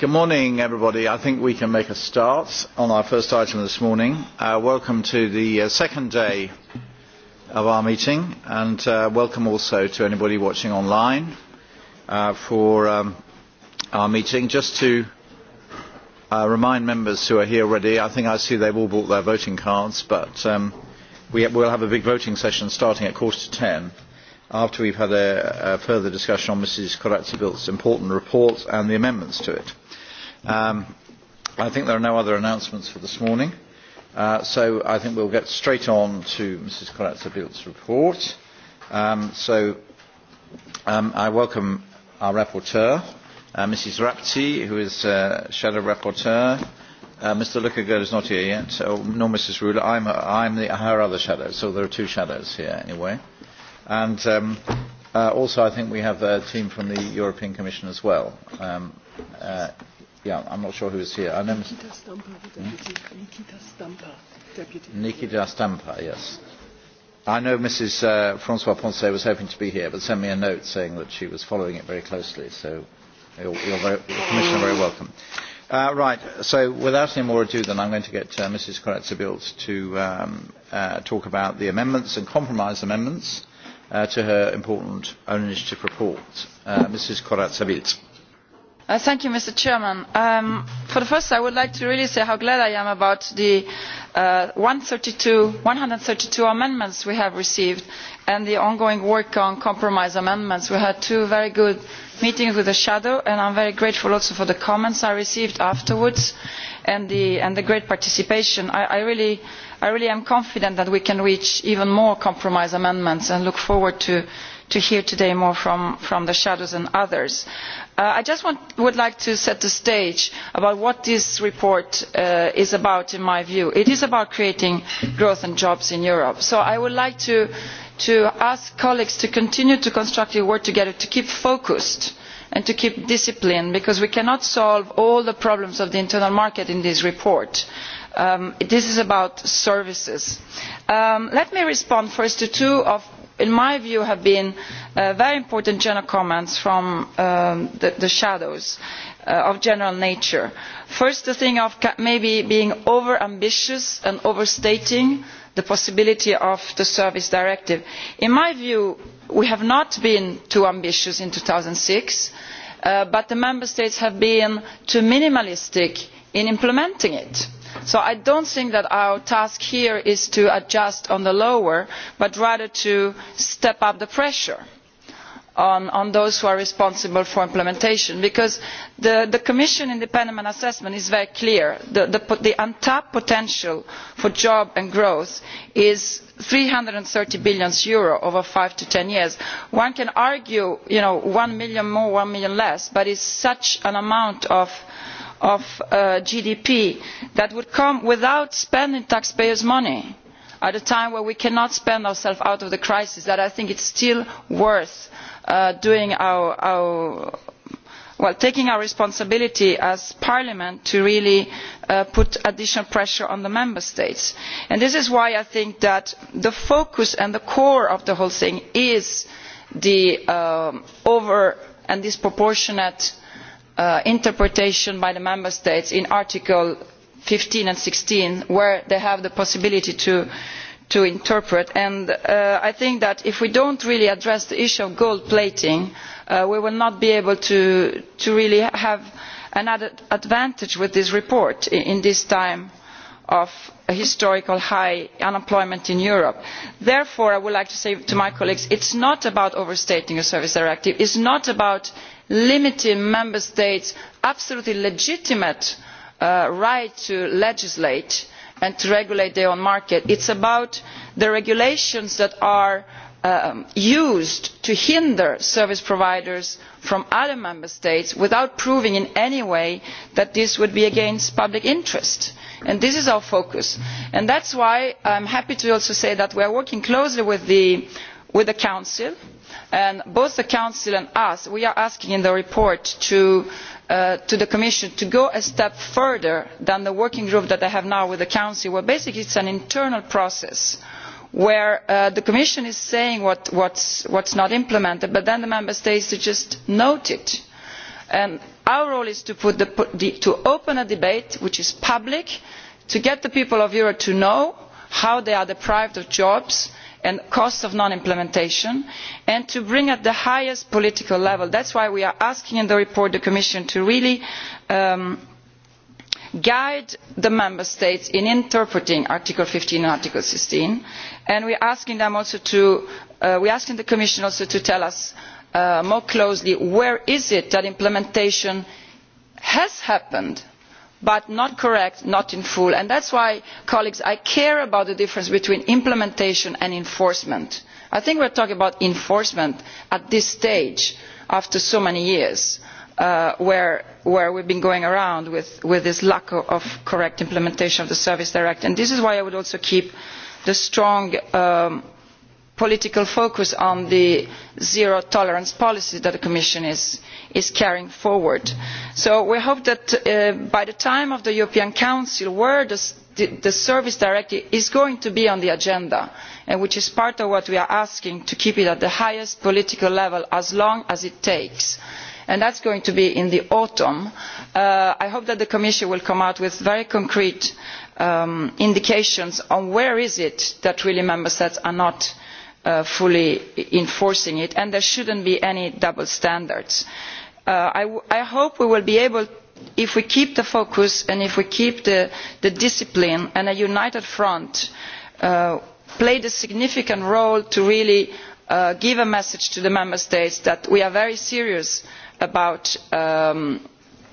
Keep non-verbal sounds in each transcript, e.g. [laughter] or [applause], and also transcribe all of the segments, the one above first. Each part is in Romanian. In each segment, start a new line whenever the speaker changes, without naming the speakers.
Good morning, everybody. I think we can make a start on our first item this morning. Uh, welcome to the uh, second day of our meeting, and uh, welcome also to anybody watching online for um, our meeting. Just to remind members who are here already, I think I see they've all brought their voting cards, but um, we will have a big voting session starting at quarter to ten after we've had a, a further discussion on Mrs. corazza bilts important report and the amendments to it. Um, I think there are no other announcements for this morning, uh, so I think we'll get straight on to Mrs. corazza bilts report. Um, so um, I welcome our rapporteur, uh, Mrs. Rapti, who is uh, shadow rapporteur. Uh, Mr. Lukagirl is not here yet, so, nor Mrs. Ruler. I'm, I'm the, her other shadow, so there are two shadows here anyway. And um, uh, also, I think we have a team from the European Commission as well. Um, uh, yeah, I'm not sure who is here. I know Nikita Stampa, hmm? Nikita Stampa, yes. I know Mrs. Uh, Francois Ponce was hoping to be here, but sent me a note saying that she was following it very closely. So you're, you're very, the Commissioner, very welcome. Uh, right, so without any more ado, then I'm going to get uh, Mrs. Koretsa-Bilt to um, uh, talk about the amendments and compromise amendments Uh, to her important own initiative report. Uh, Mrs.
Uh, thank you, Mr. Chairman. Um, for the first, I would like to really say how glad I am about the and 132, two amendments we have received and the ongoing work on compromise amendments. We had two very good meetings with the shadow, and I am very grateful also for the comments I received afterwards and the, great participation. I really i really am confident that we can reach even more compromise amendments and look forward to, hearing today more from, the shadows and others. Uh, i just would like to set the stage about what this report uh, is about in my view. it is about creating growth and jobs in europe so i would like to, to ask colleagues to continue to constructively work together to keep focused and to keep discipline because we cannot solve all the problems of the internal market in this report. Um, this is about services. Um, let me respond first to two of in my view have been uh, very important general comments from um, the, shadows of uh, of general nature. first the thing of maybe being over ambitious and overstating the possibility of the service directive. in my view we have not been too ambitious in two thousand and six uh, but the member states have been too minimalistic in implementing it so i do not think that our task here is to adjust on the lower but rather to step up the pressure on, those who are responsible for implementation because the, the commission independent assessment is very clear the, untapped potential for jobs and growth is eur three hundred and thirty billion Euro over five to ten years. one can argue you know, one million more one million less but it is such an amount of of uh, gdp that would come without spending taxpayers' money at a time when we cannot spend ourselves out of the crisis that i think it is still worth uh, doing our, well, taking our responsibility as parliament to really uh, put additional pressure on the member states. And this is why i think that the focus and the core of the whole thing is the um, over and disproportionate Uh, interpretation by the member states in article fifteen and sixteen where they have the possibility to, interpret and uh, i think that if we do not really address the issue of gold plating uh, we will not be able to, really have an added advantage with this report in, this time of historical high unemployment in europe. therefore i would like to say to my colleagues it is not about overstating a service directive it is not about limiting member states' absolutely legitimate uh, right to legislate and to regulate their own market it is about the regulations that are um, used to hinder service providers from other member states without proving in any way that this would be against public interest. And this is our focus and that is why i am happy to also say that we are working closely with the with the council and both the council and us we are asking in the report uh, to, the commission to go a step further than the working group that they have now with the council where basically it is an internal process where uh, the commission is saying what is not implemented but then the member states just note it. And our role is to, to open a debate which is public to get the people of europe to know how they are deprived of jobs and costs of non implementation and to bring at the highest political level that is why we are asking in the report the commission to really um, guide the member states in interpreting article fifteen and article sixteen and we are asking, them also to, uh, we are asking the commission also to tell us uh, more closely where it is that implementation has happened but not correct not in full and that is why colleagues i care about the difference between implementation and enforcement. i think we are talking about enforcement at this stage after so many years uh, where, we have been going around with, this lack of correct implementation of the services directive and this is why i would also keep the strong um, political focus on the zero tolerance policy that the commission is, carrying forward. so we hope that uh, by the time of the european council where the, service directive is going to be on the agenda and which is part of what we are asking to keep it at the highest political level as long as it takes and that is going to be in the autumn uh, i hope that the commission will come out with very concrete um, indications on where it is that really member states are not Uh, fully enforcing it and there should not be any double standards. Uh, I, hope we will be able if we keep the focus and if we keep the, discipline and a united front to uh, play the significant role to really give a message to the member states that we are very serious about um,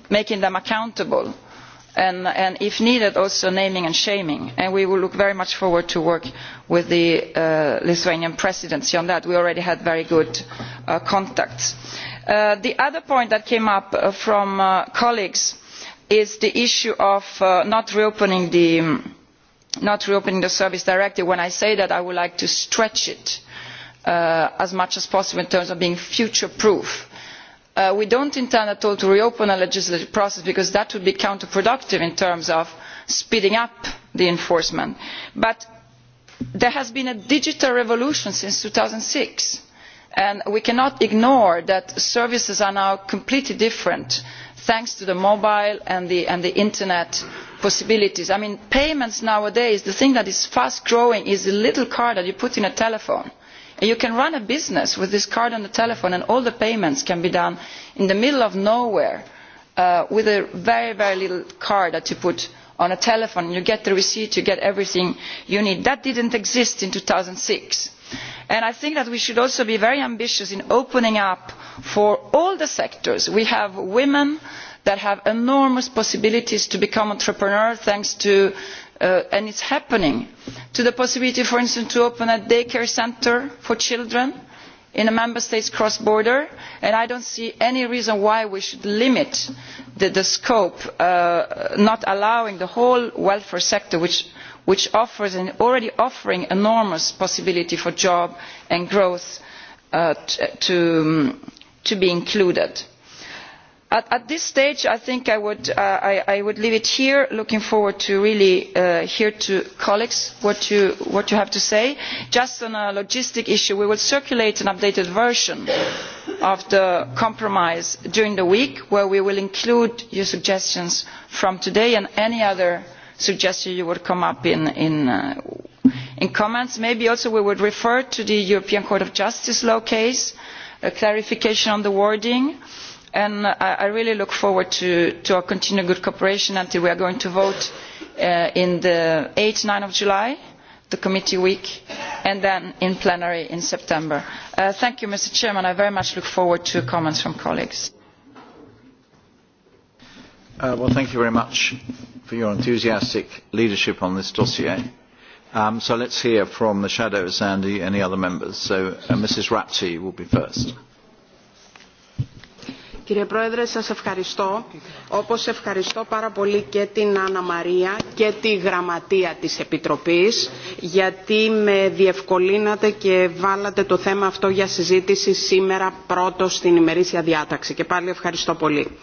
making them accountable and, and if needed also naming and shaming and we will look very much forward to working with the uh, lithuanian presidency on that. we already had very good uh, contacts. Uh, the other point that came up from colleagues is the issue of um, not reopening the service directive. when i say that i would like to stretch it as much as possible in terms of being future proof Uh, we do not intend at all to reopen a legislative process because that would be counterproductive in terms of speeding up the enforcement but there has been a digital revolution since two thousand and six and we cannot ignore that services are now completely different thanks to the mobile and the, and the internet possibilities. I mean, payments nowadays the thing that is fast growing is the little card that you put in a telephone you can run a business with this card on the telephone and all the payments can be done in the middle of nowhere uh, with a very very little card that you put on a telephone you get the receipt you get everything you need. that did not exist in two thousand and six and i think that we should also be very ambitious in opening up for all the sectors. we have women that have enormous possibilities to become entrepreneurs thanks to Uh, and it is happening to the possibility for instance to open a day care centre for children in a member state's cross border and i do not see any reason why we should limit the, scope uh, not allowing the whole welfare sector which, offers and already offering enormous possibility for jobs and growth uh, to, um, to be included At, this stage i think uh, I would, leave it here looking forward to really uh, hearing from colleagues what you, have to say. just on a logistic issue we will circulate an updated version of the compromise during the week where we will include your suggestions from today and any other suggestion you would come up with uh, in, comments. maybe also we would refer to the european court of justice law case a clarification on the wording and i really look forward to, our continued good cooperation until we are going to vote on uh, eight nine july the committee week and then in plenary in september. Uh, thank you mr president i very much look forward to comments from colleagues.
Uh, well, thank you very much for your enthusiastic leadership on this dossier. Um, so let's hear from the shadows and any other members. so mrs rapti will be first.
Κύριε Πρόεδρε, σας ευχαριστώ, όπως ευχαριστώ πάρα πολύ και την Άννα Μαρία και τη Γραμματεία της Επιτροπής, γιατί με διευκολύνατε και βάλατε το θέμα αυτό για συζήτηση σήμερα πρώτο στην ημερήσια διάταξη. Και πάλι ευχαριστώ πολύ.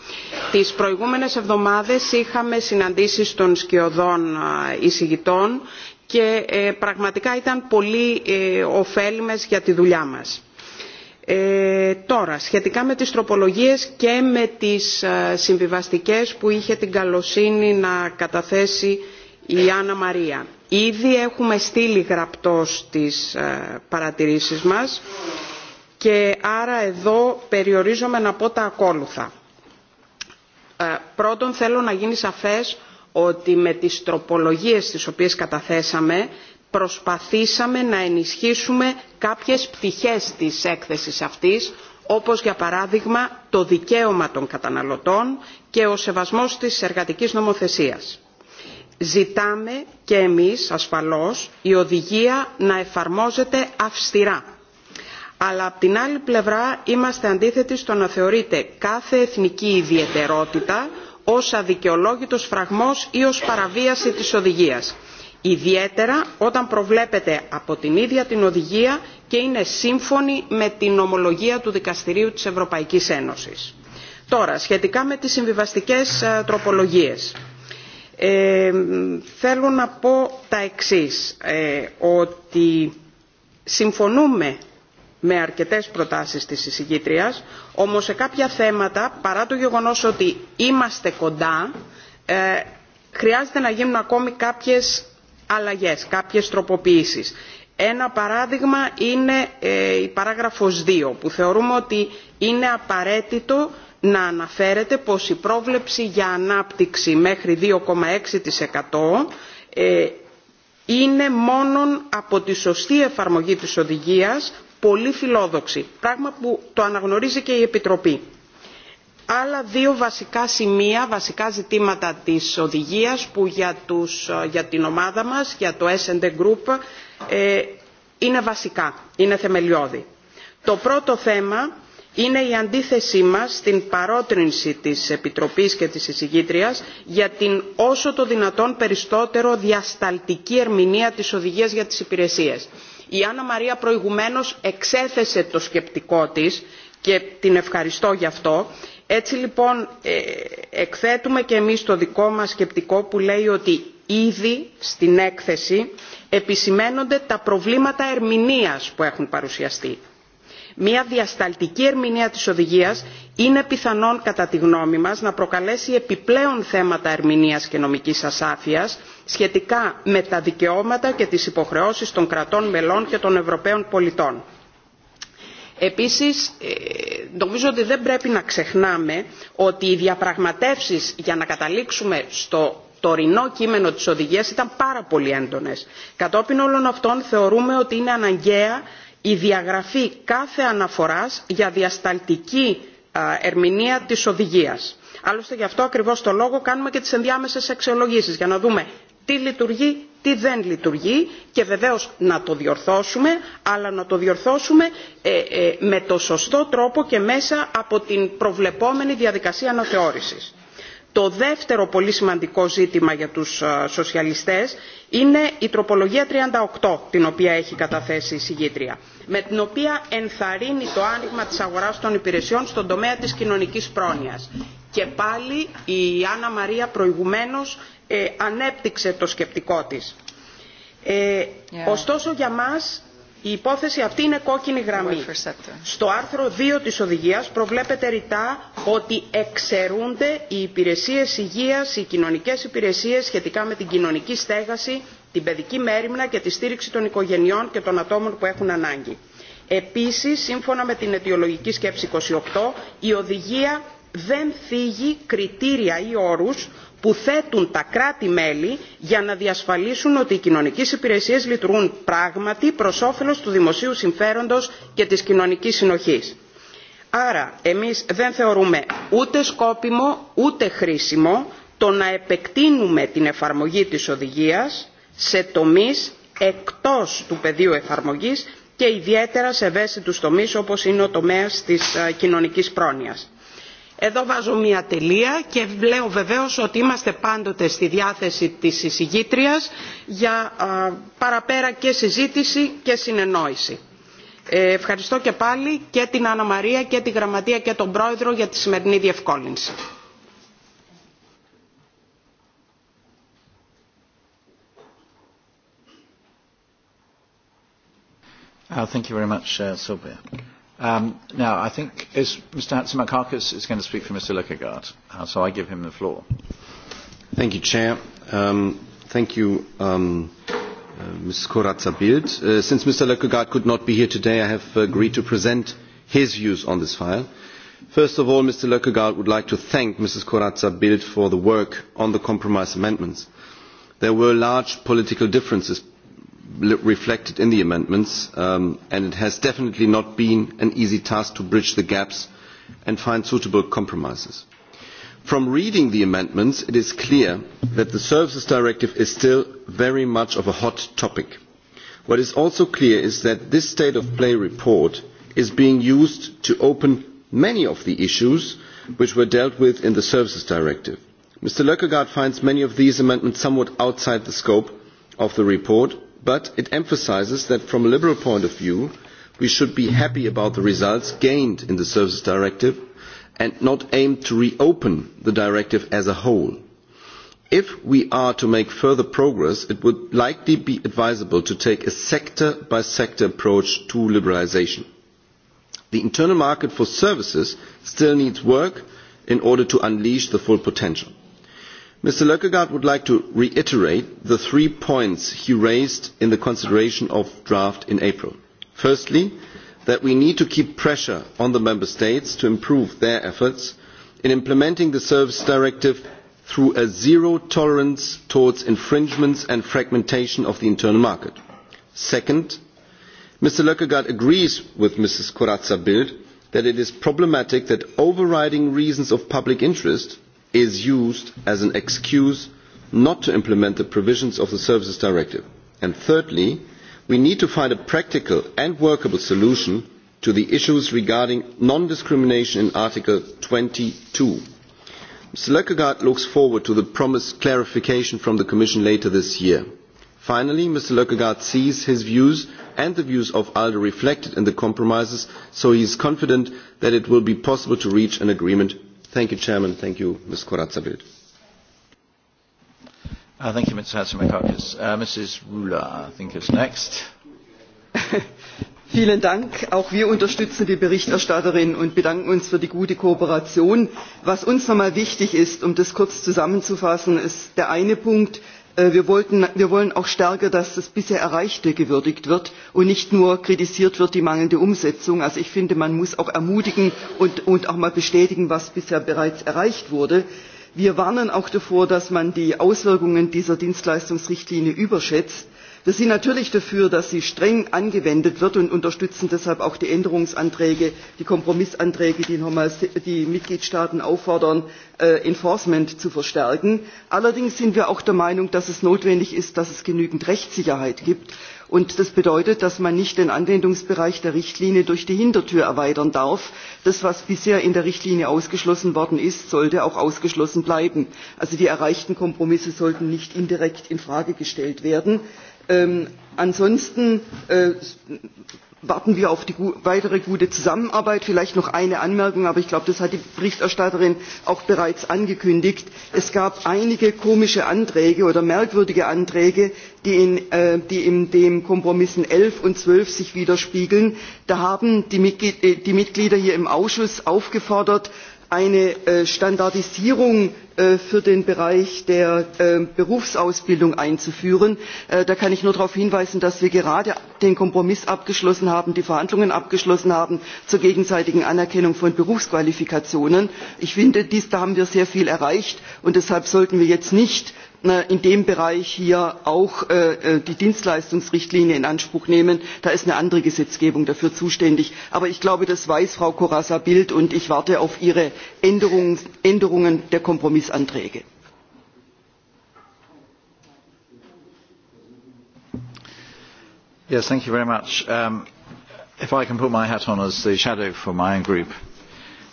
Τις προηγούμενες εβδομάδες είχαμε συναντήσεις των σκιωδών εισηγητών και ε, πραγματικά ήταν πολύ ε, ωφέλιμες για τη δουλειά μας Ε, τώρα, σχετικά με τις τροπολογίες και με τις ε, συμβιβαστικές που είχε την καλοσύνη να καταθέσει η Άννα Μαρία. Ήδη έχουμε στείλει γραπτός τις ε, παρατηρήσεις μας και άρα εδώ περιορίζομαι να πω τα ακόλουθα. Πρώτον θέλω να γίνει σαφές ότι με τις τροπολογίες τις οποίες καταθέσαμε προσπαθήσαμε να ενισχύσουμε κάποιες πτυχές της έκθεσης αυτής όπως για παράδειγμα το δικαίωμα των καταναλωτών και ο σεβασμός της εργατικής νομοθεσίας. Ζητάμε και εμείς ασφαλώς η οδηγία να εφαρμόζεται αυστηρά. Αλλά απ' την άλλη πλευρά είμαστε αντίθετοι στο να θεωρείται κάθε εθνική ιδιαιτερότητα ως αδικαιολόγητος φραγμός ή ως παραβίαση της οδηγίας ιδιαίτερα όταν προβλέπεται από την ίδια την οδηγία και είναι σύμφωνη με την ομολογία του Δικαστηρίου της Ευρωπαϊκής Ένωσης. Τώρα, σχετικά με τις συμβιβαστικές τροπολογίες. Ε, θέλω να πω τα εξής, ε, ότι συμφωνούμε με αρκετές προτάσεις της εισηγήτριας, όμως σε κάποια θέματα, παρά το γεγονός ότι είμαστε κοντά, ε, χρειάζεται να γίνουν ακόμη κάποιες αλλαγές, κάποιες τροποποιήσεις. Ένα παράδειγμα είναι ε, η παράγραφος 2 που θεωρούμε ότι είναι απαραίτητο να αναφέρεται πως η πρόβλεψη για ανάπτυξη μέχρι 2,6% ε, είναι μόνον από τη σωστή εφαρμογή της οδηγίας πολύ φιλόδοξη, πράγμα που το αναγνωρίζει και η Επιτροπή άλλα δύο βασικά σημεία, βασικά ζητήματα της οδηγίας που για, τους, για την ομάδα μας, για το S&D Group, ε, είναι βασικά, είναι θεμελιώδη. Το πρώτο θέμα είναι η αντίθεσή μας στην παρότρινση της Επιτροπής και της εισηγήτριας για την όσο το δυνατόν περισσότερο διασταλτική ερμηνεία της οδηγίας για τις υπηρεσίες. Η Άννα Μαρία προηγουμένως εξέθεσε το σκεπτικό της και την ευχαριστώ γι' αυτό Έτσι λοιπόν εκθέτουμε και εμείς το δικό μας σκεπτικό που λέει ότι ήδη στην έκθεση επισημαίνονται τα προβλήματα ερμηνείας που έχουν παρουσιαστεί. Μια διασταλτική ερμηνεία της οδηγίας είναι πιθανόν κατά τη γνώμη μας να προκαλέσει επιπλέον θέματα ερμηνείας και νομικής ασάφειας σχετικά με τα δικαιώματα και τις υποχρεώσεις των κρατών μελών και των Ευρωπαίων πολιτών Επίσης, νομίζω ότι δεν πρέπει να ξεχνάμε ότι οι διαπραγματεύσεις για να καταλήξουμε στο τωρινό κείμενο της οδηγίας ήταν πάρα πολύ έντονες. Κατόπιν όλων αυτών θεωρούμε ότι είναι αναγκαία η διαγραφή κάθε αναφοράς για διασταλτική ερμηνεία της οδηγίας. Άλλωστε γι' αυτό ακριβώς το λόγο κάνουμε και τις ενδιάμεσες αξιολογήσεις για να δούμε τι λειτουργεί, τι δεν λειτουργεί και βεβαίως να το διορθώσουμε αλλά να το διορθώσουμε ε, ε, με το σωστό τρόπο και μέσα από την προβλεπόμενη διαδικασία αναθεώρησης. Το δεύτερο πολύ σημαντικό ζήτημα για τους σοσιαλιστές είναι η τροπολογία 38 την οποία έχει καταθέσει η συγγήτρια με την οποία ενθαρρύνει το άνοιγμα της αγοράς των υπηρεσιών στον τομέα της κοινωνικής πρόνοιας. Και πάλι η Άννα Μαρία προηγουμένως ανέπτυξε το σκεπτικό της. Ε, yeah. Ωστόσο για μας η υπόθεση αυτή είναι κόκκινη γραμμή. Στο άρθρο 2 της οδηγίας προβλέπεται ρητά ότι εξαιρούνται οι υπηρεσίες υγείας, οι κοινωνικές υπηρεσίες σχετικά με την κοινωνική στέγαση, την παιδική μέρημνα και τη στήριξη των οικογενειών και των ατόμων που έχουν ανάγκη. Επίσης, σύμφωνα με την αιτιολογική σκέψη 28, η οδηγία δεν θίγει κριτήρια ή όρους που θέτουν τα κράτη-μέλη για να διασφαλίσουν ότι οι κοινωνικές υπηρεσίες λειτουργούν πράγματι προς όφελος του δημοσίου συμφέροντος και της κοινωνικής συνοχής. Άρα εμείς δεν θεωρούμε ούτε σκόπιμο ούτε χρήσιμο το να επεκτείνουμε την εφαρμογή της οδηγίας σε τομείς εκτός του πεδίου εφαρμογής και ιδιαίτερα σε ευαίσθητους τομείς όπως είναι ο τομέας της κοινωνικής πρόνοιας Εδώ βάζω μία τελεία και λέω βεβαίως ότι είμαστε πάντοτε στη διάθεση της εισηγήτριας για α, παραπέρα και συζήτηση και συνεννόηση. Ε, ευχαριστώ και πάλι και την Άννα Μαρία και τη Γραμματεία και τον Πρόεδρο για τη σημερινή διευκόλυνση.
Uh, thank you very much, uh, Sylvia. Um, now, I think is Mr. Hatzimakakis is going to speak for Mr. Lukagard, uh, so I give him the floor. Thank you, Chair. Um,
thank you, um, uh, Ms. Koratza-Bild. Uh, since Mr. Lukagard could not be here today, I have agreed to present his views on this file. First of all, Mr. Lukagard would like to thank Mrs. Koratza-Bild for the work on the compromise amendments. There were large political differences reflected in the amendments, um, and it has definitely not been an easy task to bridge the gaps and find suitable compromises. From reading the amendments, it is clear that the Services Directive is still very much of a hot topic. What is also clear is that this State of Play report is being used to open many of the issues which were dealt with in the Services Directive. Mr Löckegaard finds many of these amendments somewhat outside the scope of the report, but it emphasises that from a liberal point of view we should be happy about the results gained in the services directive and not aim to reopen the directive as a whole. If we are to make further progress, it would likely be advisable to take a sector-by-sector -sector approach to liberalisation. The internal market for services still needs work in order to unleash the full potential. Mr. Lökkegaard would like to reiterate the three points he raised in the consideration of draft in April. Firstly, that we need to keep pressure on the Member States to improve their efforts in implementing the Service Directive through a zero tolerance towards infringements and fragmentation of the internal market. Second, Mr. Lökkegaard agrees with Mrs. Corazza Bild that it is problematic that overriding reasons of public interest is used as an excuse not to implement the provisions of the services directive. And thirdly we need to find a practical and workable solution to the issues regarding non discrimination in article. twenty two mr lkkegaard looks forward to the promised clarification from the commission later this year. finally mr lkkegaard sees his views and the views of alde reflected in the compromises so he is confident that it will be possible to reach an agreement Thank you, Chairman. Thank you, Ms. corazza Uh,
thank you, Mr. Hatzimakakis. Uh, Mrs. Rula, I think, is next.
[laughs] Vielen Dank. Auch wir unterstützen die Berichterstatterin und bedanken uns für die gute Kooperation. Was uns nochmal wichtig ist, um das kurz zusammenzufassen, ist der eine Punkt, Äh, wir, wollen auch stärker dass das bisher erreichte gewürdigt wird und nicht nur kritisiert wird die mangelnde umsetzung. also ich finde man muss auch ermutigen und, und auch mal bestätigen was bisher bereits erreicht wurde. wir warnen auch davor dass man die auswirkungen dieser dienstleistungsrichtlinie überschätzt wir sind natürlich dafür dass sie streng angewendet wird und unterstützen deshalb auch die änderungsanträge die kompromissanträge die nochmals die mitgliedstaaten auffordern äh, enforcement zu verstärken. allerdings sind wir auch der meinung dass es notwendig ist dass es genügend rechtssicherheit gibt und das bedeutet dass man nicht den anwendungsbereich der richtlinie durch die hintertür erweitern darf. das was bisher in der richtlinie ausgeschlossen worden ist sollte auch ausgeschlossen bleiben. also die erreichten kompromisse sollten nicht indirekt in frage gestellt werden. Ähm, ansonsten äh, warten wir auf die weitere gute zusammenarbeit. vielleicht noch eine anmerkung aber ich glaube das hat die berichterstatterin auch bereits angekündigt es gab einige komische anträge oder merkwürdige anträge die sich in äh, den kompromissen elf und zwölf widerspiegeln. da haben äh, die mitglieder hier im ausschuss aufgefordert eine äh, standardisierung äh, für den bereich der äh, berufsausbildung einzuführen. da kann ich nur darauf hinweisen dass wir gerade den kompromiss abgeschlossen haben die verhandlungen abgeschlossen haben zur gegenseitigen anerkennung von berufsqualifikationen. ich finde da haben wir sehr viel erreicht und deshalb sollten wir jetzt nicht Äh, in dem bereich hier auch äh, äh, die dienstleistungsrichtlinie in anspruch nehmen da ist eine andere gesetzgebung dafür zuständig. aber ich glaube das weiß frau corazza bildt und ich warte auf ihre änderungen der kompromissanträge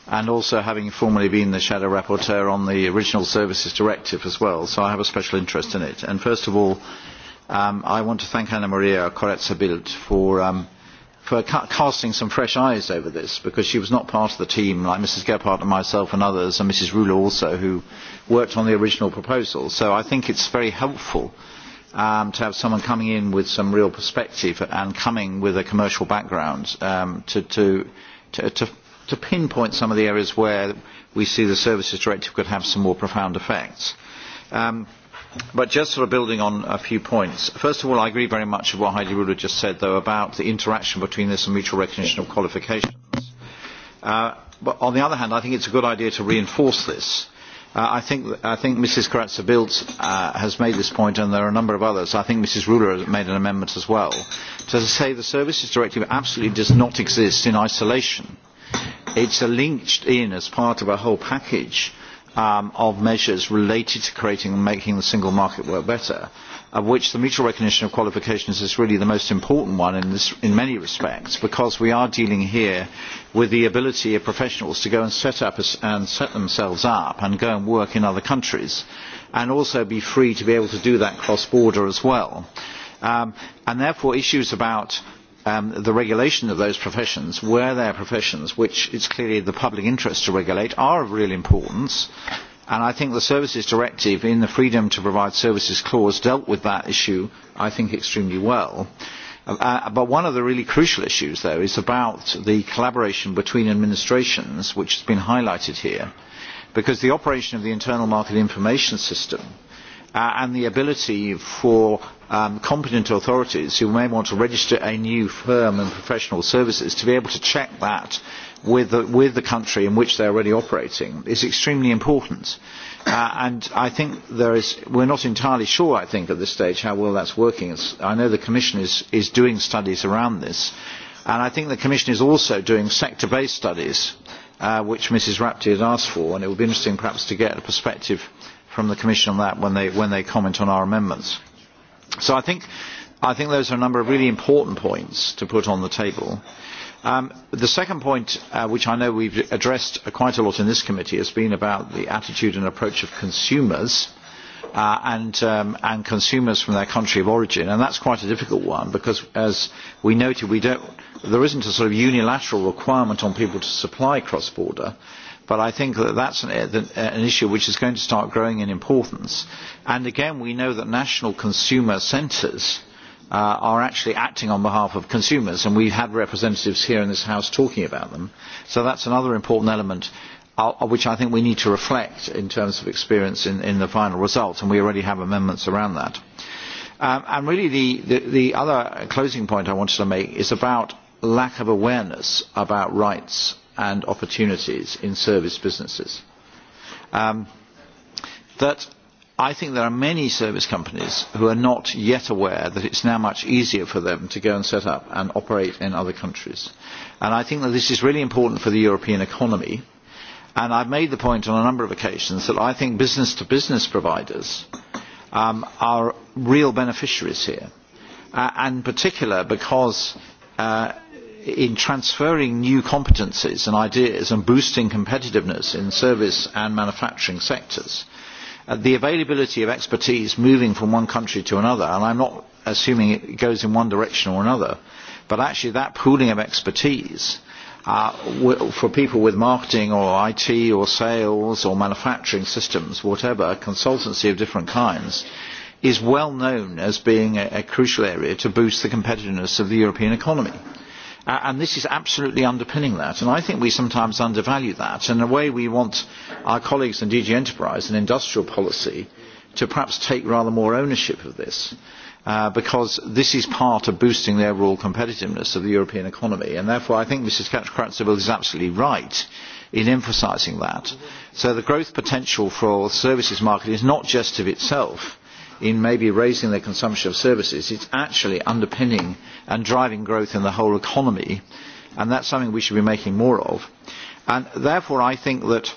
and also having formerly been the shadow rapporteur on the original services directive as well, so I have a special interest in it. And first of all, um, I want to thank Anna Maria Corazza Bildt for, um, for ca casting some fresh eyes over this, because she was not part of the team, like Mrs. Gephardt and myself and others, and Mrs. Ruler also, who worked on the original proposal. So I think it's very helpful um, to have someone coming in with some real perspective and coming with a commercial background um, to, to, to, to to pinpoint some of the areas where we see the Services Directive could have some more profound effects. Um, but just sort of building on a few points. First of all, I agree very much with what Heidi Ruder just said, though, about the interaction between this and mutual recognition of qualifications. Uh, but on the other hand, I think it's a good idea to reinforce this. Uh, I, think, I think Mrs. Karatsa-Bilt uh, has made this point, and there are a number of others. I think Mrs. Ruler has made an amendment as well, to say the Services Directive absolutely does not exist in isolation. Uh, It's linked in as part of a whole package um, of measures related to creating and making the single market work better, of which the mutual recognition of qualifications is really the most important one in, this, in many respects, because we are dealing here with the ability of professionals to go and set up a, and set themselves up and go and work in other countries, and also be free to be able to do that cross-border as well. Um, and therefore issues about um, the regulation of those professions, where they are professions which it's clearly the public interest to regulate, are of real importance. And I think the Services Directive in the Freedom to Provide Services Clause dealt with that issue, I think, extremely well. Uh, uh but one of the really crucial issues, though, is about the collaboration between administrations, which has been highlighted here, because the operation of the Internal Market Information System Uh, and the ability for um, competent authorities who may want to register a new firm and professional services to be able to check that with the, with the country in which they are already operating is extremely important. Uh, and I think there is, we're not entirely sure, I think, at this stage how well that's working. It's, I know the Commission is, is doing studies around this, and I think the Commission is also doing sector-based studies, uh, which Mrs. Rapti has asked for, and it would be interesting perhaps to get a perspective uh, from the Commission on that when they, when they comment on our amendments. So I think, I think those are a number of really important points to put on the table. Um, the second point, uh, which I know we've addressed quite a lot in this committee, has been about the attitude and approach of consumers uh, and, um, and consumers from their country of origin. And that's quite a difficult one because, as we noted, we don't, there isn't a sort of unilateral requirement on people to supply cross-border. But I think that that's an, uh, uh, an issue which is going to start growing in importance. And again, we know that national consumer centres uh, are actually acting on behalf of consumers, and we've had representatives here in this House talking about them. So that's another important element uh, which I think we need to reflect in terms of experience in, in the final result, and we already have amendments around that. Um, and really the, the, the other closing point I wanted to make is about lack of awareness about rights and opportunities in service businesses. Um, that I think there are many service companies who are not yet aware that it's now much easier for them to go and set up and operate in other countries. And I think that this is really important for the European economy. And I've made the point on a number of occasions that I think business-to-business -business providers um, are real beneficiaries here. Uh, and in particular because uh, in transferring new competences and ideas and boosting competitiveness in service and manufacturing sectors, uh, the availability of expertise moving from one country to another, and I'm not assuming it goes in one direction or another, but actually that pooling of expertise uh, for people with marketing or IT or sales or manufacturing systems, whatever, consultancy of different kinds, is well known as being a, a crucial area to boost the competitiveness of the European economy and this is absolutely underpinning that. And I think we sometimes undervalue that. And In a way, we want our colleagues in DG Enterprise and industrial policy to perhaps take rather more ownership of this. Uh, because this is part of boosting the overall competitiveness of the European economy. And therefore, I think Mrs. Kratzebill is absolutely right in emphasising that. So the growth potential for the services market is not just of itself, in maybe raising their consumption of services, it's actually underpinning and driving growth in the whole economy. And that's something we should be making more of. And therefore, I think that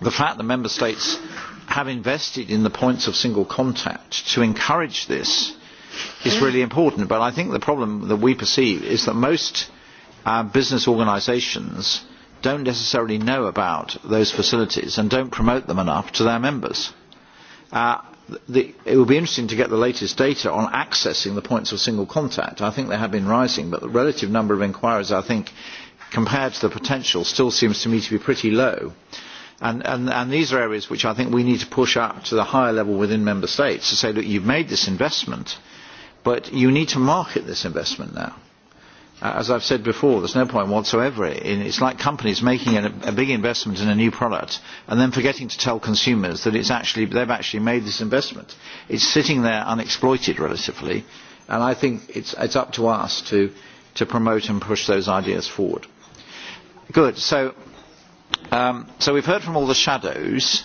the fact that member states have invested in the points of single contact to encourage this is really important. But I think the problem that we perceive is that most uh, business organisations don't necessarily know about those facilities and don't promote them enough to their members. Uh, it would be interesting to get the latest data on accessing the points of single contact. I think they have been rising, but the relative number of inquiries, I think, compared to the potential, still seems to me to be pretty low. And, and, and these are areas which I think we need to push up to the higher level within member states to say, that you've made this investment, but you need to market this investment now as I've said before, there's no point whatsoever in it's like companies making an, a big investment in a new product and then forgetting to tell consumers that it's actually they've actually made this investment. It's sitting there unexploited relatively, and I think it's it's up to us to to promote and push those ideas forward. Good. So, um, so we've heard from all the shadows.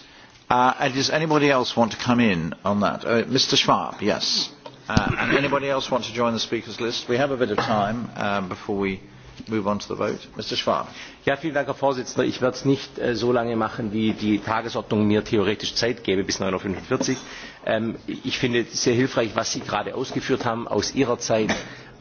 Uh, and does anybody else want to come in on that? Uh, Mr. Schwab, yes. Uh, and anybody else want to join the speakers list? We have a bit of time um, before we
move on to the vote. Mr. Schwab. Ja, vielen Dank, Herr Vorsitzender. Ich werde es nicht äh, so lange machen, wie die Tagesordnung mir theoretisch Zeit gäbe, bis 9.45 Uhr. Ähm, ich finde sehr hilfreich, was Sie gerade ausgeführt haben aus Ihrer Zeit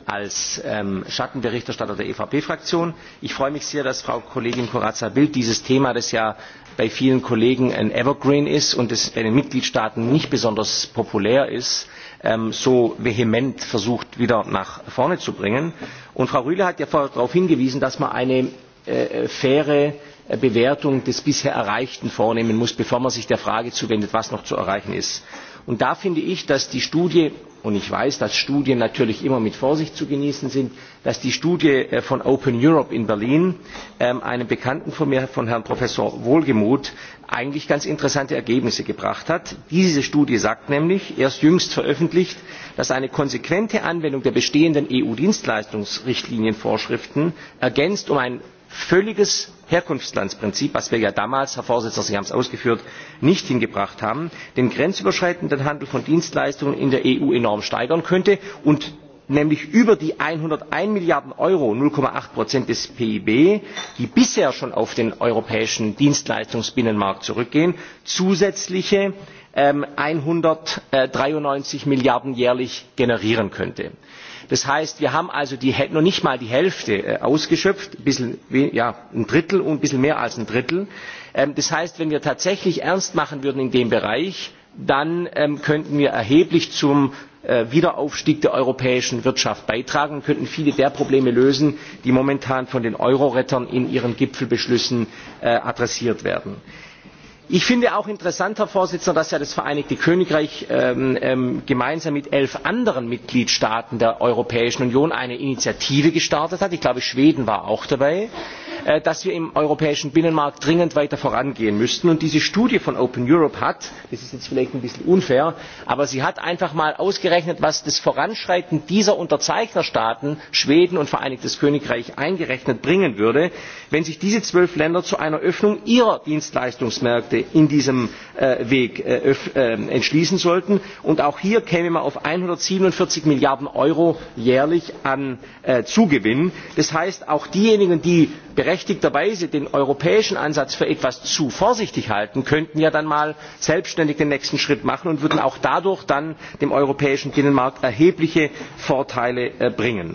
als ähm, Schattenberichterstatter der EVP-Fraktion. Ich freue mich sehr, dass Frau Kollegin Corazza-Bild dieses Thema, das ja bei vielen Kollegen ein Evergreen ist und das bei den Mitgliedstaaten nicht besonders populär ist, äh, Ähm, so vehement versucht wieder nach vorne zu bringen. Und Frau Rühle hat ja darauf hingewiesen, dass man eine äh, faire äh, Bewertung des bisher Erreichten vornehmen muss, bevor man sich der Frage zuwendet, was noch zu erreichen ist. Und da finde ich, dass die Studie und ich weiß, dass Studien natürlich immer mit Vorsicht zu genießen sind, dass die Studie äh, von Open Europe in Berlin, ähm, einem Bekannten von mir, von Herrn Professor Wohlgemuth, eigentlich ganz interessante Ergebnisse gebracht hat. Diese Studie sagt nämlich, erst jüngst veröffentlicht, dass eine konsequente Anwendung der bestehenden EU-Dienstleistungsrichtlinienvorschriften ergänzt um ein völliges herkunftslandprinzip was wir ja damals herr vorsitzender sie haben es ausgeführt nicht hingebracht haben den grenzüberschreitenden handel von dienstleistungen in der eu enorm steigern könnte und nämlich über die einhunderteins milliarden euro null acht des pib die bisher schon auf den europäischen dienstleistungsbinnenmarkt zurückgehen zusätzliche ähm, einhundertdreiundneunzig milliarden jährlich generieren könnte das heißt wir haben also die, noch nicht mal die hälfte äh, ausgeschöpft ein, drittel ein bisschen mehr als ein drittel. Ähm, das heißt wenn wir tatsächlich ernst machen würden in dem bereich dann ähm, könnten wir erheblich zum äh, wiederaufstieg der europäischen wirtschaft beitragen und könnten viele der probleme lösen die momentan von den euro rettern in ihren gipfelbeschlüssen äh, adressiert werden ich finde auch interessant herr präsident dass ja das vereinigte königreich ähm, ähm, gemeinsam mit elf anderen mitgliedstaaten der europäischen union eine initiative gestartet hat ich glaube schweden war auch dabei äh, dass wir im europäischen binnenmarkt dringend weiter vorangehen müssten. und diese studie von open europe hat das ist jetzt vielleicht ein bisschen unfair aber sie hat einfach mal ausgerechnet was das voranschreiten dieser unterzeichnerstaaten schweden und vereinigtes königreich eingerechnet bringen würde wenn sich diese zwölf länder zu einer öffnung ihrer dienstleistungsmärkte Punkte in diesem äh, Weg äh, ähm, entschließen sollten. Und auch hier käme man auf einhundertsiebenundvierzig Milliarden Euro jährlich an äh, Zugewinn. Das heißt, auch diejenigen, die berechtigterweise den europäischen Ansatz für etwas zu vorsichtig halten, könnten ja dann mal selbständig den nächsten Schritt machen und würden auch dadurch dann dem europäischen Binnenmarkt erhebliche Vorteile bringen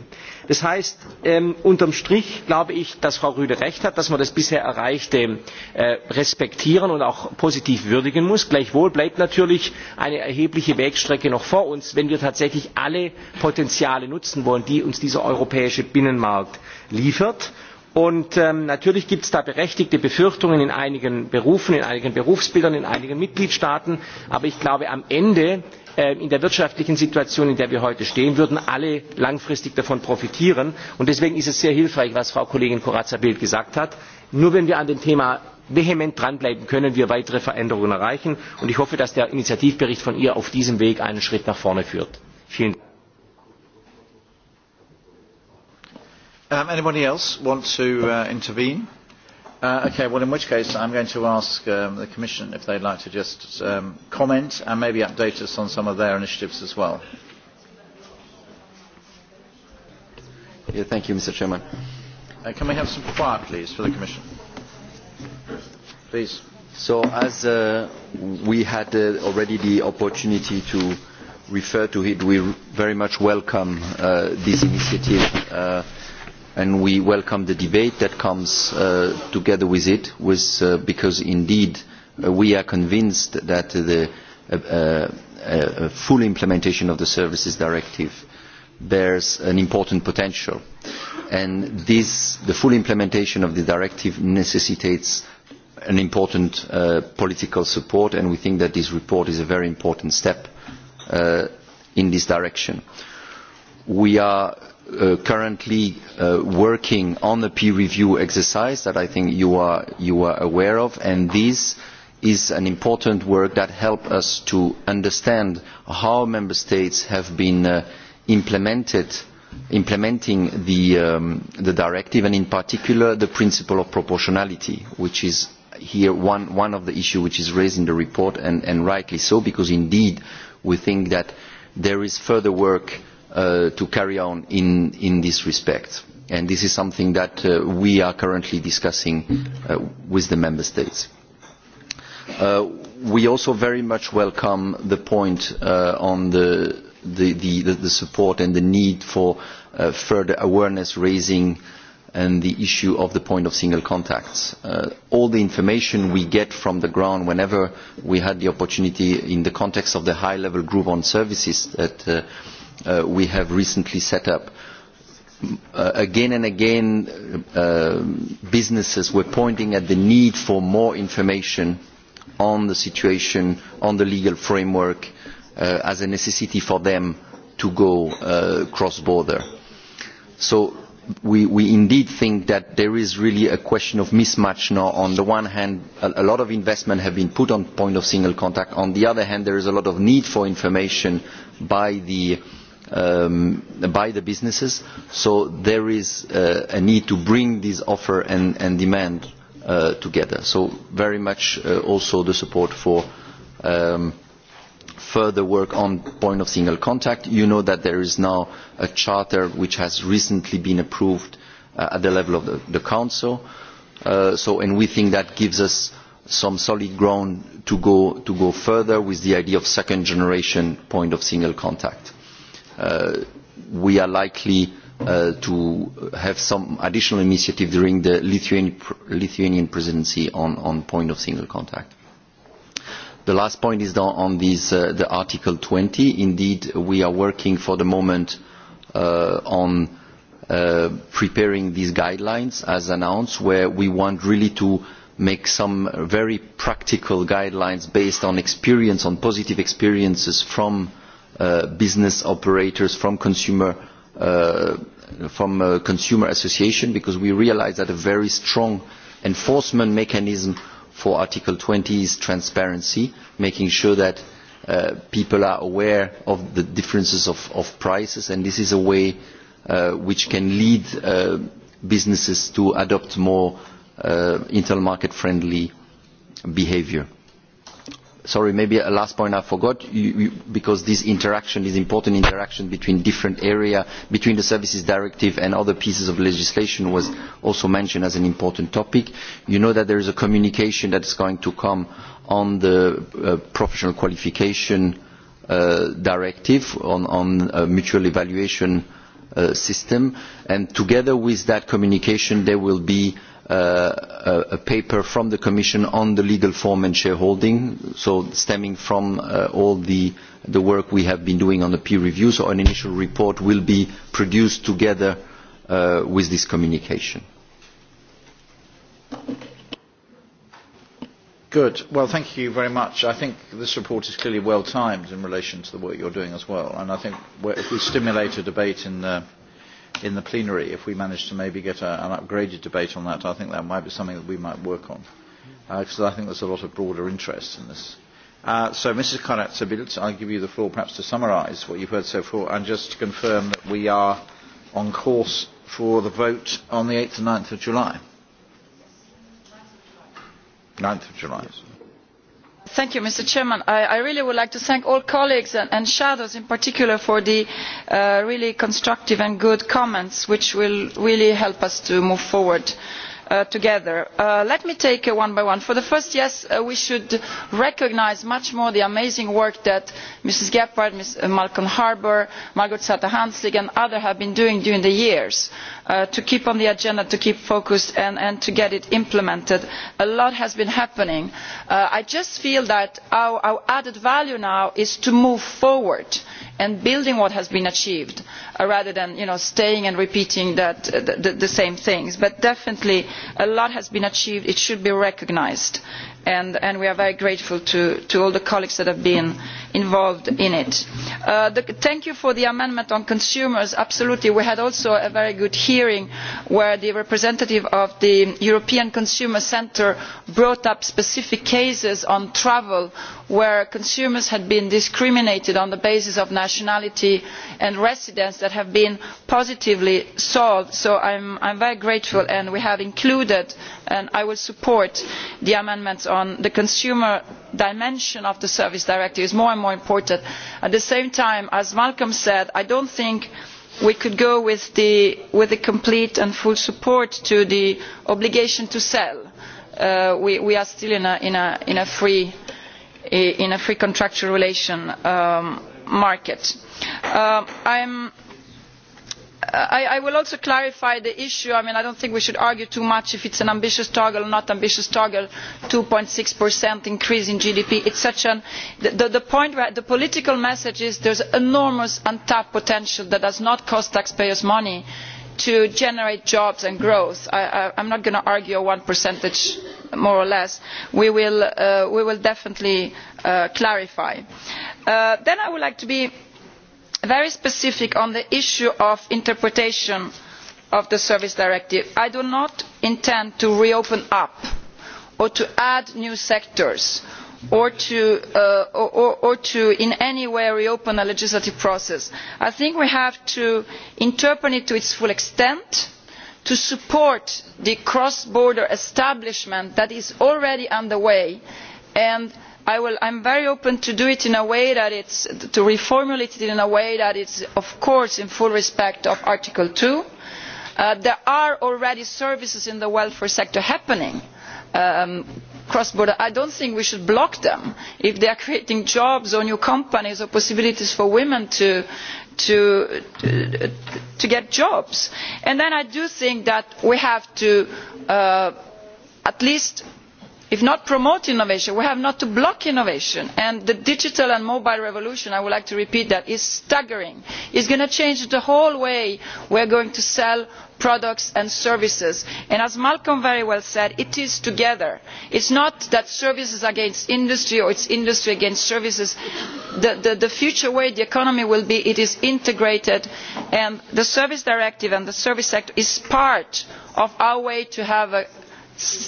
das heißt ähm, unterm strich glaube ich dass frau rühle recht hat dass man das bisher erreichte äh, respektieren und auch positiv würdigen muss. gleichwohl bleibt natürlich eine erhebliche wegstrecke noch vor uns wenn wir tatsächlich alle potenziale nutzen wollen die uns dieser europäische binnenmarkt liefert. Und ähm, natürlich gibt es da berechtigte Befürchtungen in einigen Berufen, in einigen Berufsbildern, in einigen Mitgliedstaaten. Aber ich glaube, am Ende Ähm, in der wirtschaftlichen situation in der wir heute stehen würden alle langfristig davon profitieren. Und deswegen ist es sehr hilfreich was frau kollegin corazza bildt gesagt hat nur wenn wir an dem thema vehement dranbleiben können wir weitere veränderungen erreichen. Und ich hoffe dass der initiativbericht von ihr auf diesem weg einen schritt nach vorne führt. vielen dank.
Um, anybody else want to uh, intervene? Uh, okay, well, in which case, I'm going to ask um, the Commission if they'd like to just um, comment and maybe update us on some of their initiatives as
well. Yeah, thank you, Mr. Chairman. Uh,
can we have some quiet, please, for the Commission?
Please. So, as uh, we had uh, already the opportunity to refer to it, we very much welcome uh, this initiative. Uh, and we welcome the debate that comes uh, together with it, with, uh, because indeed uh, we are convinced that the uh, uh, uh, full implementation of the Services Directive bears an important potential. And this, the full implementation of the directive necessitates an important political support, and we think that this report is a very important step in this direction. We are Uh, currently uh, working on the peer review exercise that I think you are, you are aware of and this is an important work that helps us to understand how member states have been uh, implementing the, um, the, directive and in particular the principle of proportionality which is here one, one of the issues which is raised in the report and, and rightly so because indeed we think that there is further work Uh, to carry on in, in this respect. And this is something that uh, we are currently discussing uh, with the member states. Uh, we also very much welcome the point uh, on the, the, the, the support and the need for uh, further awareness raising and the issue of the point of single contacts. Uh, all the information we get from the ground whenever we had the opportunity in the context of the high-level group on services that uh, uh, we have recently set up. Uh, again and again, uh, businesses were pointing at the need for more information on the situation, on the legal framework, uh, as a necessity for them to go uh, cross-border. So we, we indeed think that there is really a question of mismatch now. On the one hand, a, a lot of investment have been put on point of single contact. On the other hand, there is a lot of need for information by the um, by the businesses. So there is uh, a need to bring this offer and, and demand uh, together. So very much uh, also the support for um, further work on point of single contact. You know that there is now a charter which has recently been approved uh, at the level of the, the Council. Uh, so, and we think that gives us some solid ground to go, to go further with the idea of second generation point of single contact we are likely Uh, to have some additional initiative during the Lithuanian, Lithuanian presidency on, on point of single contact. The last point is on uh, the Article 20. Indeed, we are working for the moment uh, on uh, preparing these guidelines as announced, where we want really to make some very practical guidelines based on experience, on positive experiences from Uh, business operators, from consumer, uh, from uh, consumer association, because we realize that a very strong enforcement mechanism for Article 20 is transparency, making sure that uh, people are aware of the differences of, of prices, and this is a way uh, which can lead uh, businesses to adopt more uh, internal market friendly behavior sorry, maybe a last point I forgot, you, you, because this interaction is important interaction between different area, between the services directive and other pieces of legislation was also mentioned as an important topic. You know that there is a communication that is going to come on the uh, professional qualification uh, directive on, on uh, mutual evaluation uh, system, and together with that communication there will be uh, a, paper from the Commission on the legal form and shareholding, so stemming from uh, all the, the work we have been doing on the peer review. So an initial report will be produced together uh, with this communication.
Good. Well, thank you very much. I think this report is clearly well timed in relation to the work you're doing as well. And I think if we stimulate a debate in the in the plenary if we manage to maybe get a, an upgraded debate on that. I think that might be something that we might work on because uh, I think there's a lot of broader interest in this. Uh, so, Mrs. Karatsa-Bilt, I'll give you the floor perhaps to summarise what you've heard so far and just to confirm that we are on course for the vote on the 8th and 9th of July. 9th of July. Yes.
You, mr president I, really would like to thank all colleagues and, shadows in particular for the uh, really constructive and good comments which will really help us to move forward uh, together. Uh, let me take them one by one. For the first yes we should recognise much more the amazing work that mrs gebhardt ms malcolm harbour margot sata handzlik and others have been doing during the years. Uh, to keep on the agenda to keep focused and, to get it implemented. a lot has been happening. Uh, i just feel that our, added value now is to move forward and build on what has been achieved uh, rather than staying and repeating the, the same things. but definitely a lot has been achieved it should be recognised And, we are very grateful to, all the colleagues that have been involved in it. Uh, thank you for the amendment on consumers absolutely we had also a very good hearing where the representative of the european consumer centre brought up specific cases on travel where consumers had been discriminated on the basis of nationality and residence that have been positively solved so i am very grateful and we have included and i will support the amendments on the consumer dimension of the Services directive is more and more important. at the same time as malcolm said i do not think we could go with the, complete and full support to the obligation to sell. Uh, we, are still in a, free, contractual relation um, market. Uh, i am Uh, I, will also clarify the issue i, mean, I do not think we should argue too much if it is an ambitious target or not ambitious target a. two six increase in gdp It's such an the, point where the political message is there is enormous untapped potential that does not cost taxpayers money to generate jobs and growth. i am not going to argue one percentage more or less we will, uh, we will definitely uh, clarify. Uh, then i would like to be very specific on the issue of interpretation of the services directive i do not intend to reopen up or to add new sectors or to, uh, or to in any way reopen a legislative process. i think we have to interpret it to its full extent to support the cross border establishment that is already under way and i am very open to do it in a way that is to reformulate it in a way that is of course in full respect of article two uh, there are already services in the welfare sector happening um, cross border i do not think we should block them if they are creating jobs or new companies or possibilities for women to, get jobs. and then i do think that we have to uh, at least if not promote innovation we have not to block innovation and the digital and mobile revolution i would like to repeat that is staggering. it is going to change the whole way we are going to sell products and services and as malcolm very well said it is together it is not that services against industry or it is industry against services. The, the future way the economy will be it is integrated and the service directive and the service sector is part of our way to have a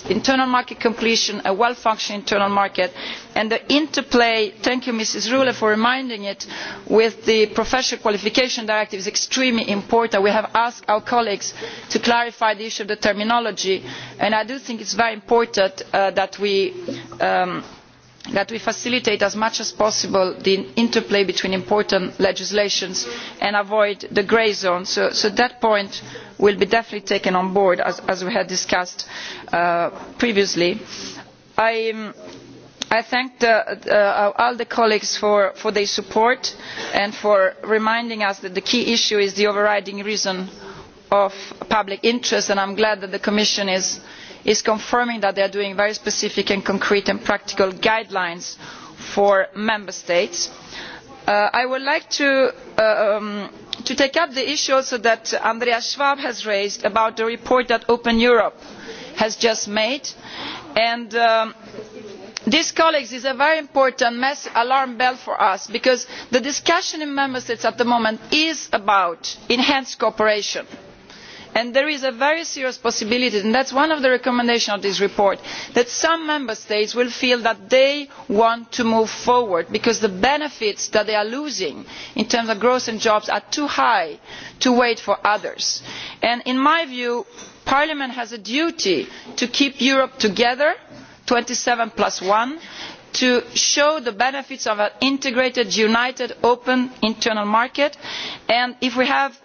internal market completion a well functioning internal market and the interplay thank you ms rhle for reminding us with the professional qualification directive is extremely important. we have asked our colleagues to clarify the issue of the terminology and i do think it is very important uh, that we um, that we facilitate as much as possible the interplay between important legislation and avoid the grey zone so, that point will be definitely taken on board as, we had discussed uh, previously. i, um, thank uh, all the colleagues for, for their support and for reminding us that the key issue is the overriding reason of public interest and i am glad that the commission is is confirming that they are doing very specific and concrete and practical guidelines for member states. Uh, i would like uh, um, to, take up the issue also that andreas schwab has raised about the report that open europe has just made and um, this colleagues is a very important alarm bell for us because the discussion in member states at the moment is about enhanced cooperation and and there is a very serious possibility and that is one of the recommendations of this report that some member states will feel that they want to move forward because the benefits that they are losing in terms of growth and jobs are too high to wait for others. And in my view parliament has a duty to keep europe together twenty seven plus one to show the benefits of an integrated united open internal market and if we have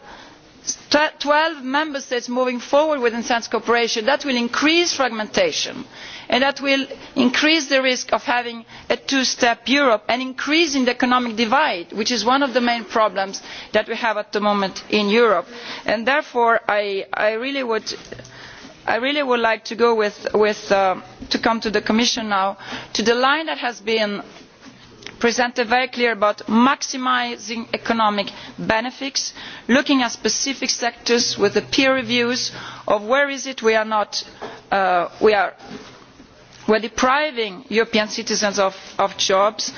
twelve member states moving forward with enhanced cooperation that will increase fragmentation and that will increase the risk of having a two step europe and increasing the economic divide which is one of the main problems that we have at the moment in europe. And therefore I, really would, like to, with, uh, to come to the commission now to the line that has been presented very clear about maximising economic benefits looking at specific sectors with the peer reviews of where it is we are uh, depriving european citizens of, jobs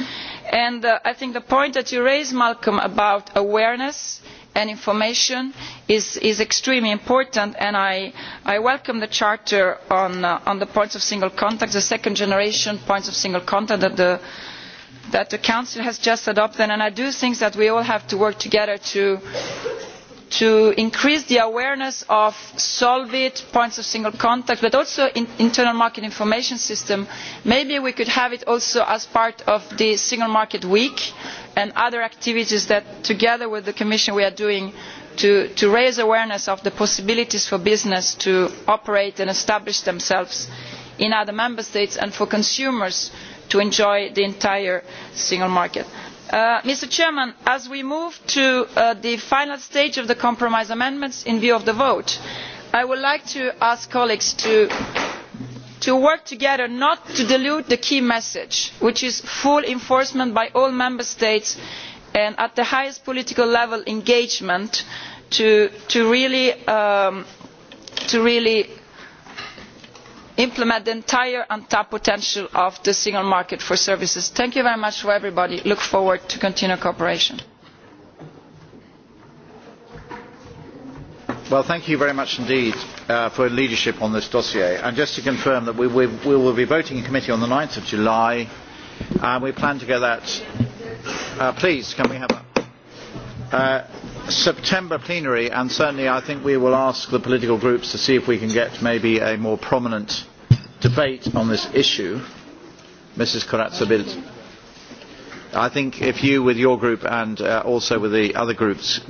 and uh, i think the point that you raised malcolm about awareness and information is, extremely important and i, welcome the charter uh, on the points of single contact the second generation points of single contact that the that the council has just adopted and i do think that we all have to work together to, increase the awareness of solvit points of single contact but also the internal market information system. maybe we could have it also as part of the single market week and other activities that together with the commission we are doing to, to raise awareness of the possibilities for business to operate and establish themselves in other member states and for consumers to enjoy the entire single market. Uh, mr as we move to uh, the final stage of the compromise amendments in view of the vote i would like to ask colleagues to, work together not to dilute the key message which is full enforcement by all member states and at the highest political level engagement to, really, to really um, implement the entire untapped potential of the single market for services. thank you very much to everybody. i look forward to continued cooperation.
Well, thank you very much indeed for uh, for leadership on this dossier. And just to confirm that we, will be voting in committee on the 9th of July. and we plan to get that. Uh, please, can we have a uh, September plenary? And certainly, I think we will ask the political groups to see if we can get maybe a more prominent debate on this issue, ms Corazza-Bildt, I think if you, with your group and uh, also with the other groups,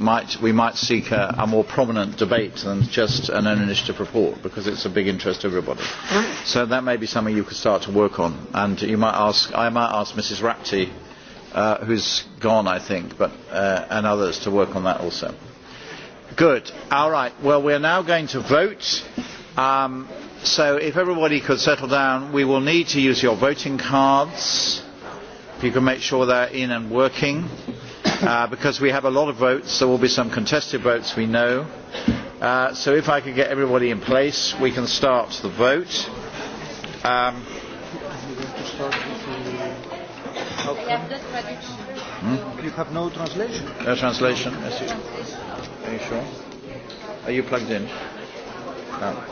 we might seek a, more prominent debate than just an own initiative report, because it is of big interest to everybody. So that may be something you could start to work on. And you might ask, I might ask ms Rapti, uh, who has gone, I think, but, uh, and others to work on that also. Good. All right. Well, we're now going to vote. Um, So if everybody could settle down, we will need to use your voting cards. If you can make sure they're in and working, uh, because we have a lot of votes. There will be some contested votes, we know. Uh, so if I could get everybody in place, we can start the vote. Um,
Hmm? You have no translation. No translation.
Yes, Are you sure? Are you plugged in? No.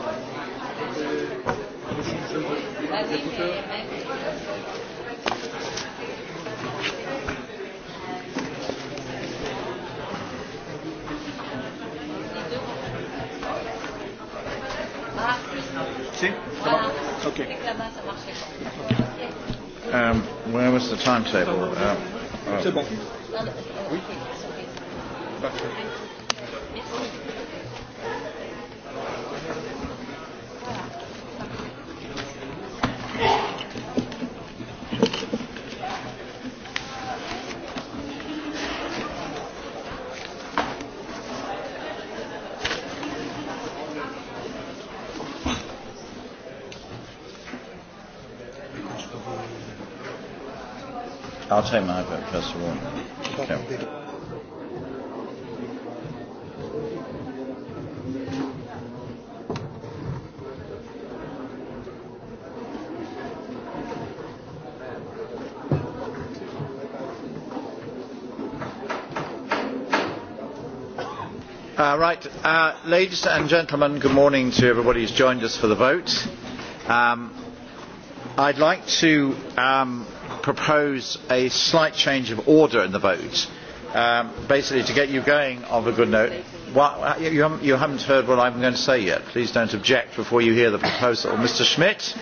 Si? Voilà. Um, where was the timetable? Uh, oh. C'est bon. Oui. Parfait.
I'll take my vote first of all. Okay. Uh, right, uh, ladies and gentlemen, good morning to everybody who's joined us for the vote. Um, I'd like to um, propose a slight change of order in the vote, um, basically to get you going on a good note. Well, uh, you, haven't, you haven't heard what I'm going to say yet. Please don't object before you hear the proposal. Mr. Schmidt,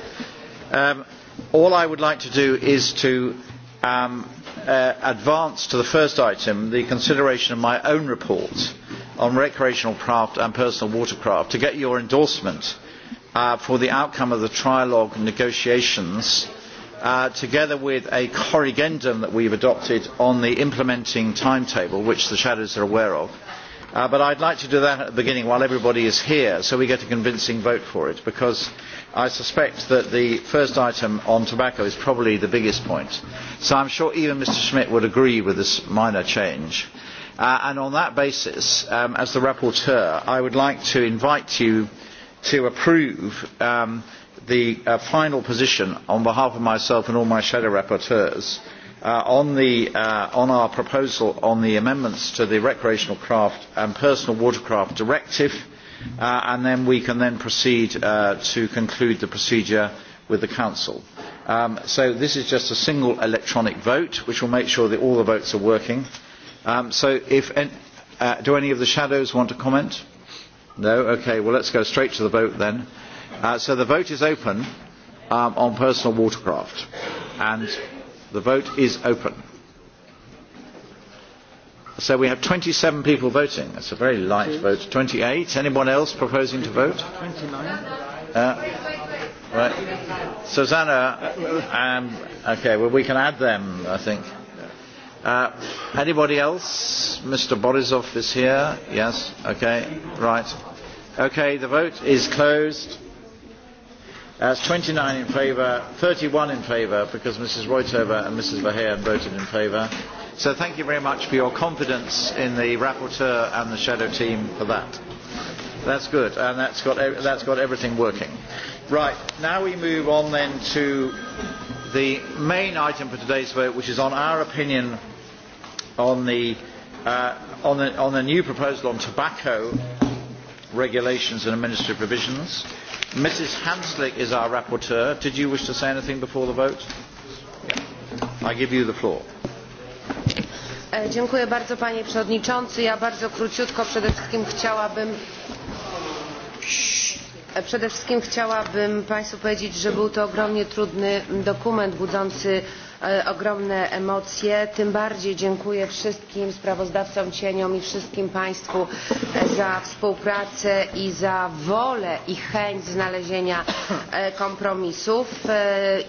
um, all I would like to do is to um, uh, advance to the first item, the consideration of my own report on recreational craft and personal watercraft, to get your endorsement uh, for the outcome of the trilogue negotiations Uh, together with a corrigendum that we have adopted on the implementing timetable, which the shadows are aware of. Uh, but I'd like to do that at the beginning while everybody is here, so we get a convincing vote for it, because I suspect that the first item on tobacco is probably the biggest point. So I'm sure even Mr Schmidt would agree with this minor change. Uh, and on that basis, um, as the rapporteur, I would like to invite you to approve um, the uh, final position on behalf of myself and all my shadow rapporteurs uh, on, the, uh, on our proposal on the amendments to the recreational craft and personal watercraft directive uh, and then we can then proceed uh, to conclude the procedure with the council. Um, so this is just a single electronic vote which will make sure that all the votes are working. Um, so if, uh, do any of the shadows want to comment? No? Okay, well let's go straight to the vote then. Uh, so the vote is open um, on personal watercraft. And the vote is open. So we have 27 people voting. That's a very light Two. vote. 28. Anyone else proposing to vote? 29. Uh, right. Susanna, uh, um, okay, well, we can add them, I think. Uh, anybody else? Mr. Borisov is here. Yes. Okay. Right. Okay. The vote is closed as 29 in favour, 31 in favour because Mrs Reutover and Mrs Verheyen voted in favour. So thank you very much for your confidence in the rapporteur and the shadow team for that. That's good, and that's got, that's got everything working. Right, now we move on then to the main item for today's vote, which is on our opinion on the, uh, on the, on the new proposal on tobacco regulations and administrative provisions. Mrs. Hanslick is our rapporteur. Did you wish to say anything before the vote? I give you the floor.
Dziękuję bardzo panie przewodniczący. Ja bardzo króciutko przede wszystkim chciałabym przede wszystkim chciałabym państwu powiedzieć, że był to ogromnie trudny dokument budzący ogromne emocje. Tym bardziej dziękuję wszystkim sprawozdawcom cieniom i wszystkim Państwu za współpracę i za wolę i chęć znalezienia kompromisów.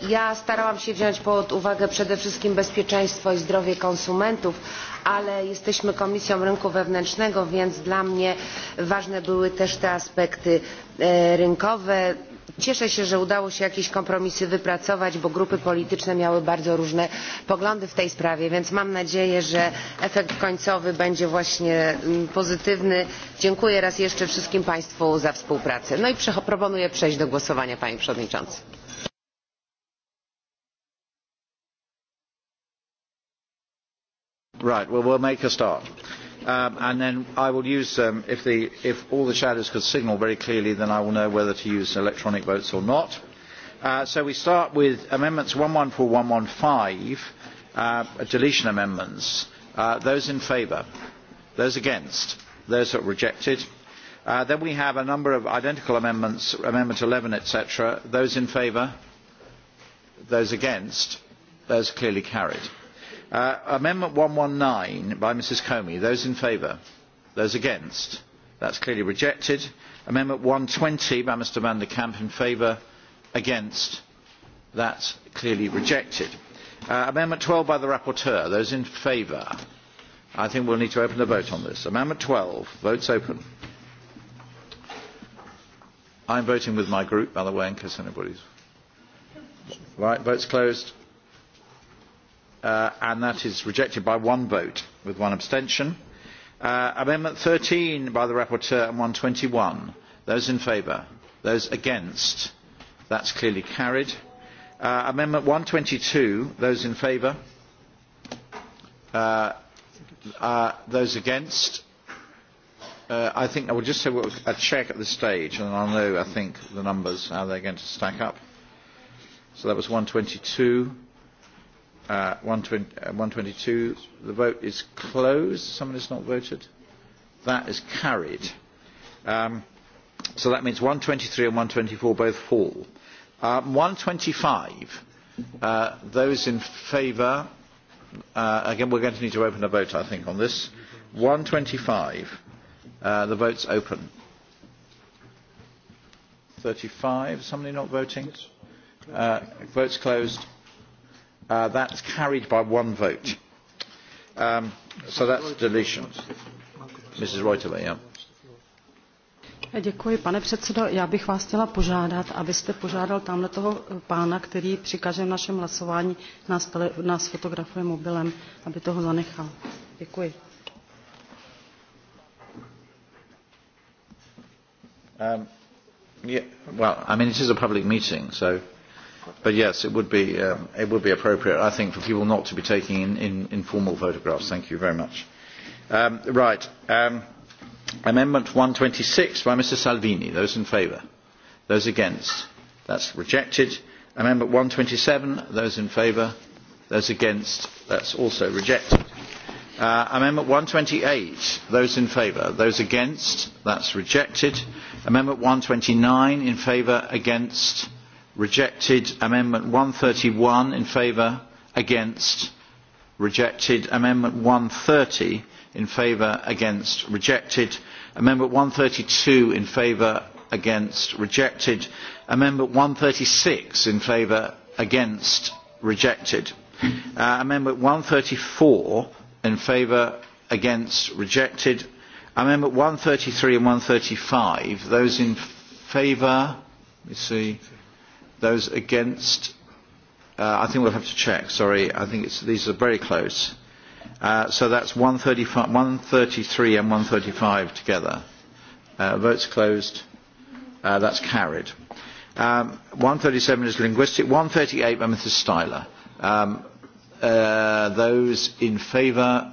Ja starałam się wziąć pod uwagę przede wszystkim bezpieczeństwo i zdrowie konsumentów, ale jesteśmy Komisją Rynku Wewnętrznego, więc dla mnie ważne były też te aspekty rynkowe cieszę się że udało się jakieś kompromisy wypracować bo grupy polityczne miały bardzo różne poglądy w tej sprawie więc mam nadzieję że efekt końcowy będzie właśnie mm, pozytywny. dziękuję raz jeszcze wszystkim państwu za współpracę. no i proponuję przejść do głosowania panie przewodniczący.
right well we'll make a start. Um, and then I will use, them. Um, if, the, if all the shadows could signal very clearly, then I will know whether to use electronic votes or not. Uh, so we start with amendments 114, 115, uh, deletion amendments. Uh, those in favour? Those against? Those that are rejected? Uh, then we have a number of identical amendments, Amendment 11, etc. Those in favour? Those against? Those clearly carried. Uh, amendment one hundred and nineteen by Mrs comi Those in favour? Those against? that is clearly rejected. Amendment one hundred and twenty by Mr Van de camp in favour? Against? that is clearly rejected. Uh, amendment twelve by the rapporteur. Those in favour? I think we will need to open the vote on this. Amendment 12. Votes open. I'm voting with my group, by the way, in case anybody's. Right, votes closed Uh, and that is rejected by one vote with one abstention. Uh, amendment 13 by the rapporteur and 121. Those in favour? Those against? That's clearly carried. and uh, amendment 122. Those in favour? those against? I think I will just have a check at this stage, and I'll know, I think, the numbers, how they're going to stack up. So that was 122. Uh, 122. Uh, the vote is closed. Someone has not voted. That is carried. Um, so that means 123 and 124 both fall. Um, uh, 125. Uh, those in favour. Uh, again, we're going to need to open a vote, I think, on this. 125. Uh, the vote's open. 35. Somebody not voting? Uh, votes closed Uh, that's carried by one vote. Um, so that's deletion. Mrs. Reuterle, yeah.
Děkuji, pane předsedo. Já bych vás chtěla požádat, abyste požádal tamhle toho pána, který při každém našem hlasování nás, tele, nás fotografuje mobilem, aby toho zanechal. Děkuji.
Um, yeah, well, I mean, it is a public meeting, so but yes, it would be um, it would be appropriate, I think, for people not to be taking in, in informal photographs. Thank you very much. Um, right, um, Amendment 126 by Mr. Salvini. Those in favour. Those against. That's rejected. Amendment 127. Those in favour. Those against. That's also rejected. Uh, amendment 128. Those in favour. Those against. That's rejected. Amendment 129 in favour. Against rejected amendment 131 in favour against rejected amendment 130 in favour against rejected amendment 132 in favour against rejected amendment 136 in favour against rejected uh, amendment 134 in favour against rejected amendment 133 and 135 those in favour let me see Those against, uh, I think we'll have to check, sorry. I think it's, these are very close. Uh, so that's 133 and 135 together. Uh, votes closed. Uh, that's carried. Um, 137 is linguistic. 138 by Mrs. Styler. Um, uh, those in favour,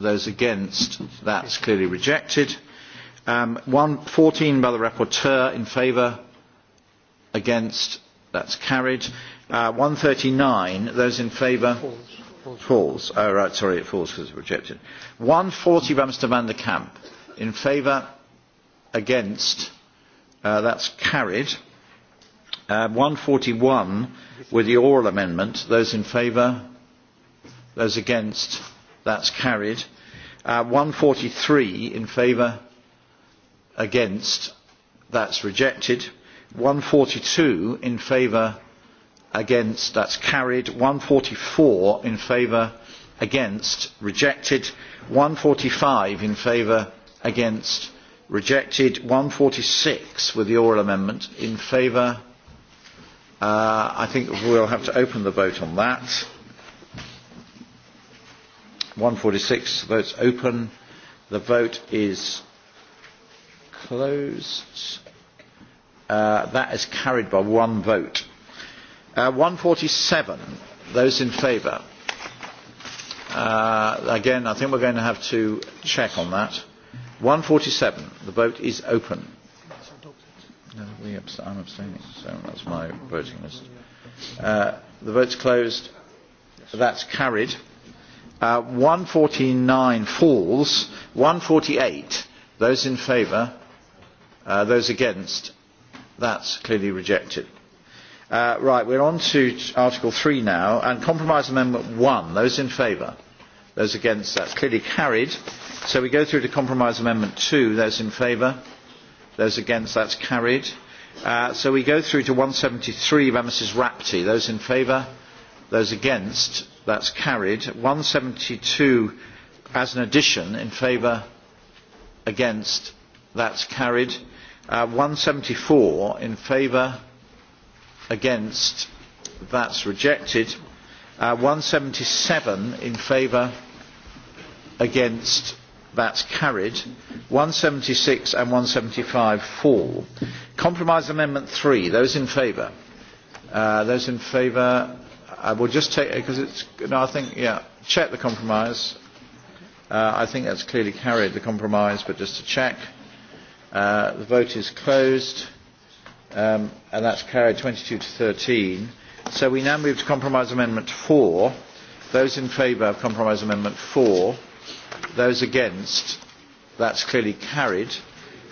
those against, that's clearly rejected. Um, 114 by the rapporteur in favour, against, That's carried. Uh, 139, those in favour? Falls. falls. Oh, right, sorry, it falls because it's rejected. 140, by Mr van der Kamp. In favour? Against? Uh, that's carried. Uh, 141, with the oral amendment. Those in favour? Those against? That's carried. Uh, 143, in favour? Against? That's rejected. 142 in favour against that's carried 144 in favour against rejected 145 in favour against rejected 146 with the oral amendment in favour uh, I think we'll have to open the vote on that 146 the votes open the vote is closed Uh, that is carried by one vote. Uh, 147, those in favour. Uh, again, I think we're going to have to check on that. 147, the vote is open. No, we abst- I'm abstaining, so that's my voting list. Uh, the vote's closed. That's carried. Uh, 149 falls. 148, those in favour. Uh, those against That's clearly rejected. Uh, right, we're on to Article 3 now, and Compromise Amendment 1. Those in favour? Those against? That's clearly carried. So we go through to Compromise Amendment 2. Those in favour? Those against? That's carried. Uh, so we go through to 173 by Mrs Rapti. Those in favour? Those against? That's carried. 172 as an addition in favour? Against? That's carried. Uh, 174 in favour, against, that is rejected. Uh, 177 in favour, against, that is carried. 176 and 175 fall. Compromise Amendment 3, those in favour. Uh, those in favour, I uh, will just take, because uh, it's, no, I think, yeah, check the compromise. Uh, I think that's clearly carried, the compromise, but just to check. Uh, the vote is closed, um, and that's carried 22 to 13. So we now move to Compromise Amendment 4. Those in favour of Compromise Amendment 4, those against, that's clearly carried.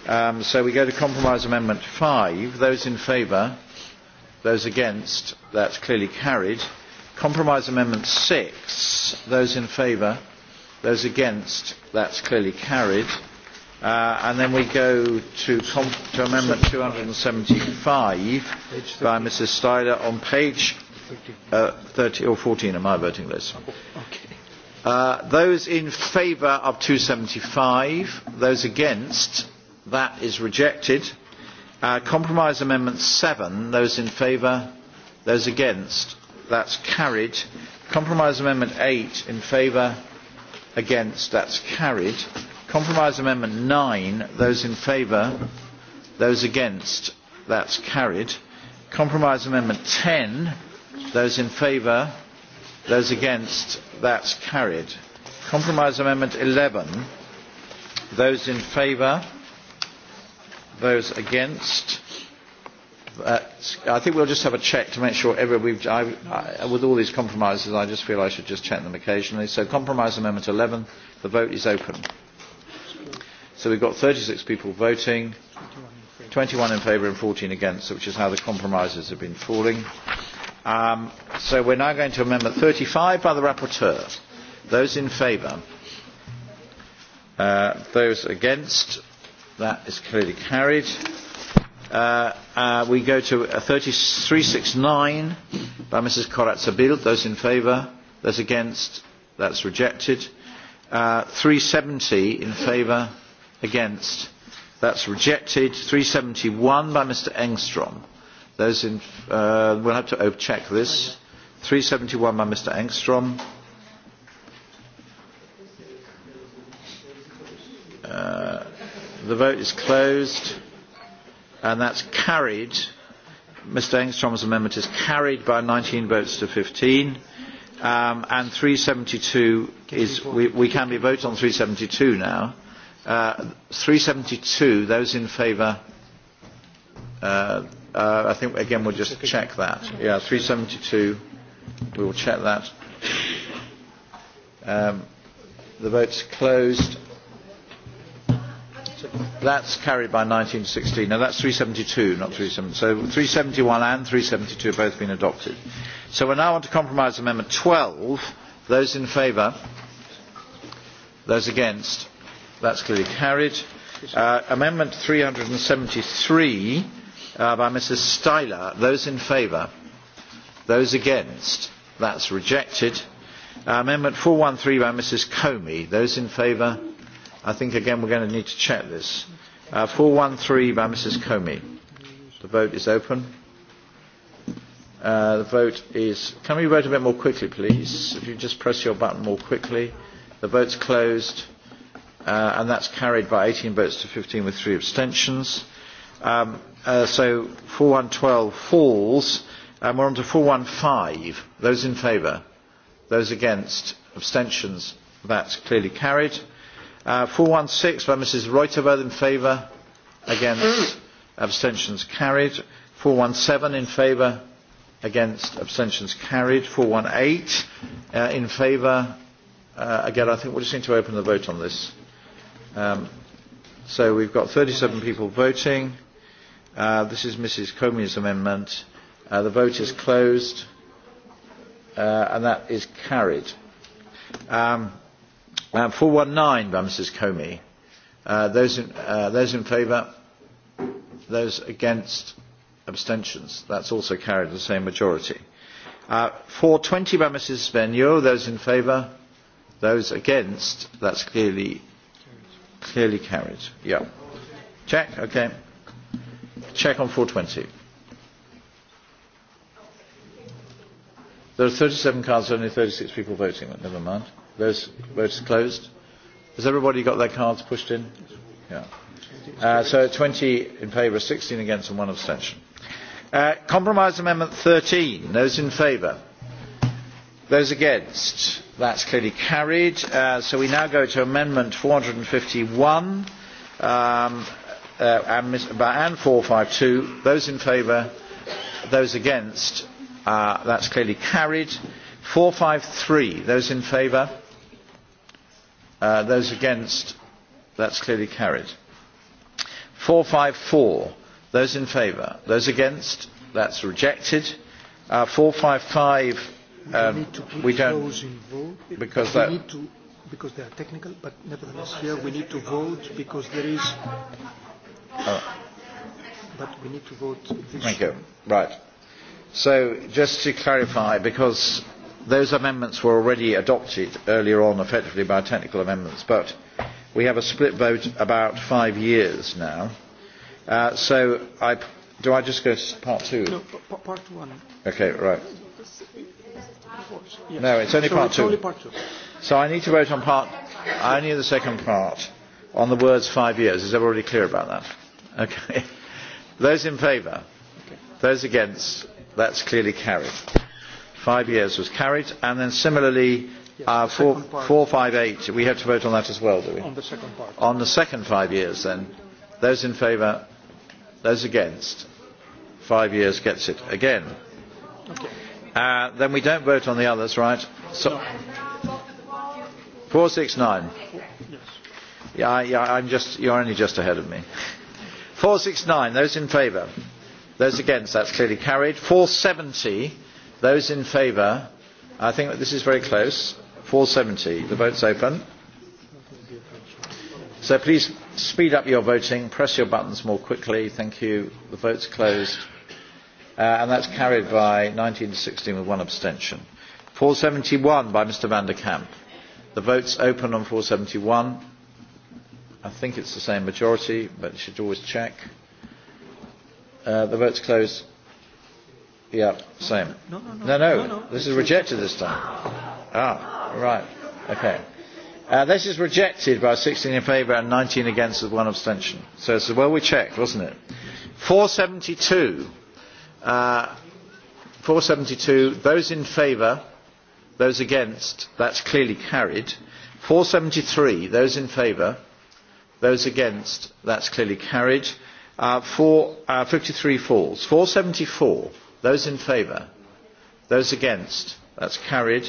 Um, so we go to Compromise Amendment 5. Those in favour, those against, that's clearly carried. Compromise Amendment 6, those in favour, those against, that's clearly carried. Uh, and then we go to, to Amendment 275 by Mrs. Styler on page uh, 30 or 14 of my voting list. Uh, those in favour of 275, those against, that is rejected. Uh, compromise Amendment 7, those in favour, those against, that's carried. Compromise Amendment 8, in favour, against, that's carried. Compromise Amendment 9, those in favour, those against, that's carried. Compromise Amendment 10, those in favour, those against, that's carried. Compromise Amendment 11, those in favour, those against, uh, I think we'll just have a check to make sure every, we've, I, I, with all these compromises I just feel I should just check them occasionally. So compromise amendment 11, the vote is open. So we've got 36 people voting, 21 in favour and 14 against, which is how the compromises have been falling. Um, so we're now going to Amendment 35 by the Rapporteur. Those in favour? Uh, those against? That is clearly carried. Uh, uh, we go to uh, 3369 by Mrs. Corazza Bild. Those in favour? Those against? That's rejected. Uh, 370 in favour? against that's rejected 371 by Mr Engstrom those in uh, we'll have to check this 371 by Mr Engstrom uh, the vote is closed and that's carried Mr Engstrom's amendment is carried by 19 votes to 15 um, and 372 is we, we can be voted on 372 now 372, uh, those in favour? Uh, uh, I think, again, we'll just check that. Yeah, 372, we will check that. Um, the vote's closed. That's carried by 1916. Now that's 372, not 370. So 371 and 372 have both been adopted. So we're now on to compromise amendment 12. Those in favour? Those against? That's clearly carried. Uh, amendment 373 uh, by Mrs. Styler. Those in favour? Those against? That's rejected. Uh, amendment 413 by Mrs. Comey. Those in favour? I think again we're going to need to check this. Uh, 413 by Mrs. Comey. The vote is open. Uh, the vote is. Can we vote a bit more quickly, please? If you just press your button more quickly. The vote's closed uh, and that's carried by 18 votes to 15 with three abstentions. Um, uh, so 4112 falls. Um, we're on to 415. Those in favour? Those against? Abstentions? That's clearly carried. Uh, 416 by Mrs Reuterberg in favour? Against? abstentions carried. 417 in favour? Against? Abstentions carried. 418 uh, in favour? Uh, again, I think we'll just need to open the vote on this. Um, so we've got 37 people voting. Uh, this is Mrs. Comey's amendment. Uh, the vote is closed, uh, and that is carried. Um, uh, 419 by Mrs. Comey. Uh, those, in, uh, those in favour? Those against? Abstentions? That's also carried the same majority. Uh, 420 by Mrs. Svenio. Those in favour? Those against? That's clearly Clearly carried. Yeah. Check. Okay. Check on 420. There are 37 cards, only 36 people voting, but never mind. Those votes closed. Has everybody got their cards pushed in? Yeah. Uh, so 20 in favour, 16 against and one abstention. Uh, compromise amendment 13. Those in favour? Those against? That's clearly carried. Uh, so we now go to Amendment 451 um, uh, and, and 452. Those in favour, those against, uh, that's clearly carried. 453, those in favour, uh, those against, that's clearly carried. 454, those in favour, those against, that's rejected. Uh, 455, Um, we don't, because that,
because they are technical, but nevertheless here we need to vote
because there is. Oh. But we need to vote. This Thank you.
Right. So just to clarify, because those amendments were already adopted earlier on, effectively by technical amendments, but we have a split vote about five years now. Uh, so I, do I just go to part two? No,
part one. Okay, right. No, it's only so part it's two. Only part two.
So I need to vote on part. I only the second part on the words five years. Is everybody clear about that? Okay. [laughs] Those in favour. Those against. That's clearly carried. Five years was carried, and then similarly. uh, four, four, five, eight. We have to vote on that as well, do we? On the second part. On the second five years, then. Those in favour, those against. Five years gets it again. Okay. Uh, then we don't vote on the others, right? So, 469. Yeah, yeah, I'm just, you're only just ahead of me. 469, those in favour. Those against, that's clearly carried. 470, those in favour. I think this is very close. 470, the vote's open. So please speed up your voting, press your buttons more quickly. Thank you. The vote's closed and uh, and that's carried by 19 to 16 with one abstention. 471 by Mr van der Kamp. The vote's open on 471. I think it's the same majority, but you should always check. Uh, the vote's closed. Yeah, same. No, no, no. no, no. no, no. This is rejected this time. Ah, right. Okay. Uh, this is rejected by 16 in favour and 19 against with one abstention. So it's a well we checked, wasn't it? 472. 472, uh, those in favour, those against, that's clearly carried. 473, those in favour, those against, that's clearly carried. Uh, four, uh, 53 falls. 474, those in favour, those against, that's carried.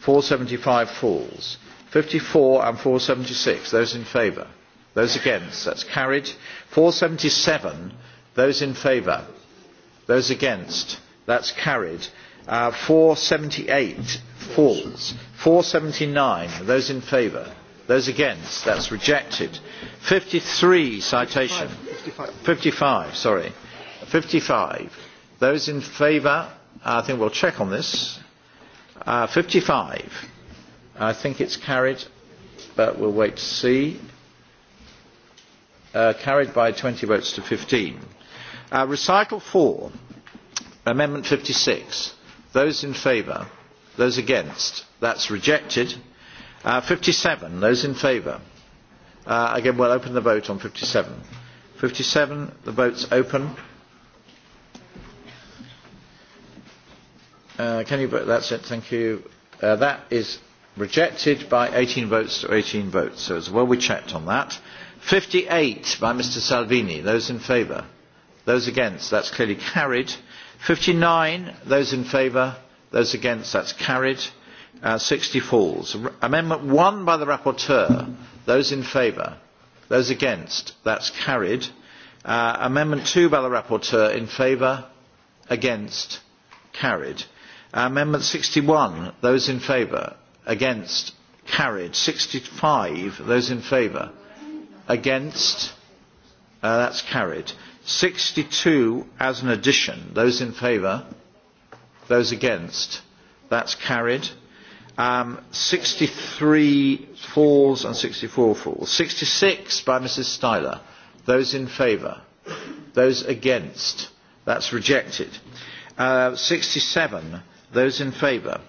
475 falls. 54 and 476, those in favour, those against, that's carried. 477, those in favour, those against that's carried uh, 478 falls 479 those in favour those against that's rejected 53 citation 55, 55. 55 sorry 55 those in favour I think we'll check on this uh, 55 I think it's carried but we'll wait to see uh, carried by 20 votes to 15 Uh, recital 4, Amendment 56. Those in favour? Those against? That's rejected. Uh, 57. Those in favour? Uh, again, we'll open the vote on 57. 57, the vote's open. Uh, can you vote? That's it, thank you. Uh, that is rejected by 18 votes to 18 votes, so as well we checked on that. 58 by Mr Salvini. Those in favour? those against that's clearly carried 59 those in favour those against that's carried uh, 60 falls amendment 1 by the rapporteur those in favour those against that's carried uh, amendment 2 by the rapporteur in favour against carried uh, amendment 61 those in favour against carried 65 those in favour against uh, that's carried 62 as an addition. Those in favour? Those against? That's carried. Um, 63 falls and 64 falls. 66 by Mrs Styler. Those in favour? Those against? That's rejected. Uh, 67. Those in favour?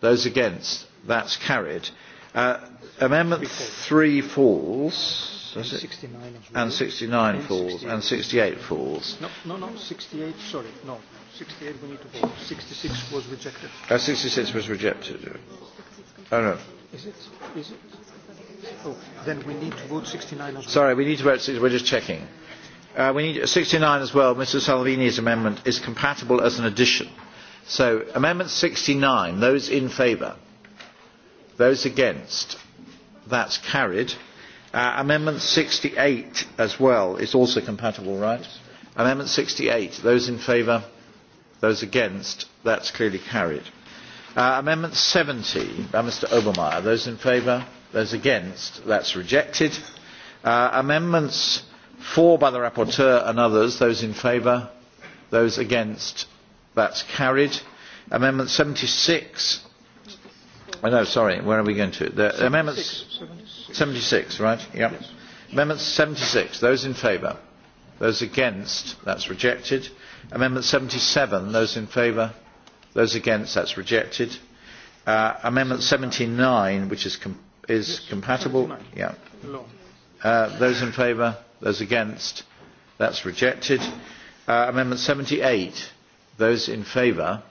Those against? That's carried. Uh, amendment 3 falls
does it? 69 as
well. And 69 and falls. 68. And 68 falls.
No, no, no, 68, sorry, no. 68 we need to vote. 66 was rejected. Uh, 66
was rejected. Oh, no.
Is it? Is it? Oh, then we need to vote 69 as well.
Sorry, we need to vote 69. We're just checking. Uh, we need 69 uh, as well. Mr. Salvini's amendment is compatible as an addition. So, Amendment 69, those in favour. Those against. That's carried. Uh, amendment amendment 68 as well. is also compatible, right? amendment Amendment 68. Those in favour? Those against? That's clearly carried. Uh, amendment 70 by Mr Obermeyer. Those in favour? Those against? That's rejected. Uh, amendments 4 by the rapporteur and others. Those in favour? Those against? That's carried. Amendment 76. Oh, no, sorry. Where are we going to? The, amendments. 76. 76, right? Yep. Yes. Amendment 76, those in favour? Those against? That's rejected. Amendment 77, those in favour? Those against? That's rejected. Uh, amendment 79, which is, com is yes, compatible. Yeah. Uh, those in favour? Those against? That's rejected. Uh, amendment 78, those in favour?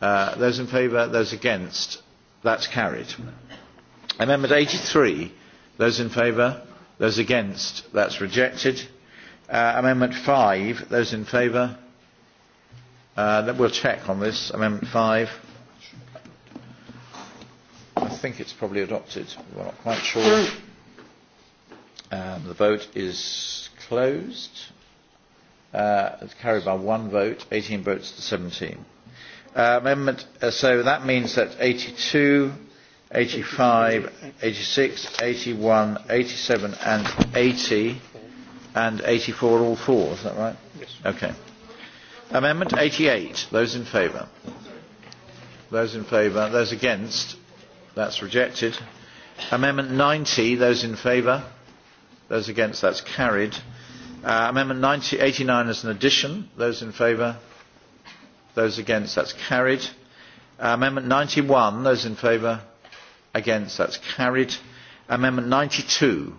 Uh, those in favour? Those against? That's carried. Amendment 83, those in favour, those against, that's rejected. Uh, amendment 5, those in favour, uh, that we'll check on this. Amendment 5. I think it's probably adopted. We're not quite sure. Um, the vote is closed. Uh, it's carried by one vote, 18 votes to 17. Uh, amendment, uh, so that means that 82 85, 86, 81, 87 and 80 and 84 all four, is that right? Yes. Okay. Amendment 88, those in favour? Those in favour, those against? That's rejected. Amendment 90, those in favour? Those against, that's carried. Uh, amendment 90, 89 as an addition, those in favour? Those against, that's carried. Uh, amendment 91, those in favour? against that's carried amendment 92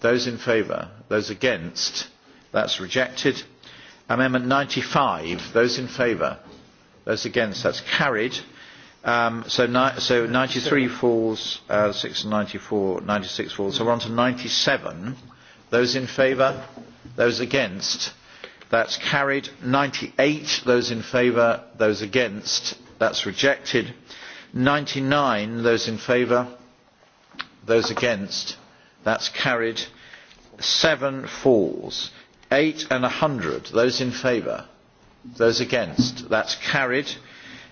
those in favour those against that's rejected amendment 95 those in favour those against that's carried um, so, ni- so 93 falls uh, 6 94 96 falls so we're on to 97 those in favour those against that's carried 98 those in favour those against that's rejected ninety nine those in favour those against that's carried seven falls eight and a hundred those in favour those against that's carried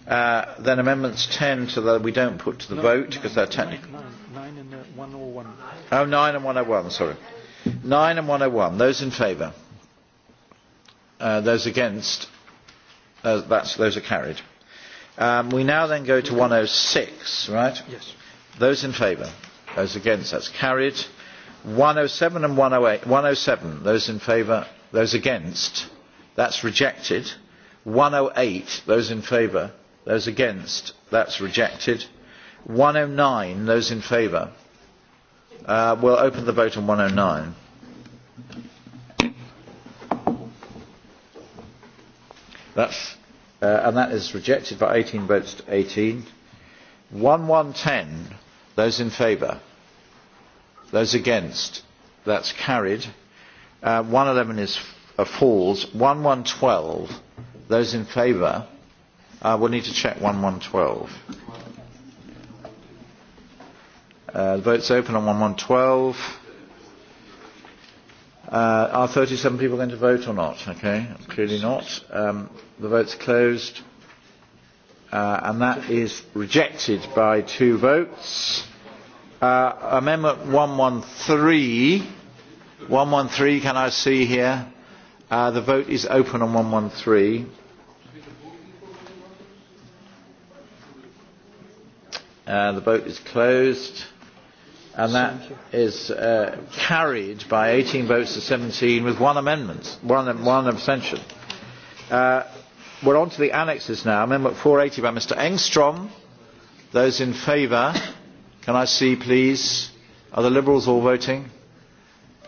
uh, then amendments 10 to the we don't put to the no, vote because they're technical
nine, nine, and uh, 101 oh,
oh and 101 sorry nine and 101 those in favour uh, those against uh, that's, those are carried Um, we now then go to 106, right? Yes. Those in favour? Those against? That's carried. 107 and 108. 107, those in favour? Those against? That's rejected. 108, those in favour? Those against? That's rejected. 109, those in favour? Uh, we'll open the vote on 109. That's Uh, and that is rejected by 18 votes to 18. 1110, those in favour. Those against, that's carried. Uh, 111 is uh, falls. 1112, those in favour. Uh, we'll need to check 1112. Uh, the vote's open on 1112. Uh, are 37 people going to vote or not? Okay, clearly not. Um, the vote's closed. Uh, and that is rejected by two votes. Uh, amendment 113. 113, can I see here? Uh, the vote is open on 113. Uh, the vote is closed and that is uh, carried by 18 votes to 17 with one amendment, one, one abstention. Uh, we're on to the annexes now. Amendment 480 by Mr Engstrom. Those in favour, can I see please? Are the Liberals all voting?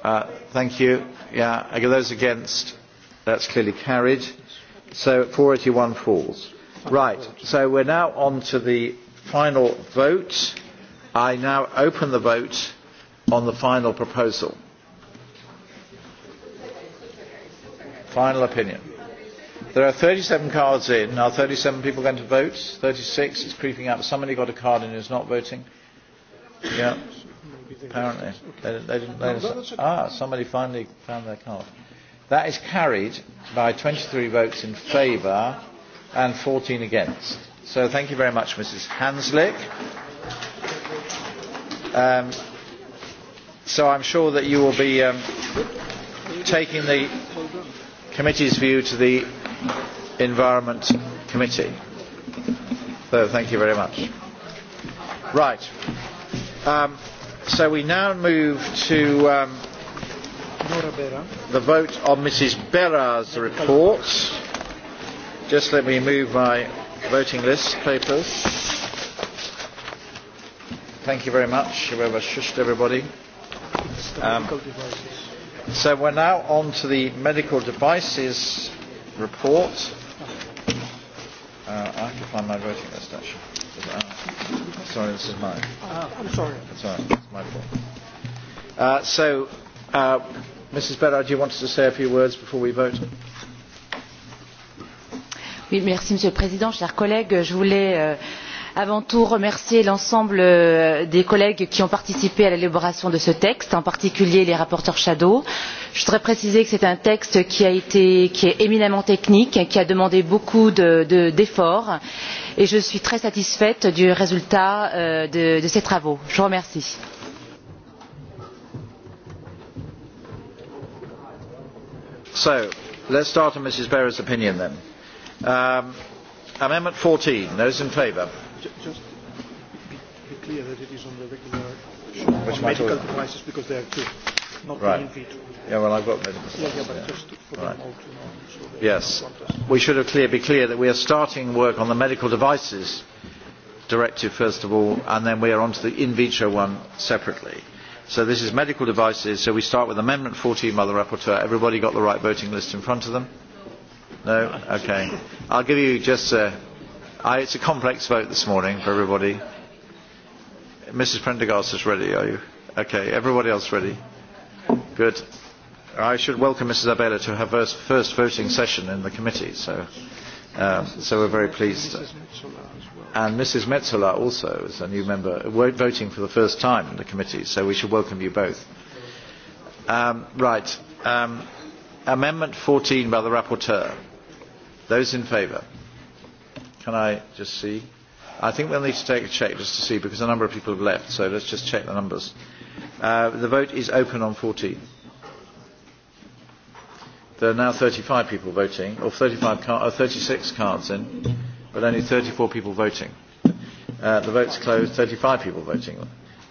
Uh, thank you. Yeah, those against, that's clearly carried. So 481 falls. Right, so we're now on to the final vote. I now open the vote on the final proposal. Final opinion. There are 37 cards in. Are 37 people going to vote? 36. It's creeping up. Somebody got a card in who's not voting. Yeah. Apparently. They, they didn't, they didn't, ah, somebody finally found their card. That is carried by 23 votes in favour and 14 against. So thank you very much, Mrs. Hanslick. Um, so I'm sure that you will be um, taking the committee's view to the Environment Committee. So thank you very much. Right. Um, so we now move to um, the vote on Mrs. Berra's report. Just let me move my voting list papers. Thank you very much, whoever shushed everybody. Um, so we're now on to the medical devices report. Uh, I have to find my voting list, actually. Uh, sorry, this is mine. Uh, I'm sorry. That's all right. It's my fault. Uh, so, uh, Mrs. Bedard, do you wanted to say a few words before we vote?
Oui, merci, Monsieur le Président, chers collègues. Je voulais... Euh, avant tout remercier l'ensemble euh, des collègues qui ont participé à l'élaboration de ce texte en particulier les rapporteurs fictifs. je voudrais préciser que c'est un texte qui, est éminemment technique qui a demandé beaucoup d'efforts et je suis très satisfaite du résultat euh, de, ces travaux. je vous remercie.
So, let's start on Mrs. Berra's opinion then. Um, Just
be clear that it is on the regular on medical devices because they are two, not right. in vitro. Yeah, well, I've got medical. Yeah, yeah, but yeah. just for right. them all to know. So yes,
we should have clear, be clear that we are starting work on the medical devices directive first of all, and then we are on to the in vitro one separately. So this is medical devices. So we start with Amendment 14 by the rapporteur. Everybody got the right voting list in front of them? No? Okay. I'll give you just a uh, I, uh, it's a complex vote this morning for everybody. Mrs. Prendergast is ready, are you? Okay, everybody else ready? Good. I should welcome Mrs. Abela to her first, first voting session in the committee, so, um, so we're very pleased. And Mrs. Metzola also is a new member, voting for the first time in the committee, so we should welcome you both. Um, right. Um, amendment 14 by the rapporteur. Those in favour? Can I just see? I think we'll need to take a check just to see because a number of people have left, so let's just check the numbers. Uh, the vote is open on 14. There are now 35 people voting, or 35 car- or 36 cards in, but only 34 people voting. Uh, the vote's closed, 35 people voting.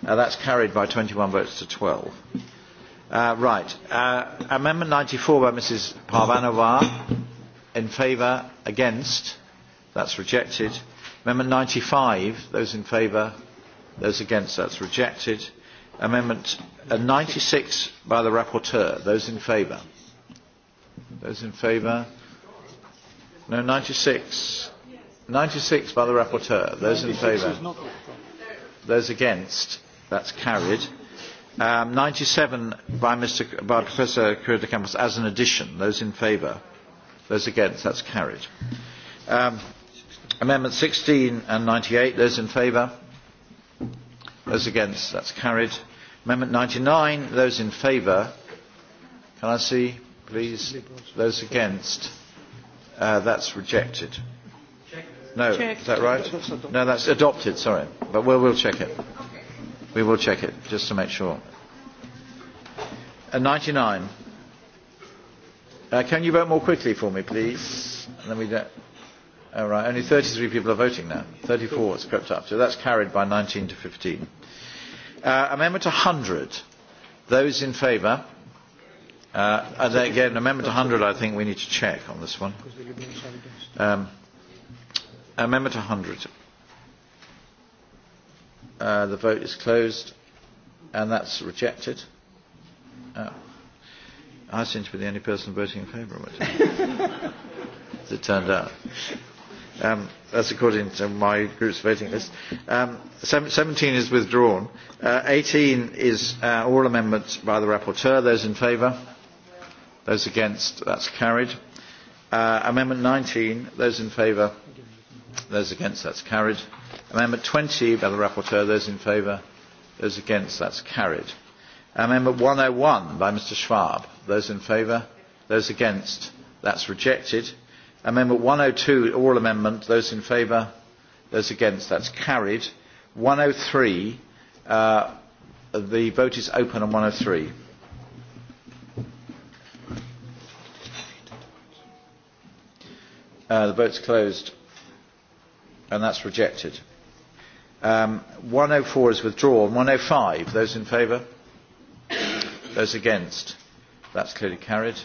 Uh, that's carried by 21 votes to 12. Uh, right. Uh, amendment 94 by Mrs. Parvanova. In favour? Against? That's rejected. Amendment 95, those in favour, those against, that's rejected. Amendment 96 uh, by the rapporteur, those in favour. Those in favour? No, 96. 96 by the rapporteur, those in favour. Those against, that's carried. Um, 97 by, Mr, by Professor Curie de Campos as an addition, those in favour. Those against, that's carried. Um, amendments 16 and 98, those in favour? Those against? That's carried. Amendment 99, those in favour? Can I see, please? Those against? Uh, that's rejected. No, is that right? No, that's adopted, sorry. But we will check it. We will check it, just to make sure. And uh, 99. Uh, can you vote more quickly for me, please? And then we don't... All right, only 33 people are voting now. 34 has crept up. So that's carried by 19 to 15. Uh, amendment 100. Those in favour? Uh, and again, Amendment 100, I think we need to check on this one. Um, amendment 100. Uh, the vote is closed, and that's rejected. Uh, I seem to be the only person voting in favour of it, [laughs] as it turned out um, that's according to my group's voting list. Um, 17 is withdrawn. Uh, 18 is uh, oral amendments by the rapporteur. Those in favour? Those against? That's carried. Uh, amendment 19, those in favour? Those against? That's carried. Amendment 20 by the rapporteur. Those in favour? Those against? That's carried. Amendment 101 by Mr Schwab. Those in favour? Those against? That's rejected. Amendment one hundred and 102, oral amendment. Those in favour? Those against? that is carried. one hundred 103, uh, the vote is open on one hundred 103. Uh, the vote's closed and that's rejected. Um, 104 is withdrawn. 105, those in favour? those against? That's clearly carried.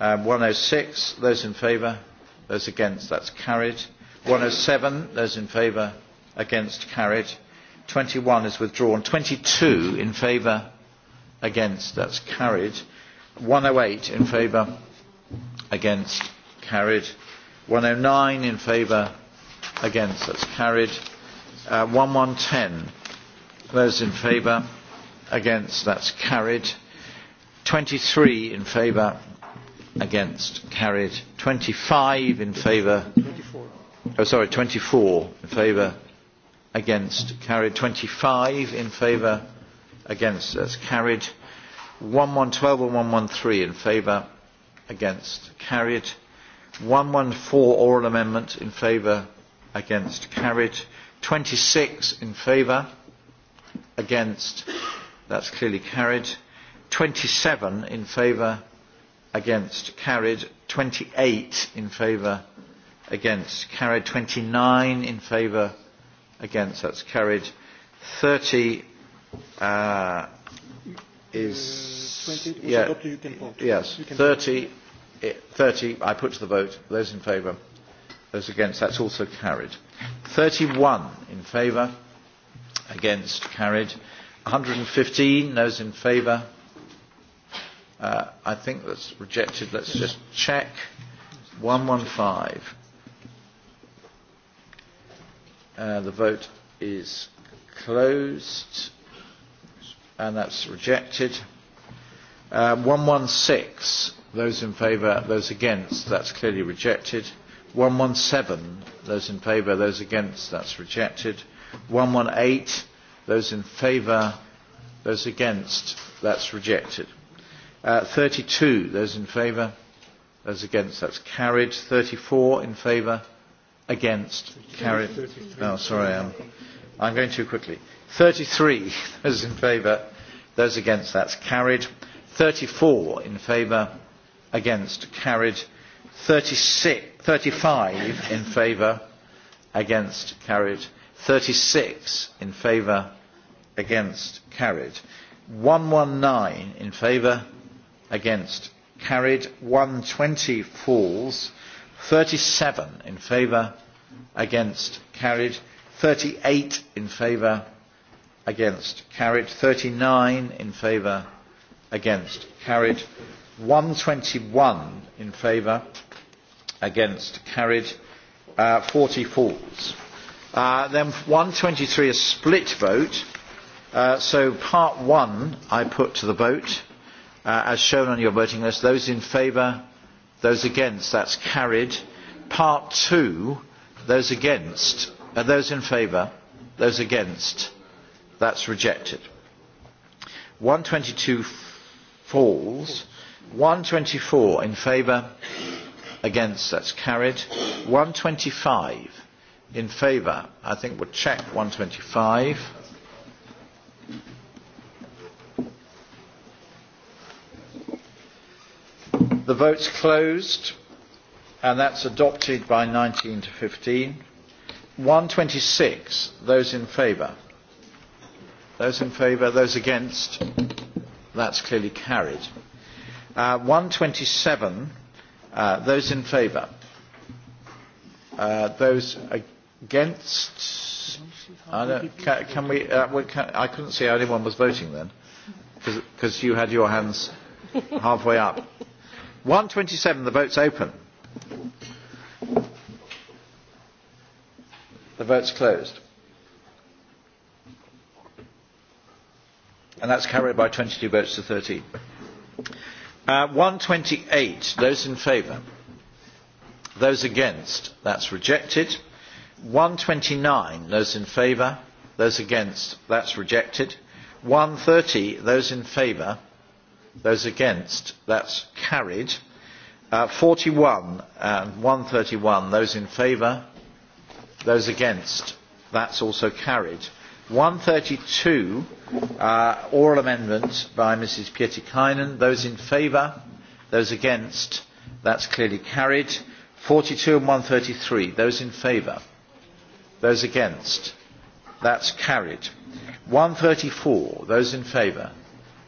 Um, 106, those in favour? those against that is carried one hundred and seven those in favour against carried twenty one is withdrawn twenty two in favour against that is carried one hundred oh and eight in favour against carried one hundred oh and nine in favour against that is carried uh, ten those in favour against that is carried twenty three in favour against carried 25 in favour oh sorry 24 in favour against carried 25 in favour against that's carried 112 and 113 in favour against carried 114 oral amendment in favour against carried 26 in favour against that's clearly carried 27 in favour against carried 28 in favour against carried 29 in favour against that's carried 30 uh, is
20 yeah, adopted, you can vote. yes you can
30 vote. 30 eh, I put to the vote those in favour those against that's also carried 31 in favour against carried 115 those in favour Uh, I think that's rejected. Let's just check. 115. Uh, the vote is closed. And that's rejected. Uh, um, 116. Those in favour, those against, that's clearly rejected. 117. Those in favour, those against, that's rejected. 118. Those in favour, those against, that's rejected. Uh, thirty 32, those in favour? Those against? That's carried. 34 in favour? Against? Carried. No, oh, sorry, I'm, I'm going too quickly. 33, [laughs] those in favour? Those against? That's carried. 34 in favour? Against? Carried. thirty 35 in favour? Against? Carried. 36 in favour? Against? Carried. 119 in favour? against carried 120 falls 37 in favour against carried 38 in favour against carried 39 in favour against carried 121 in favour against carried uh, 40 falls uh, then 123 a split vote uh, so part one I put to the vote Uh, as shown on your voting list. Those in favour, those against, that's carried. Part two, those against, uh, those in favour, those against, that's rejected. 122 falls. 124 in favour, against, that's carried. 125 in favour, I think we'll check 125. The vote's closed, and that's adopted by 19 to 15. 126, those in favour. Those in favour, those against, that's clearly carried. Uh, 127, uh, those in favour. Uh, those against, I don't, can, can we, uh, we can, I couldn't see how anyone was voting then, because you had your hands halfway up. 127, the vote's open. The vote's closed. And that's carried by 22 votes to 13. Uh, 128, those in favour. Those against, that's rejected. 129, those in favour. Those against, that's rejected. 130, those in favour. Those against? That's carried. Uh, 41 and 131. Those in favour? Those against? That's also carried. 132, uh, oral amendment by Mrs. Pietikainen. Those in favour? Those against? That's clearly carried. 42 and 133. Those in favour? Those against? That's carried. 134. Those in favour?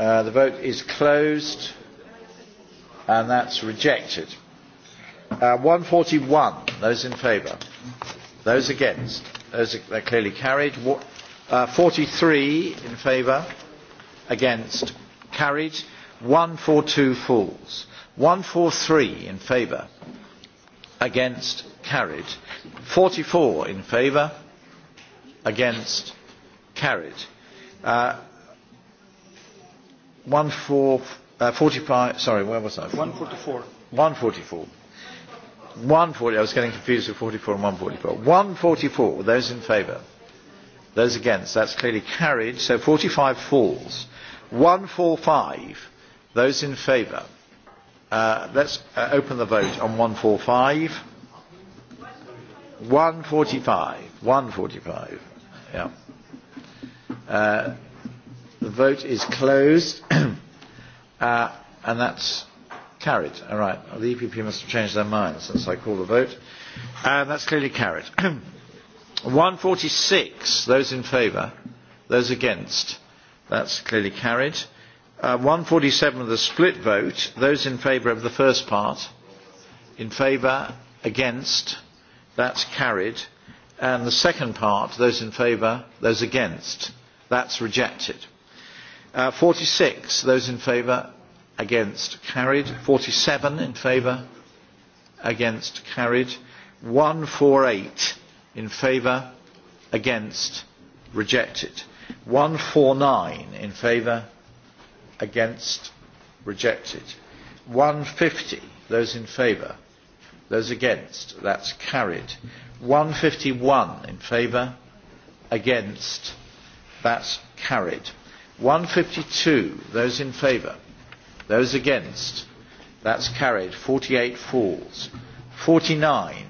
Uh, the vote is closed and that's rejected. Uh, 141, those in favour. Those against. Those are they're clearly carried. Uh, 43 in favour. Against. Carried. 142 falls. 143 in favour. Against. Carried. 44 in favour. Against. Carried. Uh, One four, uh, sorry, where was I? 144. 144. 140, I was getting confused with 44 and 144. 144, those in favour. Those against, that's clearly carried, so 45 falls. 145, those in favour. Uh, let's uh, open the vote on 145. 145, 145, yeah. Uh, The vote is closed. [clears throat] uh, and that's carried. All right. Well, the EPP must have changed their minds since I call the vote. And uh, that's clearly carried. 146. [clears throat] Those in favour. Those against. That's clearly carried. Uh, 147 of the split vote. Those in favour of the first part. In favour. Against. That's carried. And the second part. Those in favour. Those against. That's rejected. Uh, 46, those in favour, against, carried. 47 in favour, against, carried. 148 in favour, against, rejected. 149 in favour, against, rejected. 150, those in favour, those against, that's carried. 151 in favour, against, that's carried. 152, those in favour. Those against. That's carried. 48 falls. 49,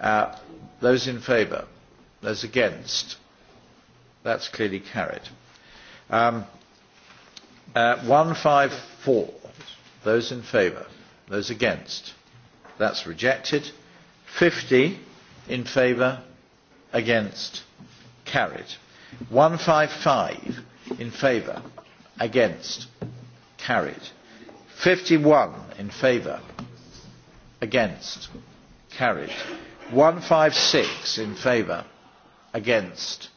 uh, those in favour. Those against. That's clearly carried. Um, uh, 154, those in favour. Those against. That's rejected. 50 in favour, against, carried. 155 in favour against carried 51 in favour against carried 156 in favour against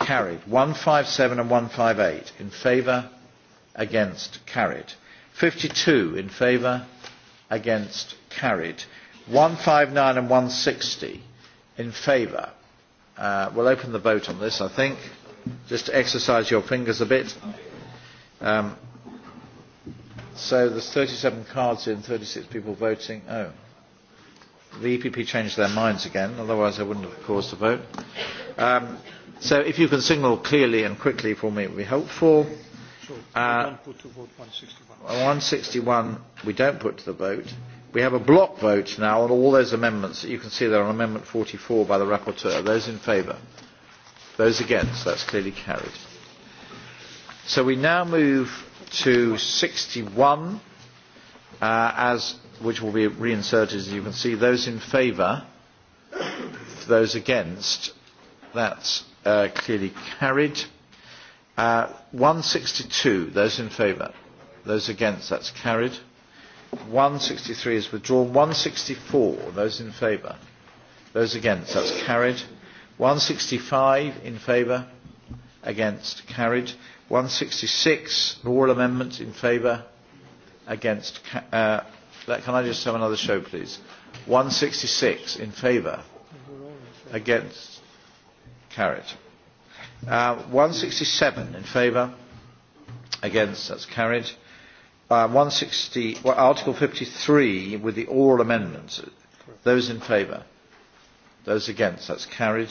carried 157 and 158 in favour against carried 52 in favour against carried 159 and 160 in favour uh, we'll open the vote on this I think just to exercise your fingers a bit. Um, so there's 37 cards in, 36 people voting. Oh, the EPP changed their minds again, otherwise I wouldn't have caused a vote. Um, so if you can signal clearly and quickly for me, it would be helpful. Uh, 161 we don't put to the vote. We have a block vote now on all those amendments. You can see there on Amendment 44 by the rapporteur. Those in favour? Those against? That's clearly carried. So we now move to 61, uh, as, which will be reinserted, as you can see. Those in favour? Those against? That's uh, clearly carried. Uh, 162, those in favour? Those against? That's carried. 163 is withdrawn. 164, those in favour? Those against? That's carried. 165 in favour, against, carried. 166, the oral amendment in favour, against. Uh, can I just have another show, please? 166 in favour, against, carried. Uh, 167 in favour, against, that's carried. Uh, 160, well, Article 53 with the oral amendments. Those in favour. Those against, that's carried.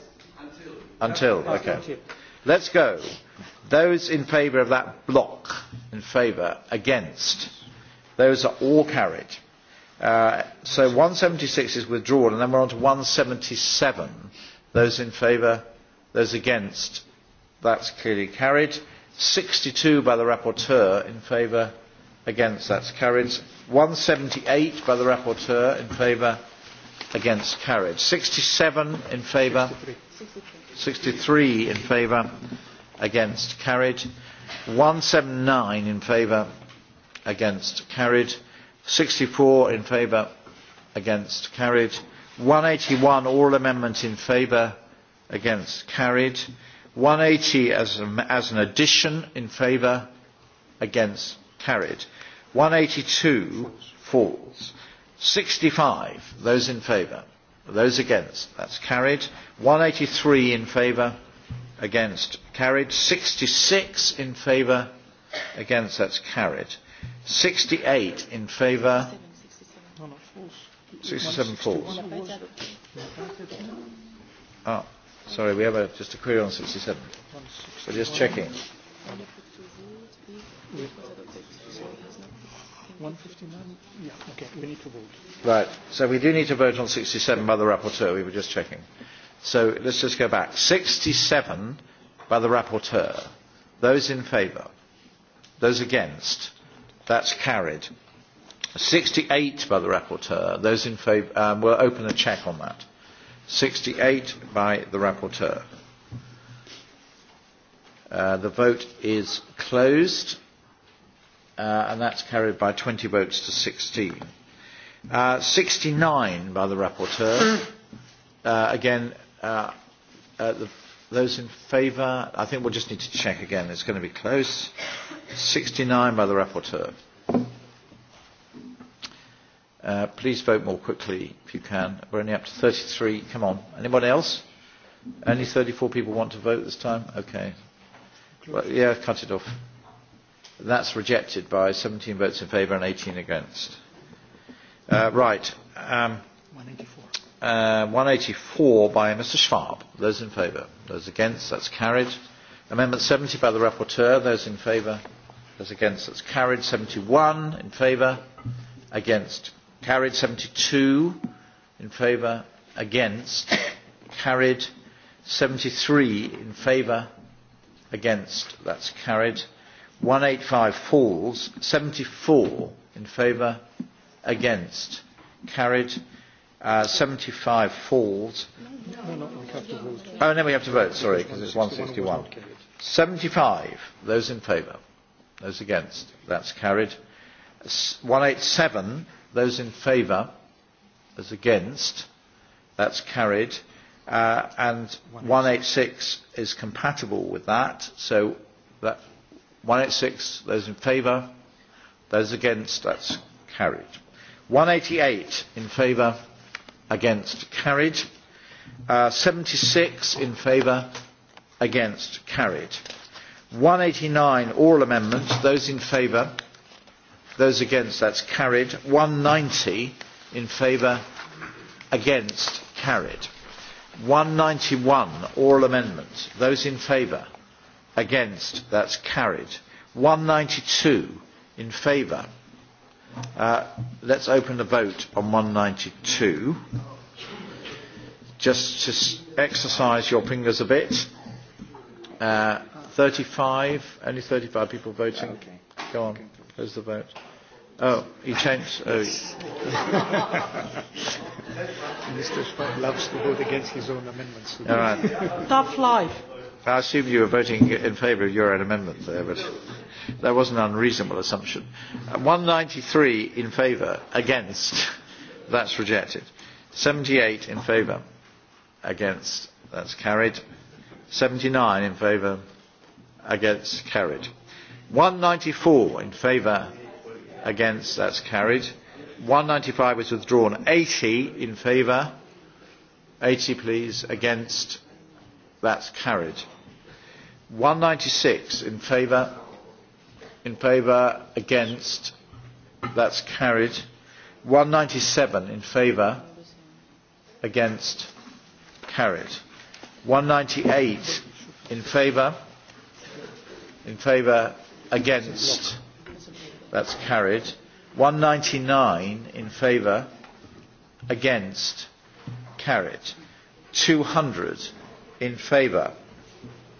Until, okay. Let's go. Those in favour of that block, in favour, against, those are all carried. Uh, so 176 is withdrawn, and then we're on to 177. Those in favour, those against, that's clearly carried. 62 by the rapporteur in favour, against, that's carried. 178 by the rapporteur in favour, against, carried. 67 in favour. 63. 63 in favour against carried 179 in favour against carried 64 in favour against carried 181 oral amendment in favour against carried 180 as, a, as an addition in favour against carried 182 falls 65 those in favour Those against? That's carried. 183 in favour. Against? Carried. 66 in favour. Against? That's carried. 68 in favour.
67 falls.
Oh, sorry, we have a, just a query on 67. We're just checking.
159? Yeah, okay, we need to vote.
Right, so we do need to vote on 67 by the rapporteur, we were just checking. So let's just go back. 67 by the rapporteur. Those in favour? Those against? That's carried. 68 by the rapporteur. Those in favour? Um, we'll open a check on that. 68 by the rapporteur. Uh, the vote is closed uh, and that's carried by 20 votes to 16. Uh, 69 by the rapporteur. Uh, again, uh, uh, the, those in favour, I think we'll just need to check again. It's going to be close. 69 by the rapporteur. Uh, please vote more quickly if you can. We're only up to 33. Come on. Anyone else? Only 34 people want to vote this time? Okay. Well, yeah, cut it off. That's rejected by 17 votes in favour and 18 against. Uh, right. Um, 184. Uh, 184 by Mr Schwab. Those in favour. Those against. That's carried. Amendment 70 by the rapporteur. Those in favour. Those against. That's carried. 71 in favour. Against. Carried. 72 in favour. Against. Carried. 73 in favour. Against. That's carried. 185 falls. 74 in favour, against, carried. Uh, 75 falls. No, no, no, oh, and then we have to vote, sorry, because it's 161. 75, those in favour. Those against, that's carried. 187, those in favour. Those against, that's carried. Uh, and 186 is compatible with that, so that 186 those in favour those against that's carried 188 in favour against carried uh, 76 in favour against carried 189 oral amendments. those in favour those against that's carried 190 in favour against carried 191 oral amendments. those in favour against that's carried 192 in favour uh, let's open the vote on 192 just to exercise your fingers a bit uh, 35 only 35 people voting okay. go on close the vote Oh, he changed. Oh. Mr.
Schwab loves to vote against his own
amendments.
All right.
Tough life.
I assume you were voting in favour of your own amendment there, but that was an unreasonable assumption. 193 uh, in favour, against, that's rejected. 78 in favour, against, that's carried. 79 in favour, against, carried. 194 in favour, against, that's carried. 195 is withdrawn. 80 in favour, 80 please, against, That's carried. 196 in favour. In favour. Against. That's carried. 197 in favour. Against. Carried. 198 in favour. In favour. Against. That's carried. 199 in favour. Against. Carried. 200 in favour.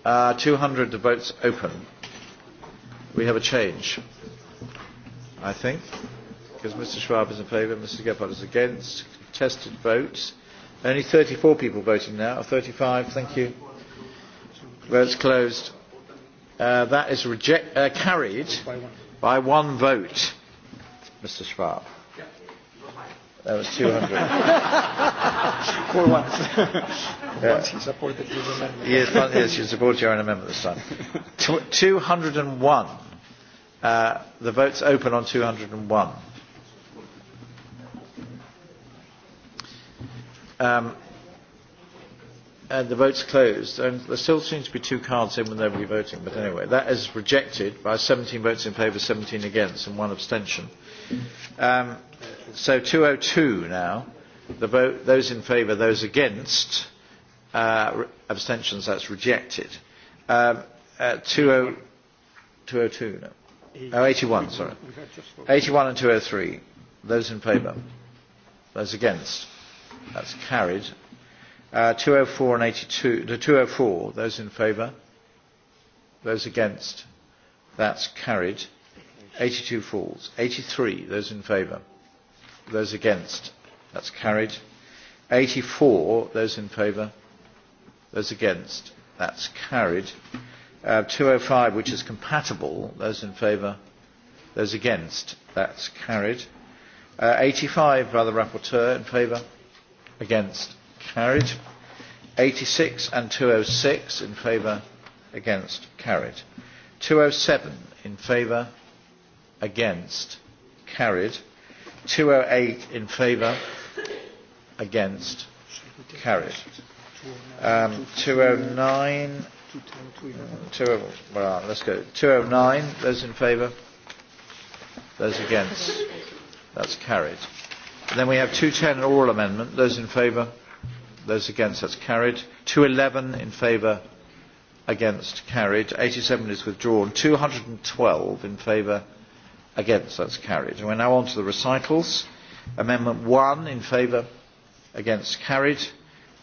Uh, 200 the votes open. We have a change, I think, because Mr Schwab is in favour, Mr Gephardt is against. Contested votes. Only 34 people voting now, 35, thank you. Votes closed. Uh, that is reject, uh, carried by one vote, Mr Schwab. That was 200. [laughs] For once.
yeah. [laughs] Once he supported his amendment. Yes, one, yes, you
support your own amendment this time. 201. [laughs] Uh, the vote's open on 201. Um, and the vote's closed. And there still seems to be two cards in when they'll be voting. But anyway, that is rejected by 17 votes in favour, 17 against, and one abstention. Um, so 202 now. The vote, those in favour, those against. Uh, abstentions, that's rejected. Um, uh, 20, 202 now. Oh, 81, sorry. 81 and 203. Those in favour? Those against? That's carried. Uh, 204 and 82. The 204, those in favour? Those against? That's carried. 82 falls. 83, those in favour. Those against, that's carried. 84, those in favour. Those against, that's carried. Uh, 205, which is compatible, those in favour. Those against, that's carried. Uh, 85 by the rapporteur in favour. Against, carried. 86 and 206 in favour. Against, carried. 207 in favour against carried 208 in favour against carried um, 209 2, well, let's go 209 those in favour those against that's carried and then we have 210 an oral amendment those in favour those against that's carried 211 in favour against carried 87 is withdrawn 212 in favour Against, that's carried. And we're now on to the recitals. Amendment 1 in favour, against, carried.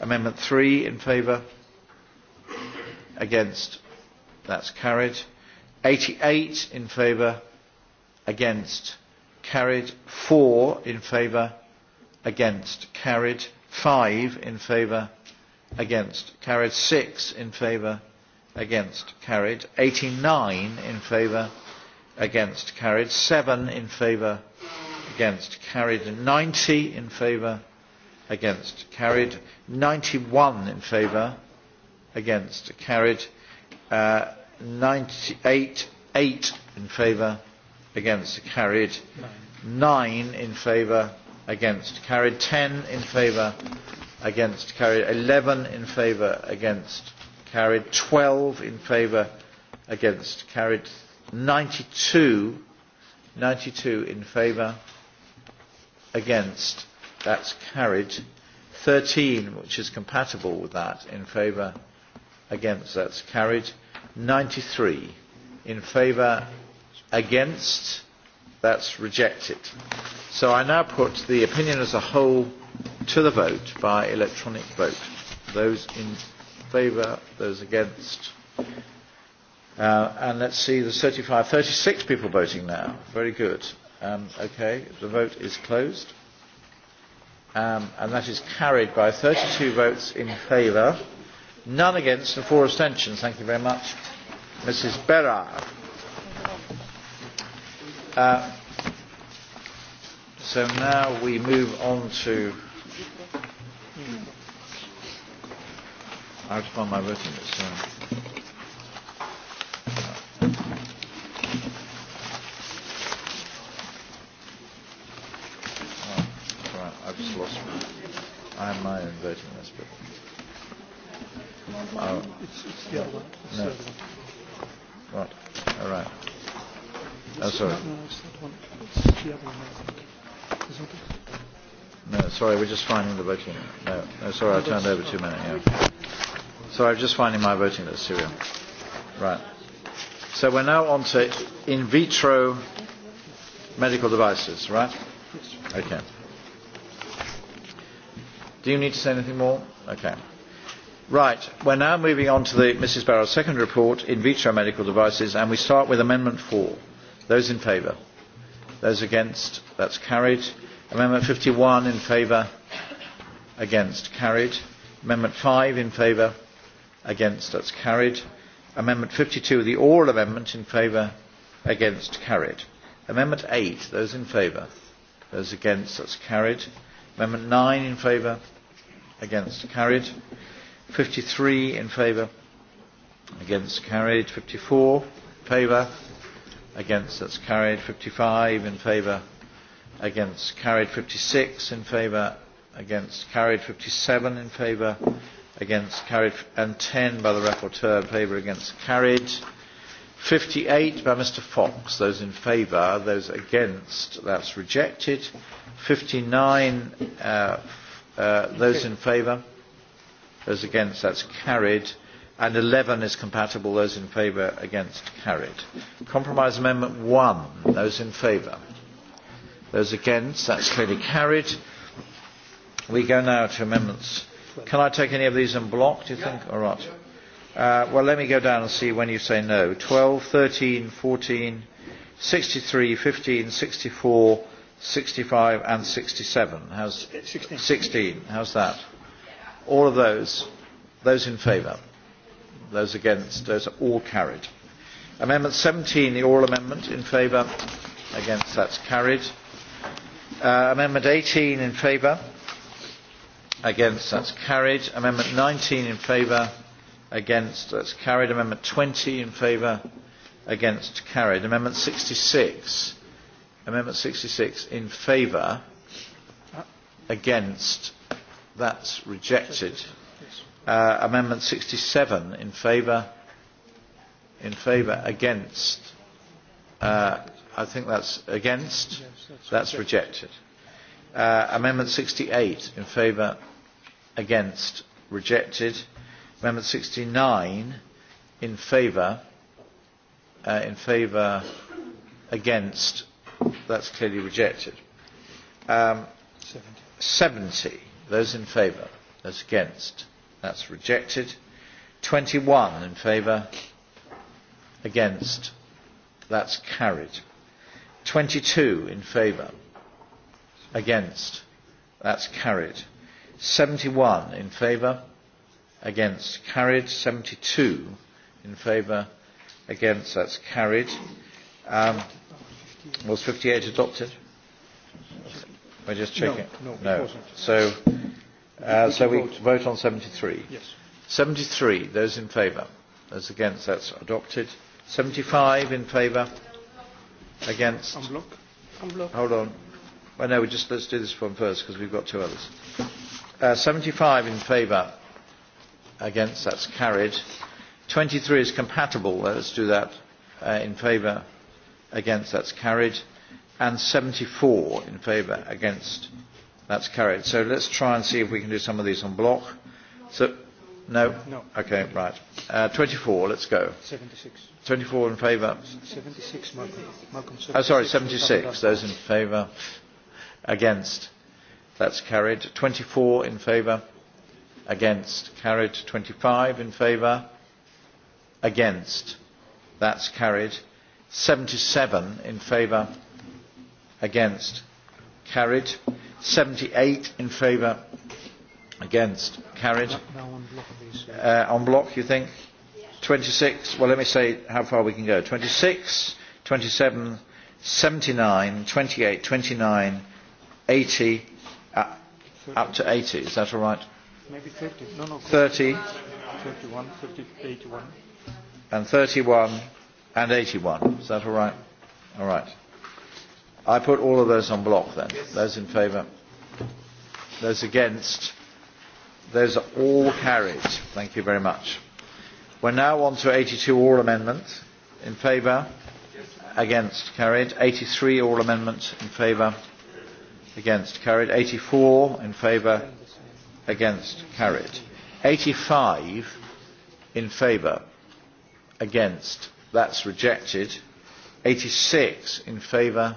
Amendment 3 in favour, against, that's carried. 88 in favour, against, carried. 4 in favour, against, carried. 5 in favour, against, carried. 6 in favour, against, carried. 89 in favour, against, against carried seven in favour against carried ninety in favour against carried ninety one in favour against carried uh, ninety eight eight in favour against carried nine in favour against carried ten in favour against carried eleven in favour against carried twelve in favour against carried 92, in favour, against, that's carried. 13, which is compatible with that, in favour, against, that's carried. 93, in favour, against, that's rejected. So I now put the opinion as a whole to the vote by electronic vote. Those in favour, those against, Uh, and let's see, there's 35, 36 people voting now. Very good. Um, okay, the vote is closed. Um, and that is carried by 32 votes in favour, none against and four abstentions. Thank you very much, Mrs. Berard. Uh, so now we move on to. I have to find my voting list. Sorry. No. What? All right. Oh, sorry. No,
no, it's not one. It's the other one, I
think. Isn't it?
No, sorry, we're just finding the voting. No, no sorry, no, I turned over too many. Yeah. Sorry, I'm just finding my voting list. Here we are. Right. So we're now on to in vitro medical devices, right? Okay. Do you need to say anything more? Okay. Right, we're now moving on to the, Mrs Barrow's second report, in vitro medical devices, and we start with Amendment 4. Those in favour? Those against? That's carried. Amendment 51 in favour? Against? Carried. Amendment 5 in favour? Against? That's carried. Amendment 52, the oral amendment in favour? Against? Carried. Amendment 8, those in favour? Those against? That's carried. Amendment 9 in favour? Against? Carried. 53 in favour, against carried. 54 in favour, against that's carried. 55 in favour, against carried. 56 in favour, against carried. 57 in favour, against carried. And 10 by the rapporteur in favour, against carried. 58 by Mr Fox. Those in favour, those against, that's rejected. 59, uh, uh, those in favour, those against that's carried and 11 is compatible those in favour against carried compromise amendment 1 those in favour those against that's clearly carried we go now to amendments can I take any of these in block do you think all right uh, well let me go down and see when you say no 12 13 14 63 15 64 65 and 67 how's 16 how's that All of those, those in favour, those against, those are all carried. Amendment 17, the oral amendment, in favour, against, that's carried. Uh, amendment 18 in favour, against, that's carried. Amendment 19 in favour, against, that's carried. Amendment 20 in favour, against, carried. Amendment 66, Amendment 66 in favour, against, That's rejected. Uh, amendment 67 in favour. In favour. Against. Uh, I think that's against. That's rejected. Uh, amendment 68 in favour. Against. Rejected. Amendment 69 in favour. Uh, in favour. Against. That's clearly rejected. Um, 70. 70 Those in favour? Those against? That's rejected. 21 in favour? Against? That's carried. 22 in favour? Against? That's carried. 71 in favour? Against? Carried. 72 in favour? Against? That's carried. Um, was 58 adopted? We're just check No, no, no. So, uh, so we vote. vote on 73. Yes. 73. Those in favour. Those against. That's adopted. 75 in favour. Against. En bloc. En bloc. Hold on. Well, no, we just let's do this one first because we've got two others. Uh, 75 in favour. Against. That's carried. 23 is compatible. Let's do that. Uh, in favour. Against. That's carried and 74 in favour against that's carried so let's try and see if we can do some of these on block so no no okay right uh, 24 let's go 76 24 in favour
76 Malcolm, Malcolm 76, oh sorry 76 those in
favour against that's carried 24 in favour against carried 25 in favour against that's carried 77 in favour against carried 78 in favour against carried
uh,
on block you think 26 well let me say how far we can go 26 27 79 28 29 80 uh, up to 80 is that all right
maybe 30 no no
30
31 30 81
and 31 and 81 is that all right all right I put all of those on block then. Those in favour? Those against? Those are all carried. Thank you very much. We're now on to 82 oral amendments In favour? Against? Carried. 83 oral amendments In favour? Against? Carried. 84 in favour? Against? Carried. 85 in favour? Against? That's rejected. 86 in favour?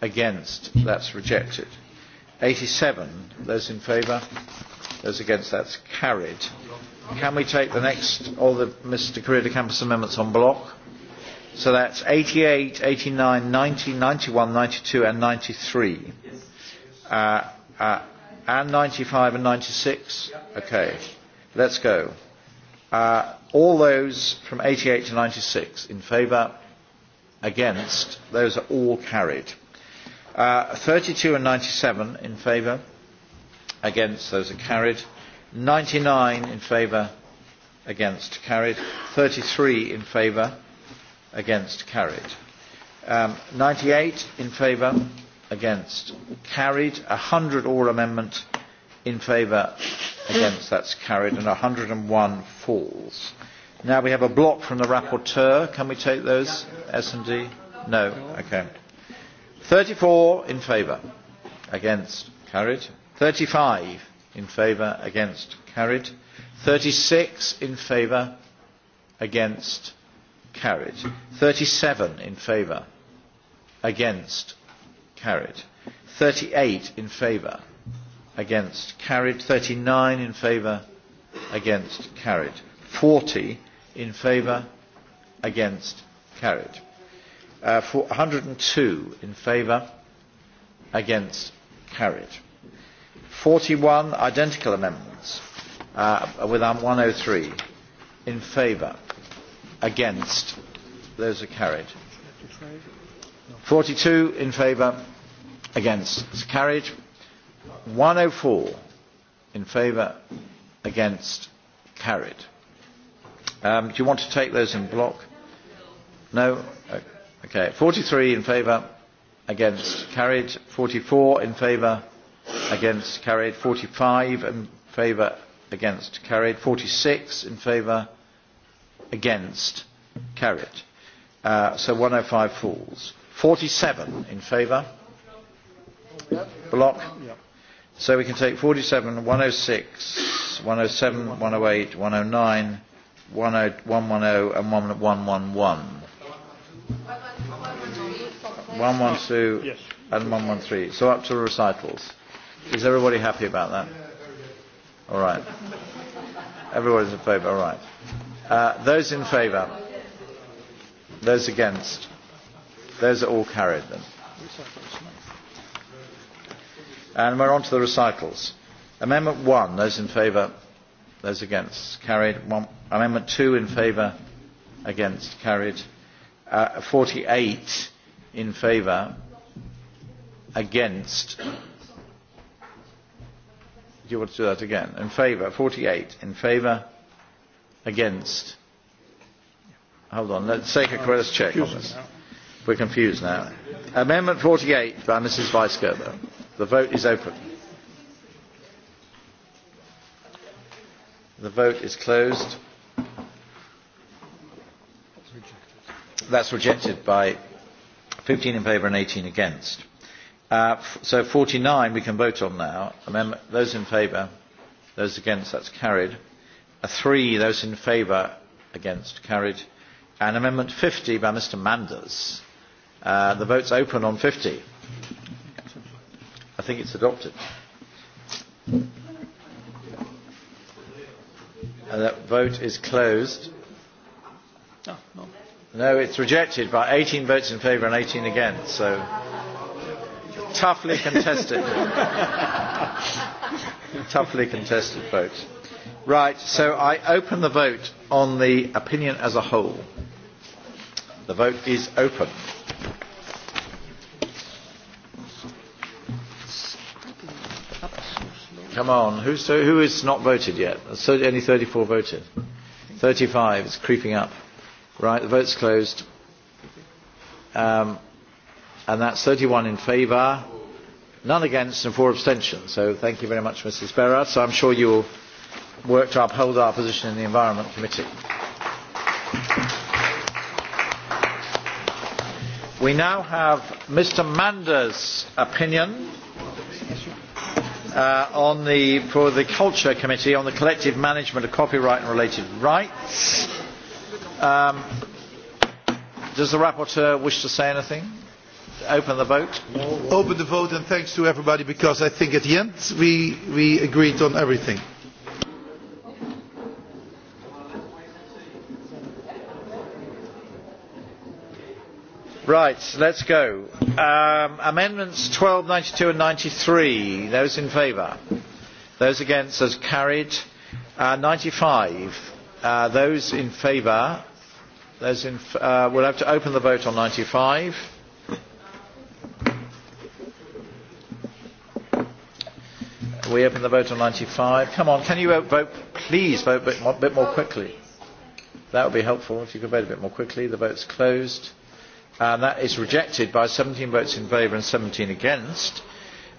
against that's rejected 87 those in favour those against that's carried can we take the next all the Mr Correa Campus amendments on block so that's 88 89 90 91 92 and 93 uh, uh, and 95 and 96 okay let's go uh, all those from 88 to 96 in favour against those are all carried Uh, thirty two and ninety seven in favour. Against, those are carried. ninety nine in favour. Against, carried. thirty three in favour. Against, carried. Um, eight in favour. Against, carried. a hundred oral amendment in favour. Against, that's carried. And hundred and one falls. Now we have a block from the rapporteur. Can we take those? S&D? No. Okay thirty four in favour against carried thirty five in favour against carried thirty six in favour against carried thirty seven in favour against carried thirty eight in favour against carried thirty nine in favour against carried forty in favour against carried Uh, for 102 in favour, against, carried. 41 identical amendments uh, with 103 um, in favour, against, those are carried. 42 in favour, against, it's carried. 104 in favour, against, carried. Um, do you want to take those in block? No? Okay. Okay, 43 in favour, against carried. 44 in favour, against carried. 45 in favour, against carried. 46 in favour, against carried. Uh, so 105 falls. 47 in favour. Block. So we can take 47, 106, 107, 108, 109, 110, and 111
one, 112 yes.
and one, one, three. So up to the recitals. Is everybody happy about that? All right. Everybody's in favour. All right. Uh, those in favour. Those against. Those are all carried then. And we're on to the recitals. Amendment one. those in favour, those against, carried. One, amendment two in favour, against, carried. Uh, 48 in favour against do you want to do that again in favour 48 in favour against hold on let's take a cross check on this. we're confused now amendment 48 by Mrs weisgerber the vote is open the vote is closed that's rejected by 15 in favour and 18 against. Uh, so 49 we can vote on now. Amendment, those in favour, those against, that's carried. A 3, those in favour, against, carried. And Amendment 50 by Mr Manders. Uh, the vote's open on 50. I think it's adopted. And that vote is closed. Oh, no, no. No, it's rejected by 18 votes in favour and 18 against. So toughly contested. [laughs] toughly contested vote. Right, so I open the vote on the opinion as a whole. The vote is open. Come on, who, so who is not voted yet? only 34 voted. 35, it's creeping up. Right, the vote's closed. Um, and that's 31 in favour, none against and four abstentions. So thank you very much, Mrs. Berra. So I'm sure you'll work to uphold our position in the Environment Committee. We now have Mr. Mander's opinion uh, on the, for the Culture Committee on the collective management of copyright and related rights. Um, does the rapporteur wish to say anything? Open the vote. Open the vote and thanks to everybody because I think at the end we, we agreed on everything. Right, let's go. Um, amendments 12, 92 and 93. Those in favour? Those against? As carried. Uh, 95 Uh, those in favour, uh, we'll have to open the vote on 95. We open the vote on 95. Come on, can you uh, vote, please vote a bit more, bit more quickly? That would be helpful if you could vote a bit more quickly. The vote's closed. And that is rejected by 17 votes in favour and 17 against.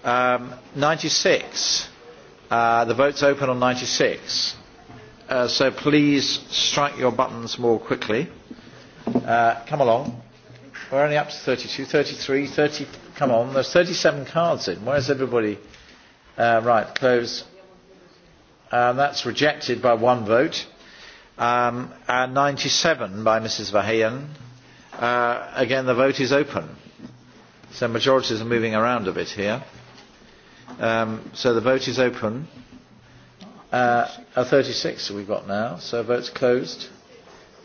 Um, 96. Uh, the vote's open on 96. Uh, so please strike your buttons more quickly. Uh, come along. We're only up to 32, 33, 30. Come on, there's 37 cards in. Where's everybody? Uh, right, close. Uh, that's rejected by one vote. Um, and 97 by Mrs. Vahian. Uh, again, the vote is open. So majorities are moving around a bit here. Um, so the vote is open. Uh, uh, 36 we've got now, so vote's closed.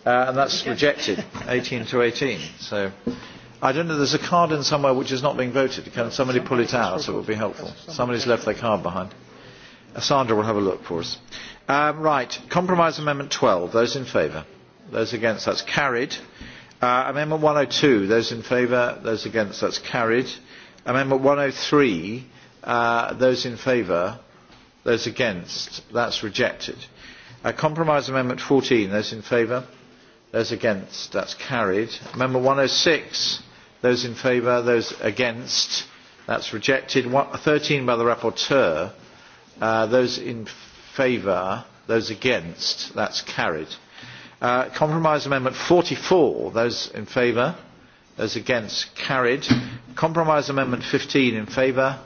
Uh, and that's rejected, 18 to 18. So I don't know, there's a card in somewhere which is not being voted. Can somebody pull it out? So It would be helpful. Somebody's left their card behind. Sandra will have a look for us. Um, right, Compromise Amendment 12. Those in favour? Those against? That's carried. Uh, amendment 102. Those in favour? Those against? That's carried. Amendment 103. Uh, those in favour? Those against? That's rejected. Uh, compromise Amendment 14. Those in favour? Those against? That's carried. Amendment 106. Those in favour? Those against? That's rejected. 13 by the rapporteur. Uh, those in favour? Those against? That's carried. Uh, compromise Amendment 44. Those in favour? Those against? Carried. Compromise Amendment 15 in favour?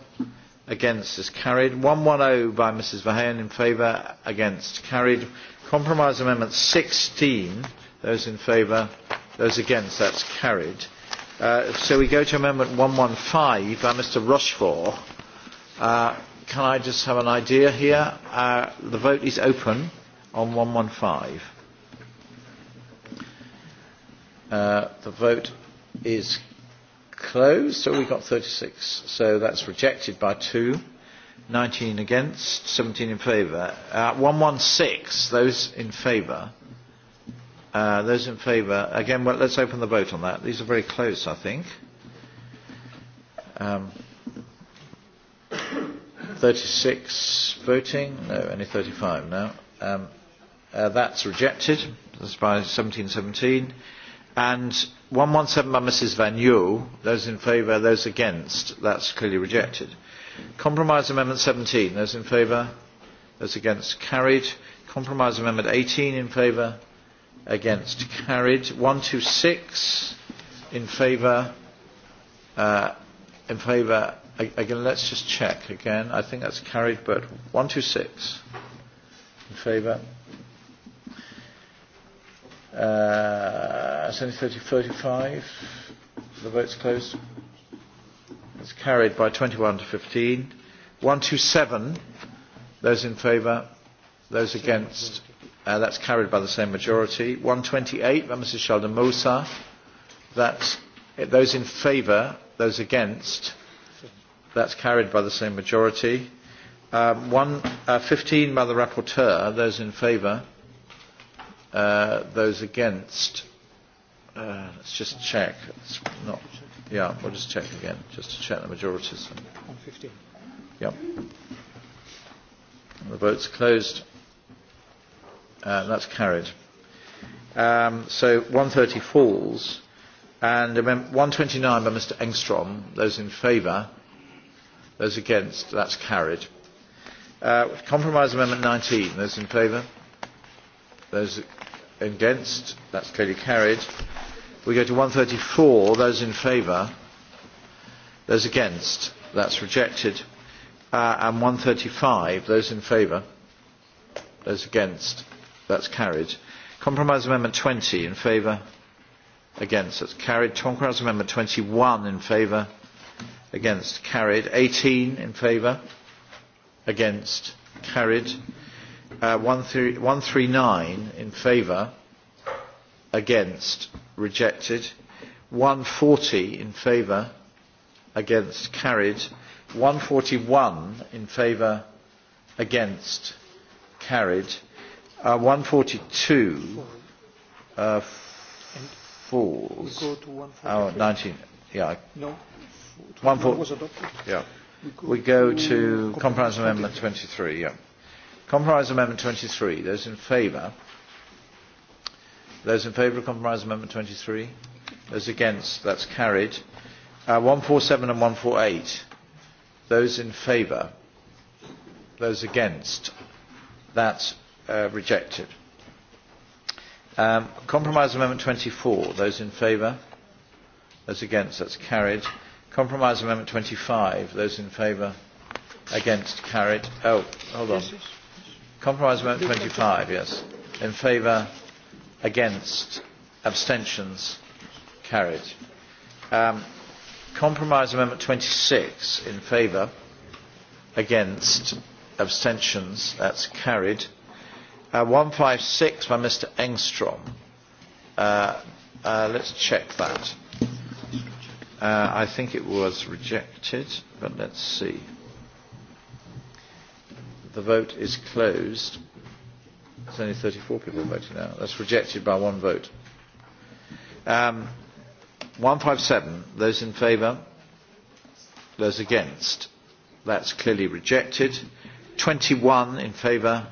against is carried. 110 by Mrs Verheyen in favour, against carried. Compromise Amendment 16, those in favour, those against, that's carried. Uh, so we go to Amendment 115 by Mr Rochefort. Uh, can I just have an idea here? Uh, the vote is open on 115. Uh, the vote is closed. So we got 36. So that's rejected by two. 19 against, 17 in favour. Uh, 116, those in favour. Uh, those in favour. Again, well, let's open the vote on that. These are very close, I think. Um, 36 voting. No, only 35 now. Um, uh, that's rejected. That's by 1717. 17. 17. And 117 by Mrs Van Yu, those in favour, those against, that's clearly rejected. Compromise Amendment 17, those in favour, those against, carried. Compromise Amendment 18 in favour, against, carried. 126 in favour, uh, in favour, again, let's just check again. I think that's carried, but 126 in favour, Assembly uh, 35. The vote's closed. It's carried by 21 to 15. 127. Those in favour. Those against. Uh, that's carried by the same majority. 128 by Mrs. Sheldon Moussa. That's it, eh, those in favour. Those against. That's carried by the same majority. Um, 115 uh, by the rapporteur. Those in favour. Uh, those against, uh, let's just check. It's not, yeah, we'll just check again, just to check the majorities. On 15. Yep. And the vote's closed. Uh, that's carried. Um, so 130 falls. And 129 by Mr Engstrom. Those in favour. Those against. That's carried. Uh, compromise Amendment 19. Those in favour. Those against? That's clearly carried. We go to 134. Those in favour? Those against? That's rejected. Uh, and 135. Those in favour? Those against? That's carried. Compromise Amendment 20 in favour? Against? That's carried. Compromise Amendment 21 in favour? Against? Carried. 18 in favour? Against? Carried. 139 uh, in favour, against, rejected. 140 in favour, against, carried. 141 in favour, against, carried. Uh, 142 uh, falls. We go to 143. Oh, 19. Yeah. No. 14, was adopted. Yeah. We go, we go to compromise amendment 23. Yeah. Compromise Amendment 23. Those in favour? Those in favour of Compromise Amendment 23? Those against? That's carried. Uh, 147 and 148. Those in favour? Those against? That's uh, rejected. Um, compromise Amendment 24. Those in favour? Those against? That's carried. Compromise Amendment 25. Those in favour? Against? Carried. Oh, hold on. Yes, yes. Compromise Amendment 25, yes. In favour, against, abstentions, carried. Um, compromise Amendment 26, in favour, against, abstentions, that's carried. Uh, 156 by Mr Engstrom. Uh, uh, let's check that. Uh, I think it was rejected, but let's see. The vote is closed. There's only 34 people voting now. That's rejected by one vote. Um, 157, those in favour? Those against? That's clearly rejected. 21 in favour,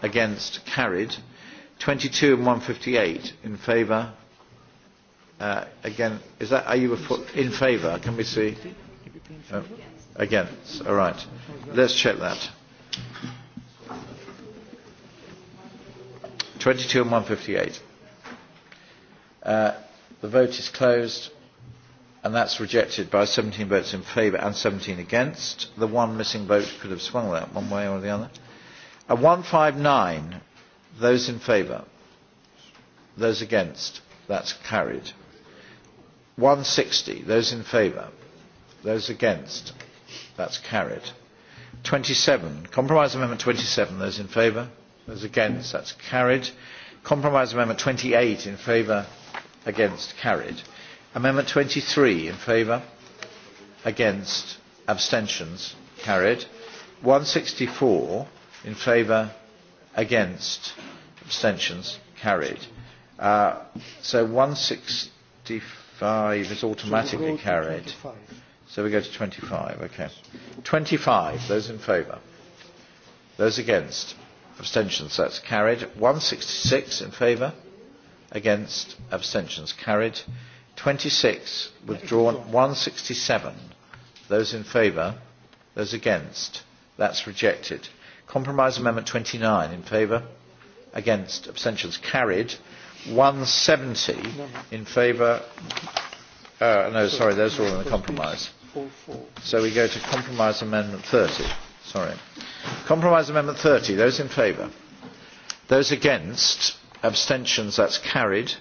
against, carried. 22 and 158 in favour. Uh, again, is that, are you in favour? Can we see? Uh, against, all right. Let's check that. 22 and 158. Uh, the vote is closed and that's rejected by 17 votes in favour and 17 against. The one missing vote could have swung that one way or the other. At 159, those in favour. Those against. That's carried. 160, those in favour. Those against. That's carried. 27, Compromise Amendment 27, those in favour. Those against, that's carried. Compromise Amendment 28 in favour, against, carried. Amendment 23 in favour, against, abstentions, carried. 164 in favour, against, abstentions, carried. Uh, so 165 is automatically carried. So we go to 25, okay. 25, those in favour. Those against abstentions that's carried 166 in favour against abstentions carried 26 withdrawn 167 those in favour those against that's rejected compromise amendment 29 in favour against abstentions carried 170 in favour uh, no sorry those are all in the compromise so we go to compromise amendment 30 sorry. Compromise Amendment 30, those in favour. Those against, abstentions, that's carried.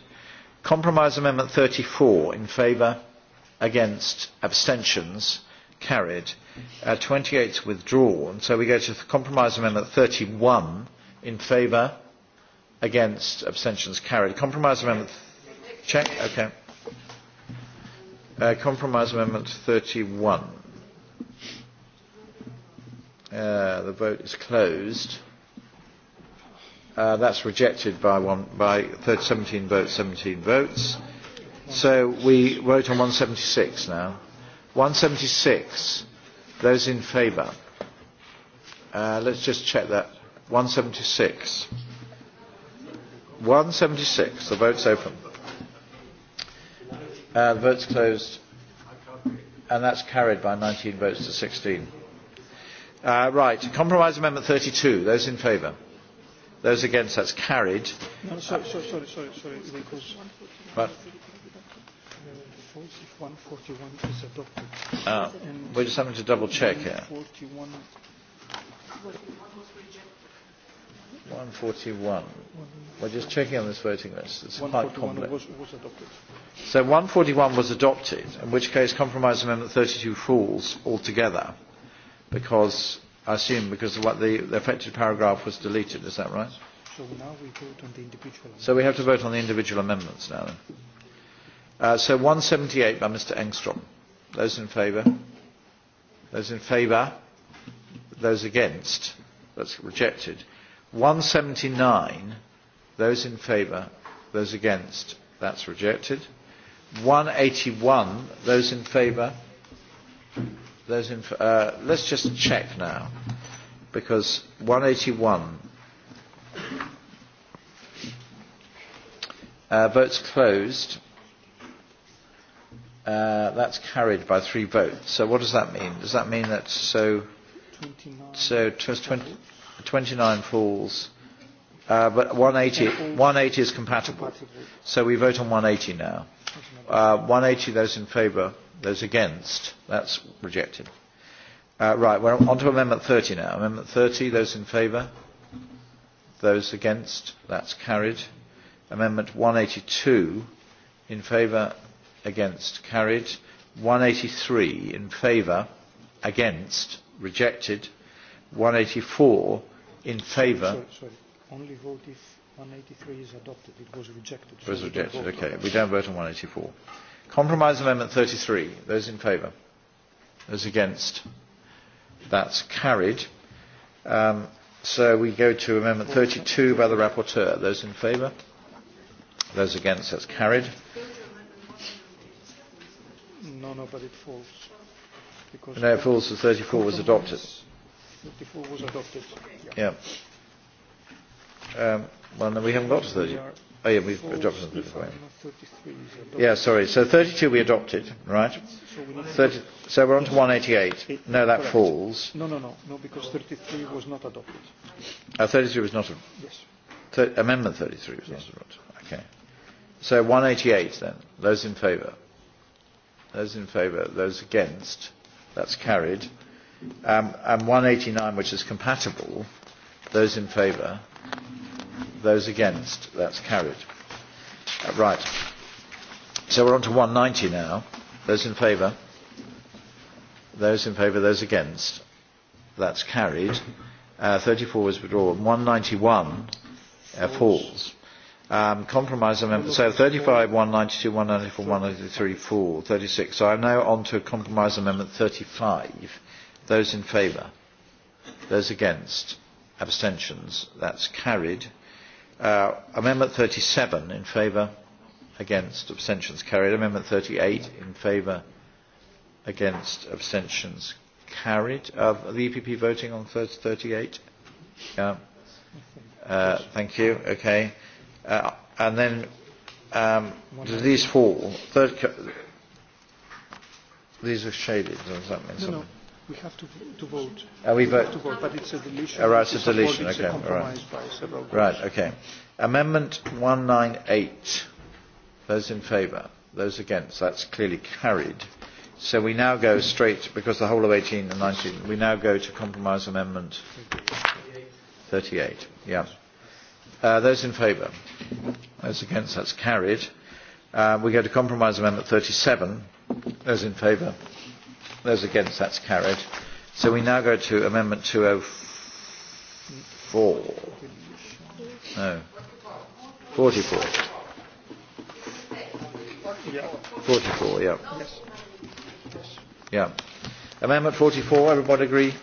Compromise Amendment 34, in favour, against, abstentions, carried. Uh, 28 is withdrawn, so we go to Compromise Amendment 31, in favour, against, abstentions, carried. Compromise Amendment, check, okay. Uh, compromise Amendment 31. Uh, the vote is closed. Uh, that's rejected by, one, by 30, 17 votes, 17 votes. So we vote on 176 now. 176, those in favour. Uh, let's just check that. 176. 176, the vote's open. Uh, the vote's closed. And that's carried by 19 votes to 16. Uh, right. Compromise Amendment 32. Those in favour? Those against? That's carried.
No, sorry, sorry, sorry, sorry, sorry. It equals... is adopted. Uh, we're just having to double check here. 141.
We're just checking on this voting list. It's quite complex. Was, was adopted. So 141 was adopted, in which case Compromise Amendment 32 falls altogether because I assume because the, what the, the affected paragraph was deleted, is that right?
So now we vote on the individual. amendments. So we
have to vote on the individual amendments now. Then. Uh, so 178 by Mr Engstrom. Those in favour? Those in favour? Those against? That's rejected. 179. Those in favour? Those against? That's rejected. 181. Those in favour? there's inf uh, let's just check now, because 181. Uh, votes closed. Uh, that's carried by three votes. So what does that mean? Does that mean that so 29, so 20, 29 falls, uh, but 180, 180 is compatible. So we vote on 180 now. Uh, 180, those in favour. Those against? That's rejected. Uh, right, we're on to Amendment 30 now. Amendment 30, those in favour? Those against? That's carried. Amendment 182, in favour, against, carried. 183, in favour, against, rejected. 184, in favour. Sorry,
sorry. Only vote if 183 is adopted. It was rejected. It was rejected, okay. We don't
vote on 184. Compromise Amendment 33. Those in favour? Those against? That's carried. Um, so we go to Amendment 32 by the Rapporteur. Those in favour? Those against? That's carried.
No, no, but it falls. Because no, it falls. The 34 was adopted. 34 was adopted.
Yeah. Um, well, then we haven't got to 30. Oh, yeah, we've adopted them. before. Yeah, sorry. So 32 we adopted, right? So, we 30, so we're on to 188. No, that correct. falls. No,
no, no, no, because 33 was not adopted.
Uh, 33 was not. adopted? yes. amendment 33 was yes. not adopted. Okay. So 188 then. Those in favour. Those in favour. Those against. That's carried. Um, and 189, which is compatible. Those in favour Those against? That's carried. Uh, right. So we're on to 190 now. Those in favour? Those in favour, those against? That's carried. Uh, 34 was withdrawn. 191 uh, falls. Um, compromise amendment. So 35, 192, 194, 193 fall. 36. So I'm now on to compromise amendment 35. Those in favour? Those against? Abstentions? That's carried. Uh, amendment amendment 37 in favour, against, abstentions carried. Amendment 38 in favour, against, abstentions carried. Uh, the EPP voting on 38? Yeah. Uh, thank you. Okay. Uh, and then um, these fall. Third, these are shaded. Does that mean no, something? No.
We have to, to vote. we, we vote. to vote, but it's a deletion. All oh, right, it's, a deletion. It's okay. A all right. By several groups. right. Okay.
Amendment 198. Those in favour. Those against. That's clearly carried. So we now go straight, because the whole of 18 and 19, we now go to compromise amendment 38. Yeah. Uh, those in favour? Those against? That's carried. Uh, we go to compromise amendment 37. Those in favour? Those against, that's carried. So we now go to Amendment 204. No. 44. 44, yeah. Yes. Yeah. Amendment 44, everybody agree?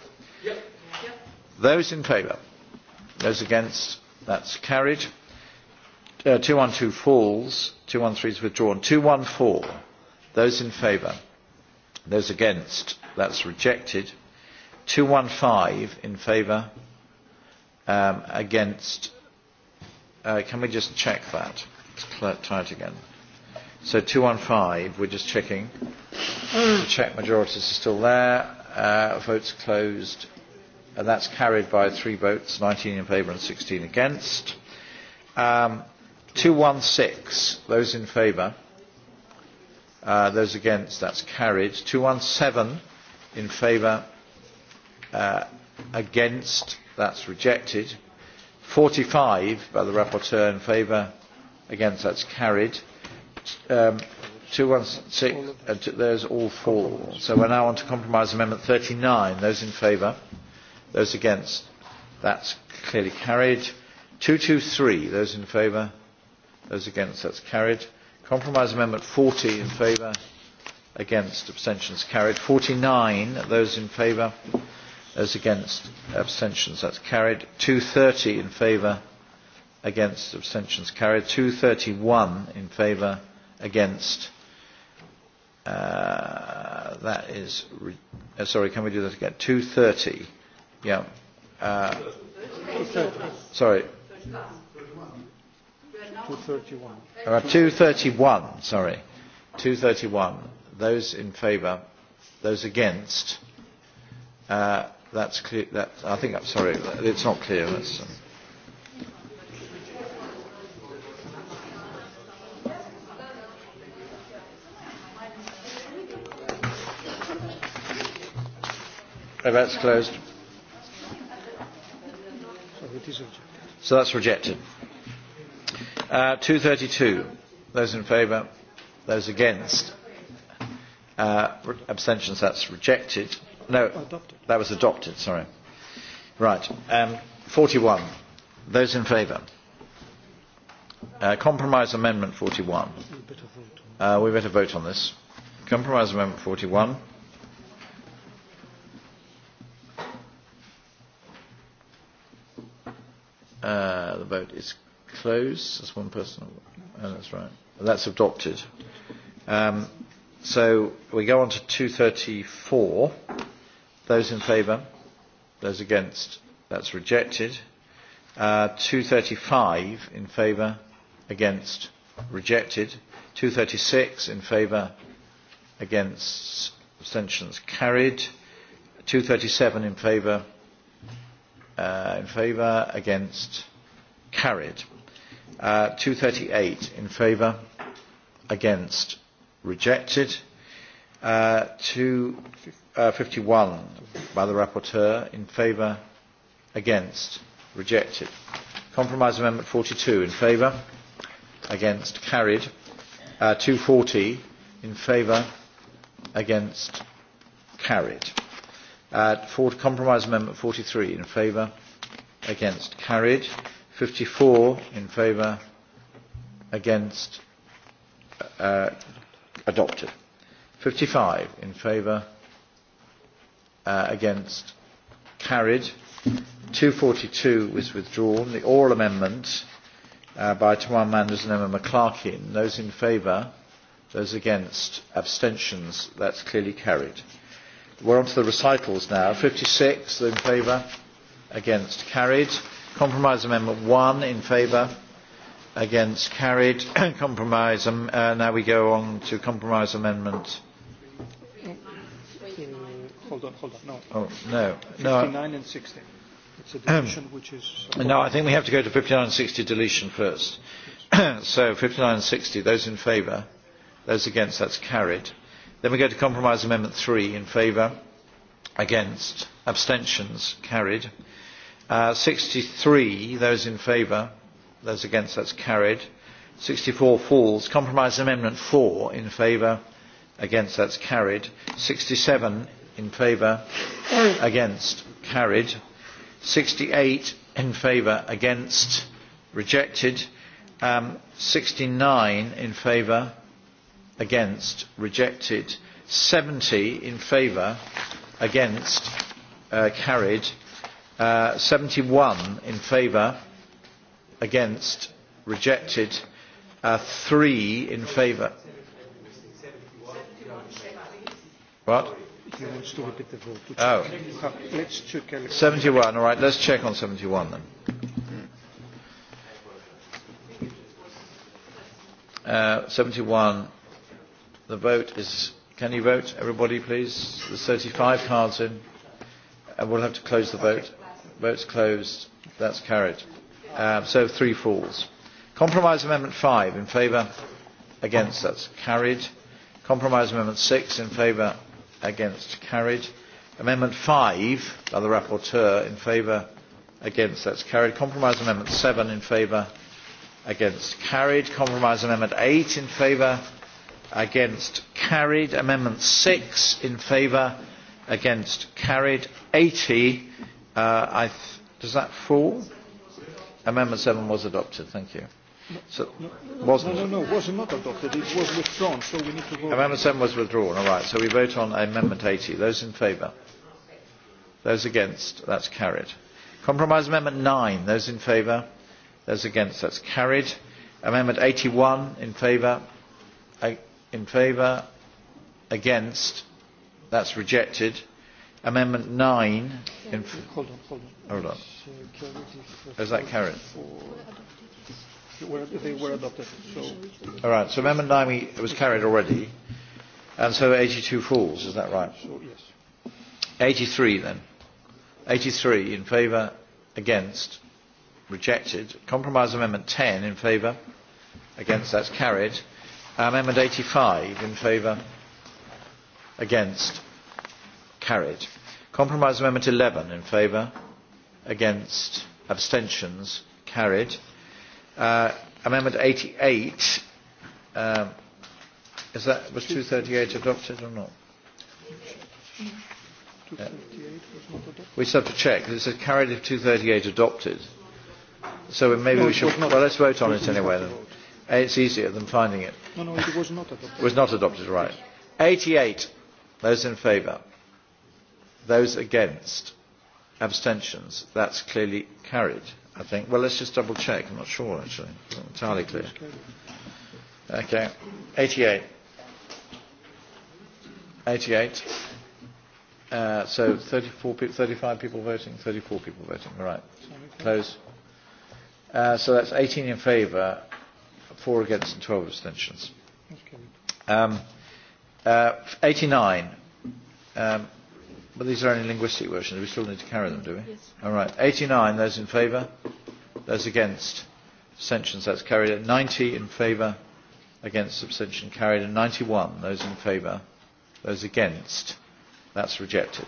Those in favour? Those against? That's carried. Uh, 212 falls. 213 is withdrawn. 214. Those in favour? Those against, that's rejected. 215 in favour, um, against. Uh, can we just check that? Let's try it again. So 215, we're just checking. The check majorities are still there. Uh, votes closed. And that's carried by three votes, 19 in favour and 16 against. Um, 216, those in favour Uh, those against, that's carried. 217 in favour, uh, against, that's rejected. 45 by the rapporteur in favour, against, that's carried. Um, 216, uh, those all fall. So we're now on to compromise amendment 39. Those in favour, those against, that's clearly carried. 223, those in favour, those against, that's carried. Compromise Amendment 40 in favour, against, abstentions carried. 49, those in favour, those against, abstentions, that's carried. 230 in favour, against, abstentions carried. 231 in favour, against. Uh, that is, re- uh, sorry, can we do that again? 230, yeah. Uh, sorry.
231.
Uh, 231, sorry. 231. Those in favour, those against. Uh, that's clear. That, I think I'm sorry. It's not clear. That's, um, Oh, that's closed. So that's rejected. 232. Uh, Those in favour? Those against? Uh, abstentions, that's rejected. No, adopted. that was adopted, sorry. Right. Um, 41. Those in favour? Uh, compromise Amendment 41. Uh, we better vote on this. Compromise Amendment 41. Uh, the vote is close? That's one person. Oh, that's right. That's adopted. Um, so we go on to 234. Those in favour? Those against? That's rejected. Uh, 235 in favour? Against? Rejected. 236 in favour? Against? Abstentions carried. 237 in favour? Uh, in favour? Against? Carried. 238 uh, in favour, against, rejected. Uh, 251 uh, by the rapporteur in favour, against, rejected. Compromise Amendment 42 in favour, against, carried. Uh, 240 in favour, against, carried. Uh, Ford Compromise Amendment 43 in favour, against, carried. 54 in favour, against, uh, adopted. 55 in favour, uh, against, carried. 242 was withdrawn. The oral amendment uh, by Tamar Manders and Emma McClarkin. Those in favour, those against, abstentions. That's clearly carried. We're on to the recitals now. 56, those in favour, against, carried. Compromise Amendment 1 in favour. Against carried. [coughs] compromise. Um, uh, now we go on to Compromise Amendment.
Hold on, hold on. No. Oh, no. 59 no. and 60. It's a deletion which is.
Supported. No, I think we have to go to 59 and 60 deletion first. [coughs] so 59 and 60, those in favour. Those against, that's carried. Then we go to Compromise Amendment 3 in favour. Against. Abstentions carried. Uh, 63, those in favour. Those against, that's carried. 64 falls. Compromise Amendment 4 in favour. Against, that's carried. 67 in favour. against, carried. 68 in favour. Against, rejected. Um, 69 in favour. Against, rejected. 70 in favour. Against, uh, carried. Uh, seventy 71 in favour, against, rejected. Uh, three in favour. What?
oh. 71, all right, let's
check on 71 then. Uh, 71, the vote is, can you vote, everybody please? There's 35 cards in, and uh, we'll have to close the vote. Votes closed. That's carried. Uh, so three falls. Compromise Amendment 5 in favour, against, that's carried. Compromise Amendment 6 in favour, against, carried. Amendment 5 by the Rapporteur in favour, against, that's carried. Compromise Amendment 7 in favour, against, carried. Compromise Amendment 8 in favour, against, carried. Amendment 6 in favour, against, carried. 80 Uh, does that fall? Amendment 7 was adopted. Thank you. So, no, no, wasn't. No,
no, no, was not adopted. It was withdrawn, so we need to vote. Amendment 7
was withdrawn. All right. So we vote on Amendment 80. Those in favour? Those against? That's carried. Compromise Amendment 9. Those in favour? Those against? That's carried. Amendment 81 in favour? In favour? Against? That's rejected. Amendment 9. In hold on, hold on. Hold on. Is that carried?
They were adopted. So.
All right. So Amendment 9 we, it was carried already. And so 82 falls. Is that right? So, yes. 83 then. 83 in favour, against, rejected. Compromise Amendment 10 in favour, against, that's carried. Amendment 85 in favour, against, carried. compromise amendment eleven in favour against abstentions carried. Uh, amendment eighty eight uh, is that was two thirty eight adopted or not? Yeah. We just have to check. It says carried if 238 adopted. So maybe no, we should. Well, let's vote on it anyway then. It's easier than finding it. No, no, it was not adopted. was not adopted, right. 88. Those in favour. Those against? Abstentions? That's clearly carried, I think. Well, let's just double check. I'm not sure, actually. It's not entirely clear. Okay. 88. 88. Uh, so 34 pe- 35 people voting, 34 people voting. All right. Close. Uh, so that's 18 in favour, 4 against and 12 abstentions. Um, uh, 89. Um, But these are only linguistic versions. We still need to carry them, do we? Yes. All right. 89, those in favour. Those against. Abstentions, that's carried. 90 in favour. Against abstention carried. And 91, those in favour. Those against. That's rejected.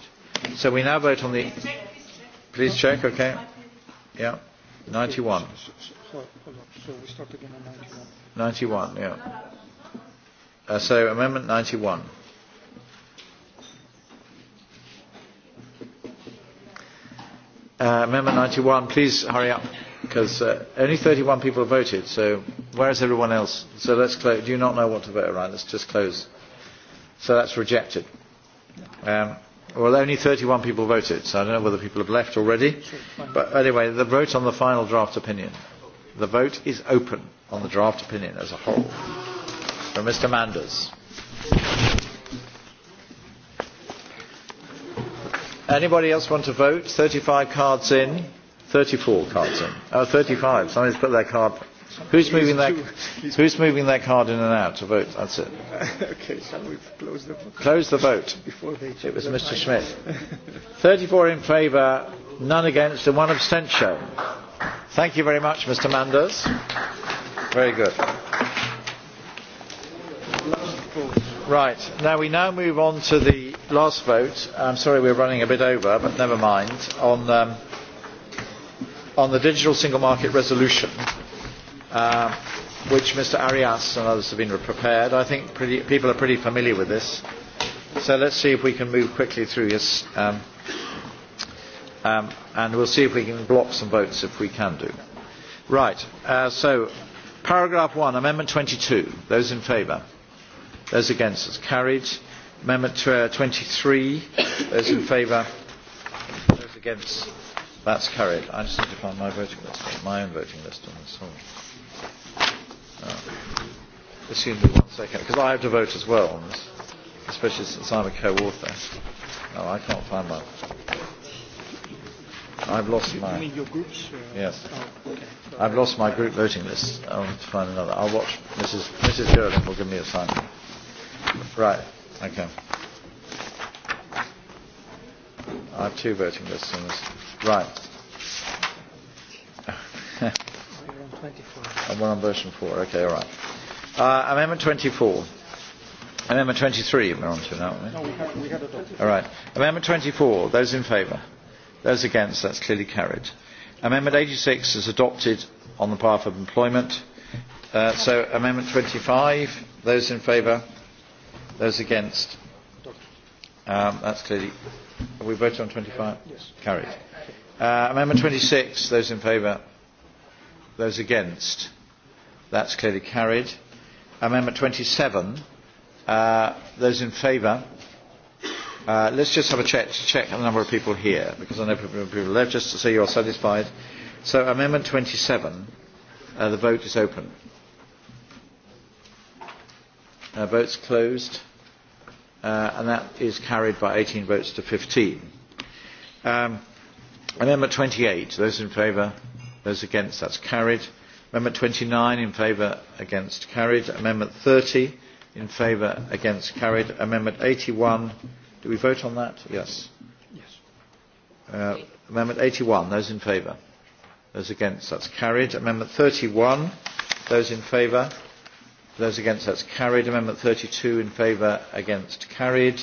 So we now vote on the... Please check, OK. Yeah. 91. 91, yeah. Uh, so amendment 91. Uh, amendment 91, please hurry up, because uh, only 31 people voted, so where is everyone else? So let's close. Do you not know what to vote, right? Let's just close. So that's rejected. Um, well, only 31 people voted, so I don't know whether people have left already. But anyway, the vote on the final draft opinion. The vote is open on the draft opinion as a whole. From Mr. Manders. Anybody else want to vote? 35 cards in. 34 cards in. Oh, 35. Somebody's put their card. Who's moving their, who's moving their card in and out to vote? That's it. [laughs] okay, shall we close the vote? Close the vote. [laughs] it was Mr. Schmidt. 34 [laughs] in favour, none against, and one abstention. Thank you very much, Mr. Manders. Very good. Right. Now we now move on to the last vote, I'm sorry we're running a bit over, but never mind, on, um, on the digital single market resolution, uh, which Mr. Arias and others have been prepared. I think pretty, people are pretty familiar with this. So let's see if we can move quickly through this. Um, um, and we'll see if we can block some votes if we can do. Right, uh, so paragraph 1, Amendment 22. Those in favour? Those against? It's carried. Amendment uh, twenty three those in favour, those against, that is carried. I just need to find my voting list, my own voting list on this. Sorry. Oh. Assume me one second, because I have to vote as well on this, especially since I'm a co-author. No, I can't find mine. I've lost you, my. You mean your groups? Uh, yes. Oh, okay. I've lost my group voting list. I'll have to find another. I'll watch. Mrs. Mrs. Gerling will give me a sign. Right. Okay. I have two voting lists on this. Right.
[laughs] and one
on version four. Okay, all right. Uh, amendment 24. Amendment 23 we're on to now, aren't we? No,
we had, we had adopted.
All right. Amendment 24. Those in favour? Those against? That's clearly carried. Amendment 86 is adopted on the path of employment. Uh, so amendment 25. Those in favour? Those against? Um, that's clearly. We voted on 25? Yes. Carried. Uh, amendment 26, those in favour? Those against? That's clearly carried. Amendment 27, uh, those in favour? Uh, let's just have a check to check the number of people here, because I know people have left, just to say you're satisfied. So, Amendment 27, uh, the vote is open. Uh, votes closed. Uh, and that is carried by 18 votes to 15. Um, amendment 28, those in favour, those against, that's carried. Amendment 29, in favour, against, carried. Amendment 30, in favour, against, carried. Amendment 81, do we vote on that? Yes. Yes. Uh, amendment 81, those in favour, those against, that's carried. Amendment 31, those in favour, Those against, that's carried. Amendment 32 in favour, against, carried.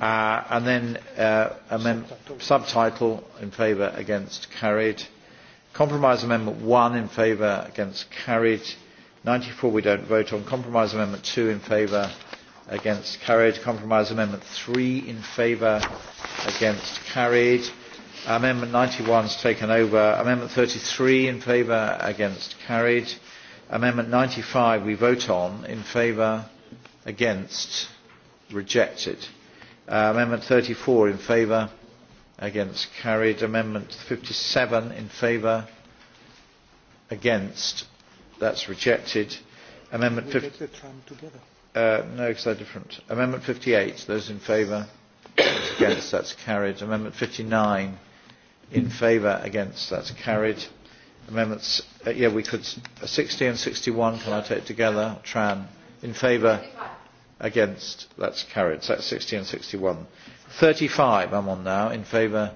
Uh, and then uh, amend subtitle. subtitle in favour, against, carried. Compromise Amendment 1 in favour, against, carried. 94 we don't vote on. Compromise Amendment 2 in favour, against, carried. Compromise Amendment 3 in favour, against, carried. Amendment 91 is taken over. Amendment 33 in favour, against, carried. Amendment ninety five we vote on. In favour? Against? Rejected. Uh, amendment four in favour? Against? Carried. Amendment fifty seven in favour? Against? That's rejected. Amendment fifty Uh, no, because they're different. Amendment 58, those in favour? against, that's carried. Amendment fifty nine in favour, against, that's carried amendments uh, yeah we could 60 uh, and 61 can I take together Tran in favour against that's carried so that's 60 and 61 35 I'm on now in favour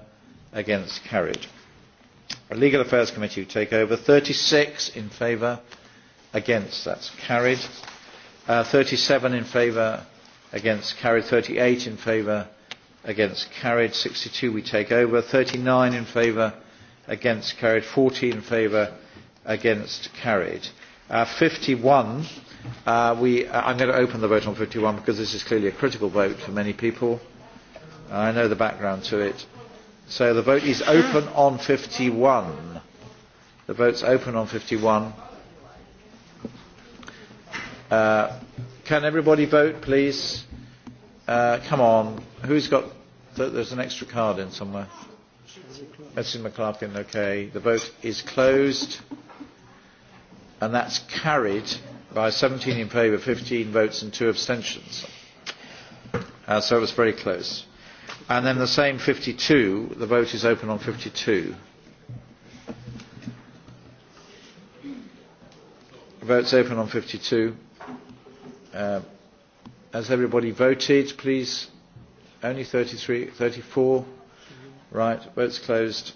against carried legal affairs committee you take over 36 in favour against that's carried uh, 37 in favour against carried 38 in favour against carried 62 we take over 39 in favour against carried forty in favour against carried uh, 51 uh, we uh, I'm going to open the vote on 51 because this is clearly a critical vote for many people uh, I know the background to it so the vote is open on 51 the vote's open on 51 uh, can everybody vote please uh, come on who's got th there's an extra card in somewhere Mrs McLaughlin, okay. The vote is closed. And that's carried by 17 in favour, 15 votes and two abstentions. Uh, so it was very close. And then the same 52, the vote is open on 52. Votes open on 52. Uh, has everybody voted, please? Only 33, 34. Right, votes closed.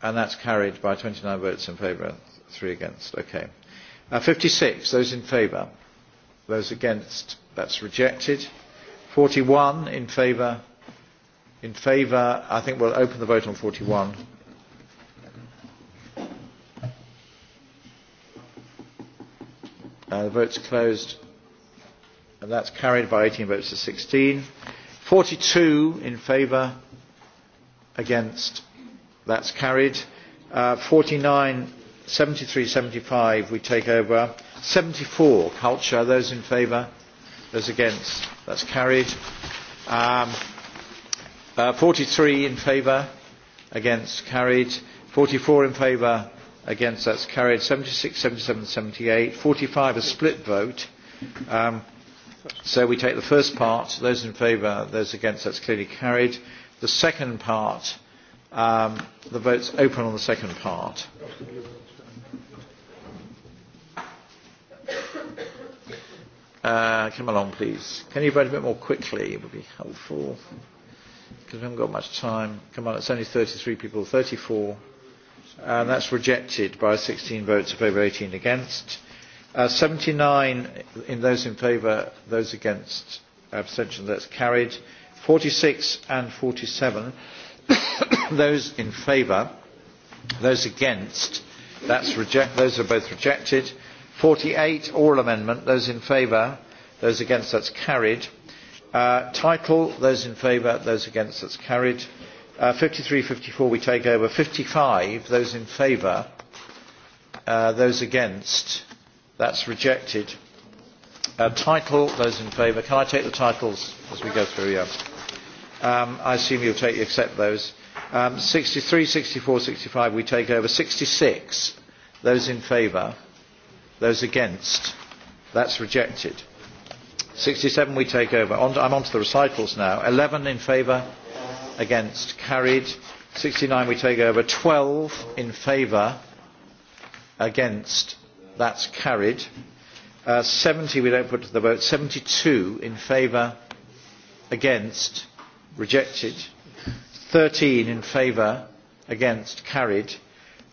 And that's carried by 29 votes in favour, three against. Okay. Uh, 56, those in favour. Those against, that's rejected. 41 in favour. In favour, I think we'll open the vote on 41. Uh, the vote's closed. And that's carried by 18 votes to 16. 42 in favour against that's carried uh, 49 73 75 we take over 74 culture those in favour those against that's carried um, uh, 43 in favour against carried 44 in favour against that's carried 76 77 78 45 a split vote um, so we take the first part those in favour those against that's clearly carried the second part. Um, the vote's open on the second part. Uh, come along, please. Can you vote a bit more quickly? It would be helpful because we haven't got much time. Come on, it's only 33 people, 34. Uh, and that's rejected by 16 votes in favour, 18 against. Uh, 79 in those in favour, those against, abstention, that's carried forty six and forty seven [coughs] those in favour, those against, that's reject, those are both rejected. forty eight oral amendment, those in favour, those against, that's carried. Uh, title, those in favour, those against, that's carried. Uh, 53, 54 we take over. 55, those in favour, uh, those against, that's rejected. Uh, title, those in favour. Can I take the titles as we go through? Yeah. Um, I assume you will accept those. Um, 63, 64, 65 we take over. 66, those in favour. Those against, that's rejected. 67 we take over. On, I'm on to the recitals now. 11 in favour, against, carried. 69 we take over. 12 in favour, against, that's carried. Uh, 70 we don't put to the vote. 72 in favour, against, rejected 13 in favour against carried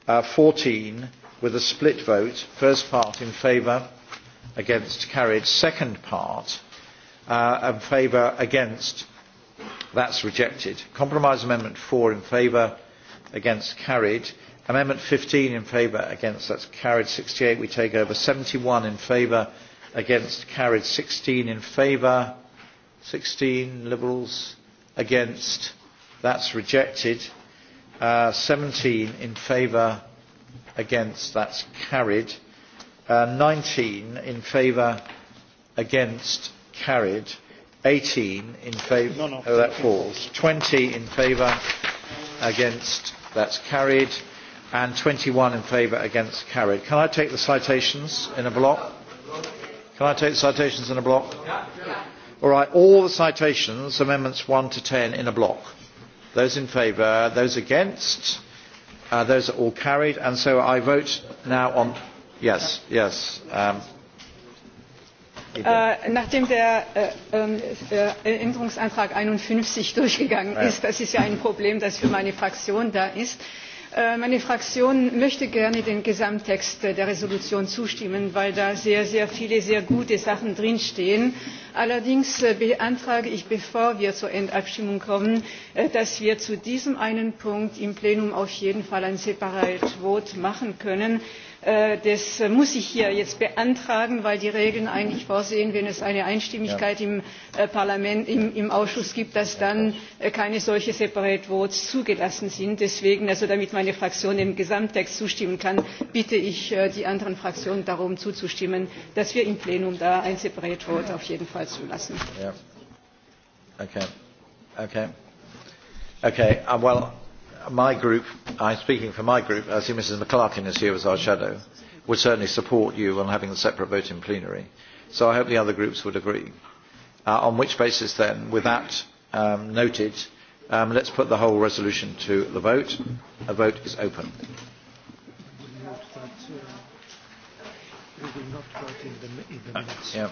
uh, 14 with a split vote first part in favour against carried second part uh, in favour against that's rejected compromise amendment 4 in favour against carried amendment 15 in favour against that's carried 68 we take over 71 in favour against carried 16 in favour 16 liberals against that's rejected uh, seventeen 17 in favour against that's carried uh, nineteen 19 in favour against carried 18 in favour no, no. oh that falls 20 in favour against that's carried and 21 in favour against carried can i take the citations in a block can i take the citations in a block yeah. All right, all the citations, amendments one to ten in a block. Those in favour, those against, uh, those are all carried. And so I vote now on, yes, yes. Um, Äh,
nachdem der äh, ähm, äh, änderungsantrag einundfünfzig durchgegangen ist das ist ja ein problem das für meine fraktion da ist Äh, meine fraktion möchte gerne dem gesamttext der entschließung zustimmen weil da sehr sehr viele sehr gute sachen drinstehen. allerdings äh, beantrage ich bevor wir zur endabstimmung kommen äh, dass wir zu diesem einen punkt im plenum auf jeden fall ein separates votum machen können. Äh, das muss ich hier jetzt beantragen weil die regeln eigentlich vorsehen wenn es eine einstimmigkeit äh, im ausschuss gibt dass dann äh, keine solchen separate votes zugelassen sind. deswegen also damit meine fraktion dem gesamttext zustimmen kann bitte ich die anderen fraktionen darum zuzustimmen dass wir im plenum da ein separate vote auf jeden fall zulassen.
Uh, my group, I'm speaking for my group, I see Mrs McClarkin is here as our shadow, would certainly support you on having a separate vote in plenary. So I hope the other groups would agree. Uh, on which basis then, with that um, noted, um, let's put the whole resolution to the vote. A vote is open. Uh, yeah.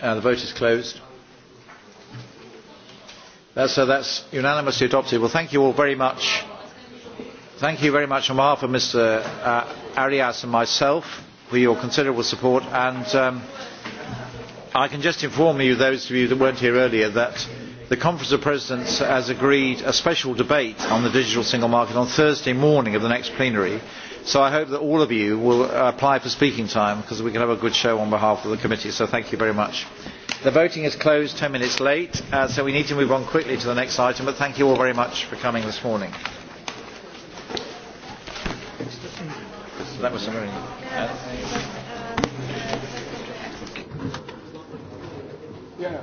Uh, the vote is closed. Uh, so that's unanimously adopted. Well, thank you all very much. Thank you very much on behalf of Mr uh, Arias and myself for your considerable support. And um, I can just inform you, those of you that weren't here earlier, that the Conference of Presidents has agreed a special debate on the digital single market on Thursday morning of the next plenary. So I hope that all of you will apply for speaking time because we can have a good show on behalf of the committee. So thank you very much. The voting is closed 10 minutes late, uh, so we need to move on quickly to the next item, but thank you all very much for coming this morning. That was Uh, yeah.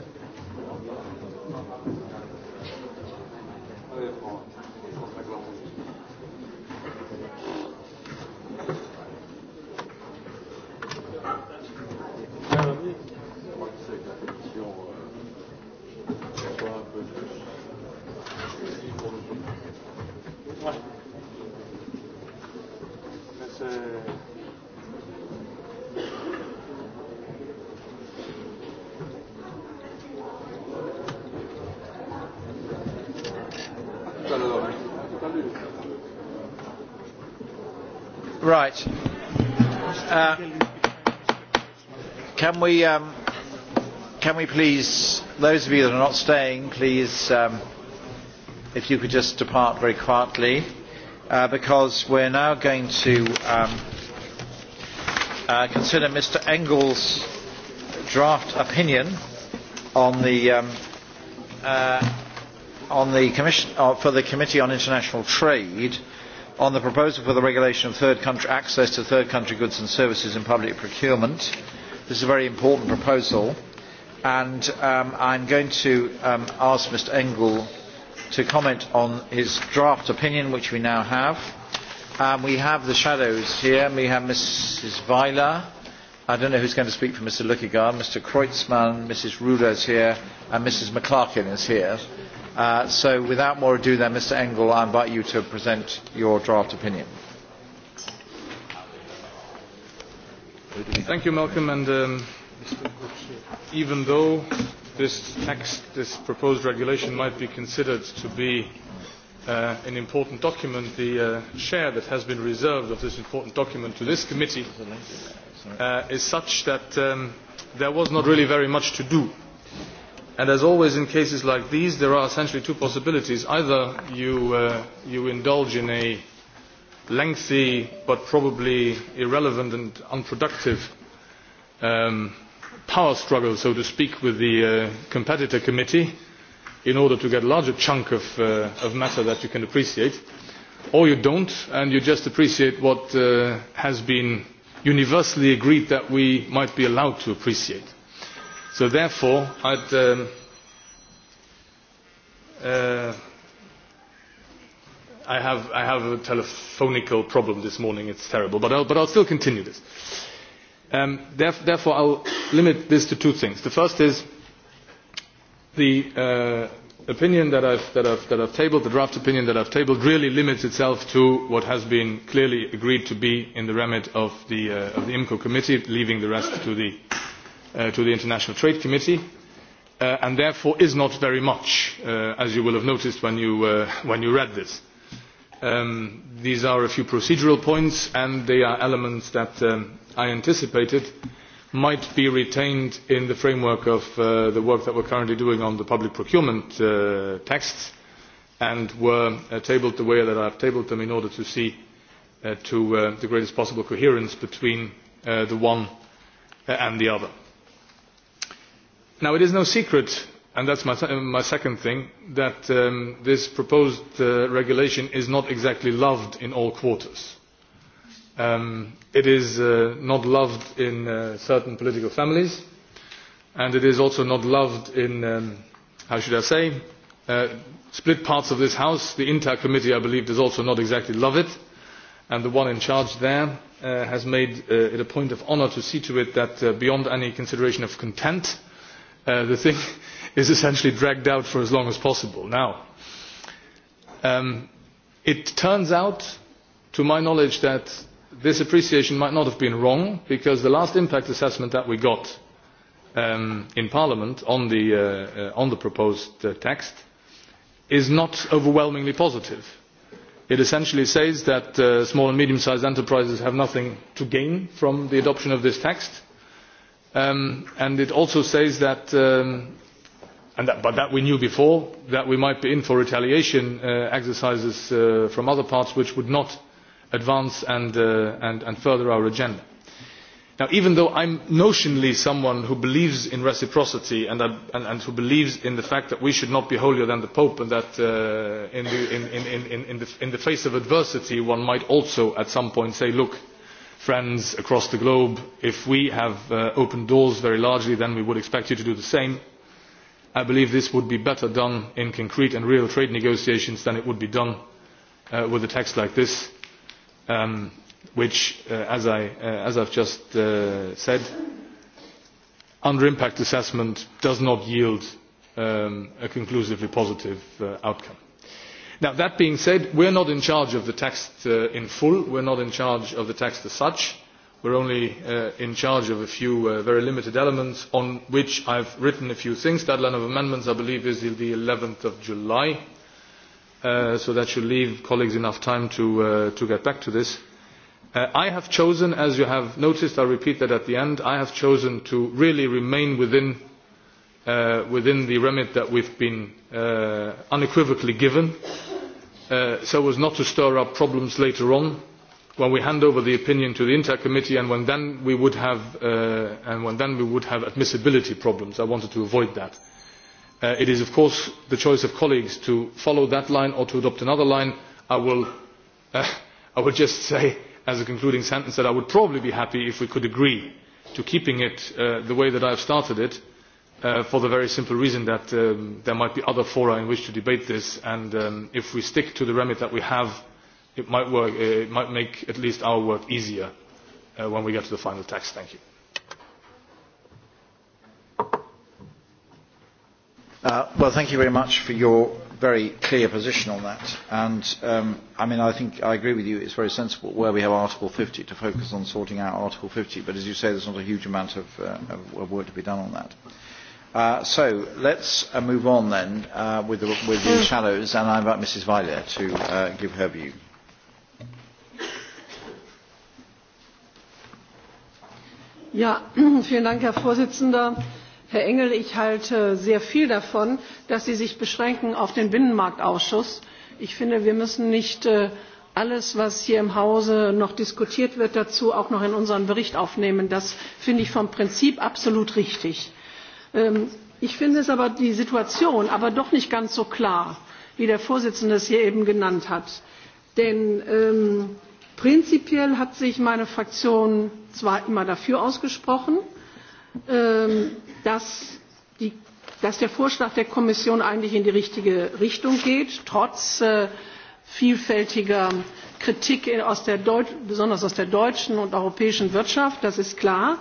Uh, can we um, can we please those of you that are not staying please um, if you could just depart very quietly uh, because we're now going to um, uh, consider Mr Engel's draft opinion on the um, uh, on the commission uh, for the committee on international trade uh, on the proposal for the regulation of third country access to third country goods and services in public procurement. This is a very important proposal and um, I'm going to um, ask Mr Engel to comment on his draft opinion which we now have. Um, we have the shadows here. We have Mrs Weiler. I don't know who's going to speak for Mr Lukigard. Mr Kreutzmann, Mrs Ruda is here and Mrs McClarkin is here. Uh, so without more ado then, Mr Engel, I invite you to present your draft opinion. Thank you,
Malcolm. And um, even though this text, this proposed regulation might be considered to be uh, an important document, the uh, share that has been reserved of this important document to this committee is such that um, there was not really very much to do And as always in cases like these, there are essentially two possibilities. Either you, uh, you indulge in a lengthy but probably irrelevant and unproductive um, power struggle, so to speak, with the uh, competitor committee in order to get a larger chunk of, uh, of matter that you can appreciate, or you don't and you just appreciate what uh, has been universally agreed that we might be allowed to appreciate So therefore, I'd um, uh, I have I have a telephonical problem this morning. It's terrible, but I'll but I'll still continue this. Um, theref therefore, I'll limit this to two things. The first is the uh, opinion that I've, that, I've, that I've tabled, the draft opinion that I've tabled, really limits itself to what has been clearly agreed to be in the remit of the, uh, of the IMCO committee, leaving the rest to the uh, to the International Trade Committee uh, and therefore is not very much, uh, as you will have noticed when you, uh, [laughs] when you read this. Um, these are a few procedural points and they are elements that um, I anticipated might be retained in the framework of uh, the work that we're currently doing on the public procurement uh, texts and were uh, tabled the way that I've tabled them in order to see uh, to uh, the greatest possible coherence between uh, the one uh, and the other. Now, it is no secret, and that's my, my second thing, that um, this proposed uh, regulation is not exactly loved in all quarters. Um, it is uh, not loved in uh, certain political families, and it is also not loved in, um, how should I say, split parts of this House. The inta Committee, I believe, does also not exactly love it, and the one in charge there has made it a point of honour to see to it that beyond any consideration of content, Uh, the thing [laughs] is essentially dragged out for as long as possible. Now, um, it turns out, to my knowledge, that this appreciation might not have been wrong because the last impact assessment that we got um, in Parliament on the, uh, uh, on the proposed uh, text is not overwhelmingly positive. It essentially says that uh, small and medium-sized enterprises have nothing to gain from the adoption of this text Um, and it also says um, that, but that we knew before, that we might be in for retaliation uh, exercises uh, from other parts which would not advance and, uh, further our agenda. Now, even though i am notionally someone who believes in reciprocity and, who believes in the fact that we should not be holier than the pope and that in the face of adversity one might also at some point say look friends across the globe. If we have uh, opened doors very largely, then we would expect you to do the same. I believe this would be better done in concrete and real trade negotiations than it would be done uh, with a text like this, um, which, uh, as, I, uh, as I've just uh, said, under impact assessment does not yield um, a conclusively positive uh, outcome. Now, that being said, we are not in charge of the text uh, in full. We are not in charge of the text as such. We are only uh, in charge of a few uh, very limited elements on which I have written a few things. Deadline of amendments, I believe, is the 11th of July. so that should leave colleagues enough time to, to get back to this. I have chosen, as you have noticed, I repeat that at the end, I have chosen to really remain within within the remit that we have been unequivocally given Uh, so as not to stir up problems later on when we hand over the opinion to the inta committee uh, and when then we would have admissibility problems i wanted to avoid that uh, it is of course the choice of colleagues to follow that line or to adopt another line i will [laughs] would just say as a concluding sentence that i would probably be happy if we could agree to keeping it the way that i have started it Uh, for the very simple reason that um, there might be other fora in which to debate this and um, if we stick to the remit that we have it might, work, uh, it might make at least our work easier uh, when we get
to the final text. Thank you. Uh, well, thank you very much for your very clear position on that. And um, I mean, I think I agree with you. It's very sensible where we have Article 50 to focus on sorting out Article 50. But as you say, there's not a huge amount of, of work to be done on that. Uh, so let's uh, move on then uh, with, the, hmm. shadows, and I invite Mrs. Weiler to uh, give her view. [clears throat]
Herr präsident Herr Engel, ich halte sehr viel davon, dass Sie sich beschränken auf den Binnenmarktausschuss. Ich finde, wir müssen nicht äh, alles was hier im hause noch diskutiert wird dazu auch noch in unseren bericht aufnehmen. das finde ich vom prinzip absolut richtig. Ähm, ich finde es aber die situation aber doch nicht ganz so klar wie der vorsitzende es hier eben genannt hat denn ähm, prinzipiell hat sich meine fraktion zwar immer dafür ausgesprochen ähm, dass, der vorschlag der kommission eigentlich in die richtige richtung geht trotz äh, vielfältiger kritik besonders aus der deutschen und europäischen wirtschaft das ist klar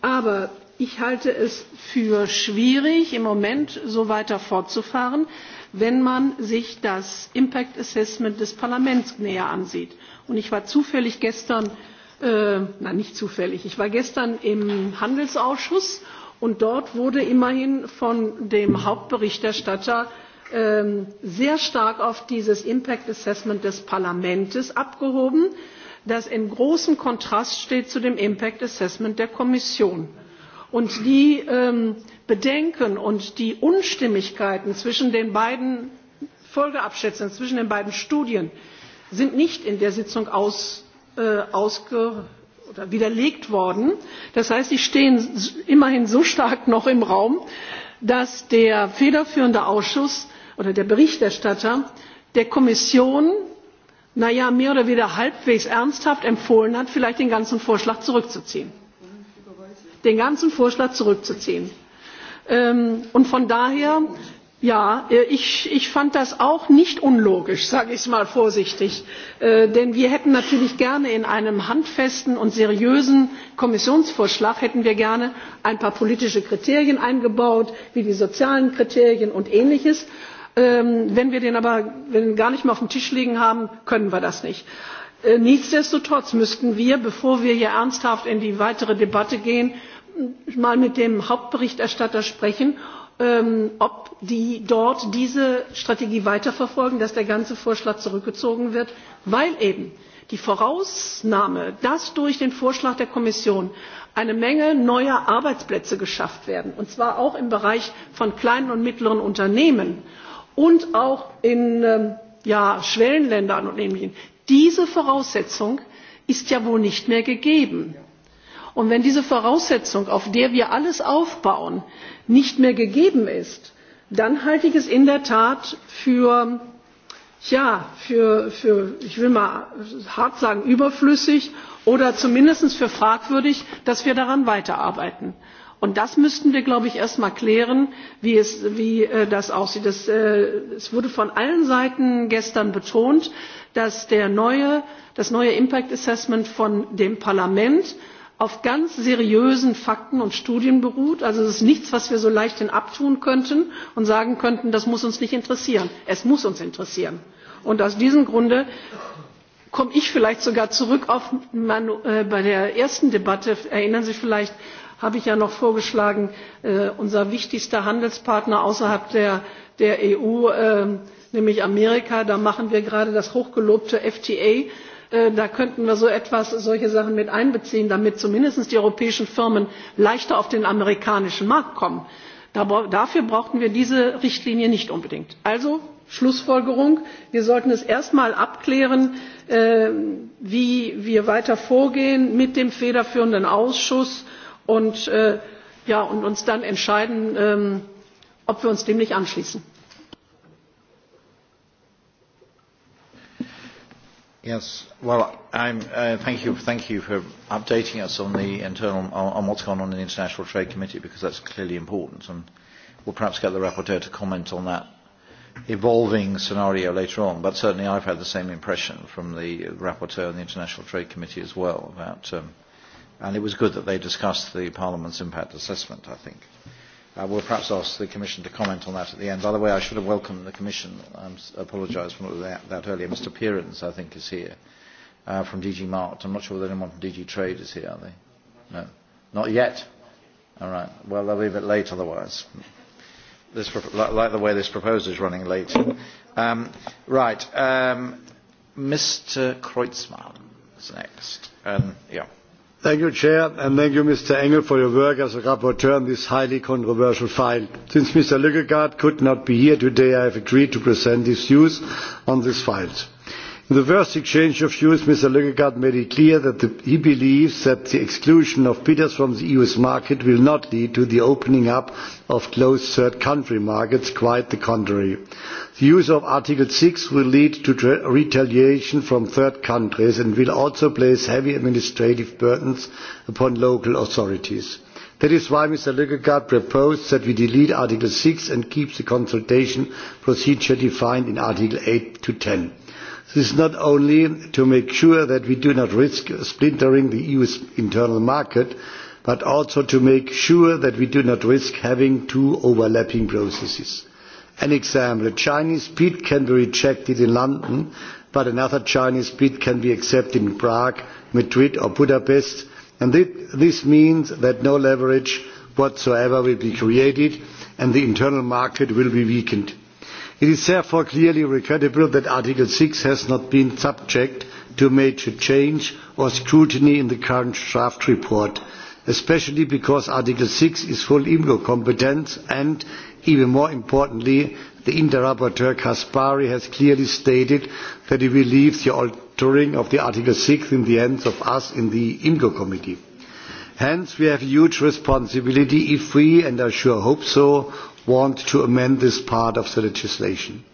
aber ich halte es für schwierig im moment so weiter fortzufahren wenn man sich das impact assessment des parlaments näher ansieht. ich war zufällig gestern äh, nein nicht zufällig ich war gestern im handelsausschuss und dort wurde immerhin von dem hauptberichterstatter ähm, sehr stark auf dieses impact assessment des parlaments abgehoben das in großem kontrast steht zu dem impact assessment der kommission und die ähm, bedenken und die unstimmigkeiten zwischen den beiden folgeabschätzungen zwischen den beiden studien sind nicht in der sitzung äh, widerlegt worden. das heißt sie stehen immerhin so stark noch im raum dass der federführende ausschuss oder der berichterstatter der kommission mehr oder weniger halbwegs ernsthaft empfohlen hat vielleicht den ganzen vorschlag zurückzuziehen den ganzen vorschlag zurückzuziehen. Ähm, und von daher ja äh, ich, ich fand das auch nicht unlogisch sage ich es mal vorsichtig äh, denn wir hätten natürlich gerne in einem handfesten und seriösen kommissionsvorschlag ein paar politische kriterien eingebaut wie die sozialen kriterien und ähnliches. Ähm, wenn wir den aber den gar nicht mehr auf dem tisch liegen haben können wir das nicht. Äh, nichtsdestotrotz müssten wir bevor wir hier ernsthaft in die weitere debatte gehen mal mit dem hauptberichterstatter sprechen ähm, ob die dort diese strategie weiterverfolgen dass der ganze vorschlag zurückgezogen wird weil eben die vorausnahme dass durch den vorschlag der kommission eine menge neuer arbeitsplätze geschaffen werden und zwar auch im bereich von kleinen und mittleren unternehmen und auch in ähm, schwellenländern und ähnlichem diese voraussetzung ist ja wohl nicht mehr gegeben und wenn diese voraussetzung auf der wir alles aufbauen nicht mehr gegeben ist dann halte ich es in der tat für ja, ich will mal hart sagen, überflüssig oder zumindest für fragwürdig, dass wir daran weiterarbeiten. Und das müssten wir, glaube ich, erst mal klären, wie, äh, das aussieht. Äh, es wurde von allen Seiten gestern betont, dass das neue Impact Assessment von dem Parlament auf ganz seriösen fakten und studien beruht. also es ist nichts was wir so leicht abtun könnten und sagen könnten das muss uns nicht interessieren. es muss uns interessieren. und aus diesem grunde komme ich vielleicht sogar zurück auf äh, bei der ersten debatte erinnern sie sich vielleicht habe ich ja noch vorgeschlagen äh, unser wichtigster handelspartner außerhalb der, der eu ähm, nämlich amerika da machen wir gerade das hochgelobte fta Äh, da könnten wir solche sachen mit einbeziehen damit zumindest die europäischen firmen leichter auf den amerikanischen markt kommen. Da dafür brauchten wir diese richtlinie nicht unbedingt. also schlussfolgerung wir sollten erst einmal abklären äh, wie wir weiter vorgehen mit dem federführenden ausschuss und äh, uns dann entscheiden ähm, ob wir uns dem nicht anschließen.
Yes. Well, uh, thank you, thank you for updating us on the internal, on, on what's gone on in the International Trade Committee, because that's clearly important, and we'll perhaps get the rapporteur to comment on that evolving scenario later on. But certainly, I've had the same impression from the rapporteur and the International Trade Committee as well about, um, and it was good that they discussed the Parliament's impact assessment. I think. Uh, we'll perhaps ask the Commission to comment on that at the end. By the way, I should have welcomed the Commission. I apologise for not that, that earlier. Mr Pierens, I think, is here uh, from DG Markt. I'm not sure whether anyone from DG Trade is here, are they? No. Not yet? All right. Well, they'll be a bit late otherwise. This, like the way this proposal is running late. Um, right. Um, Mr Kreutzmann is next. Um, yeah. Thank you, Chair,
and thank you, Mr. Engel, for your work as a rapporteur on this highly controversial file. Since Mr. Lükegaard could not be here today, I have agreed to present his views on this file in the first exchange of views mr lkkegaard made it clear that the, he believes that the exclusion of bidders from the eu's market will not lead to the opening up of closed third country markets quite the contrary. the use of article 6 will lead to retaliation from third countries and will also place heavy administrative burdens upon local authorities. That is why Mr. Lückegaard proposed that we delete Article 6 and keep the consultation procedure defined in Article 8 to 10 This is not only to make sure that we do not risk splintering the EU's internal market, but also to make sure that we do not risk having two overlapping processes. An example, a Chinese bid can be rejected in London, but another Chinese bid can be accepted in Prague, Madrid or Budapest, and this means that no leverage whatsoever will be created and the internal market will be weakened it is therefore clearly regrettable that article six has not been subject to major change or scrutiny in the current draft report especially because article six is full imco competence and even more importantly the inter rapporteur caspary has clearly stated that he believes the altering of the article six in the hands of us in the imco committee. hence we have a huge responsibility if we and i sure hope so want to amend this part of the legislation.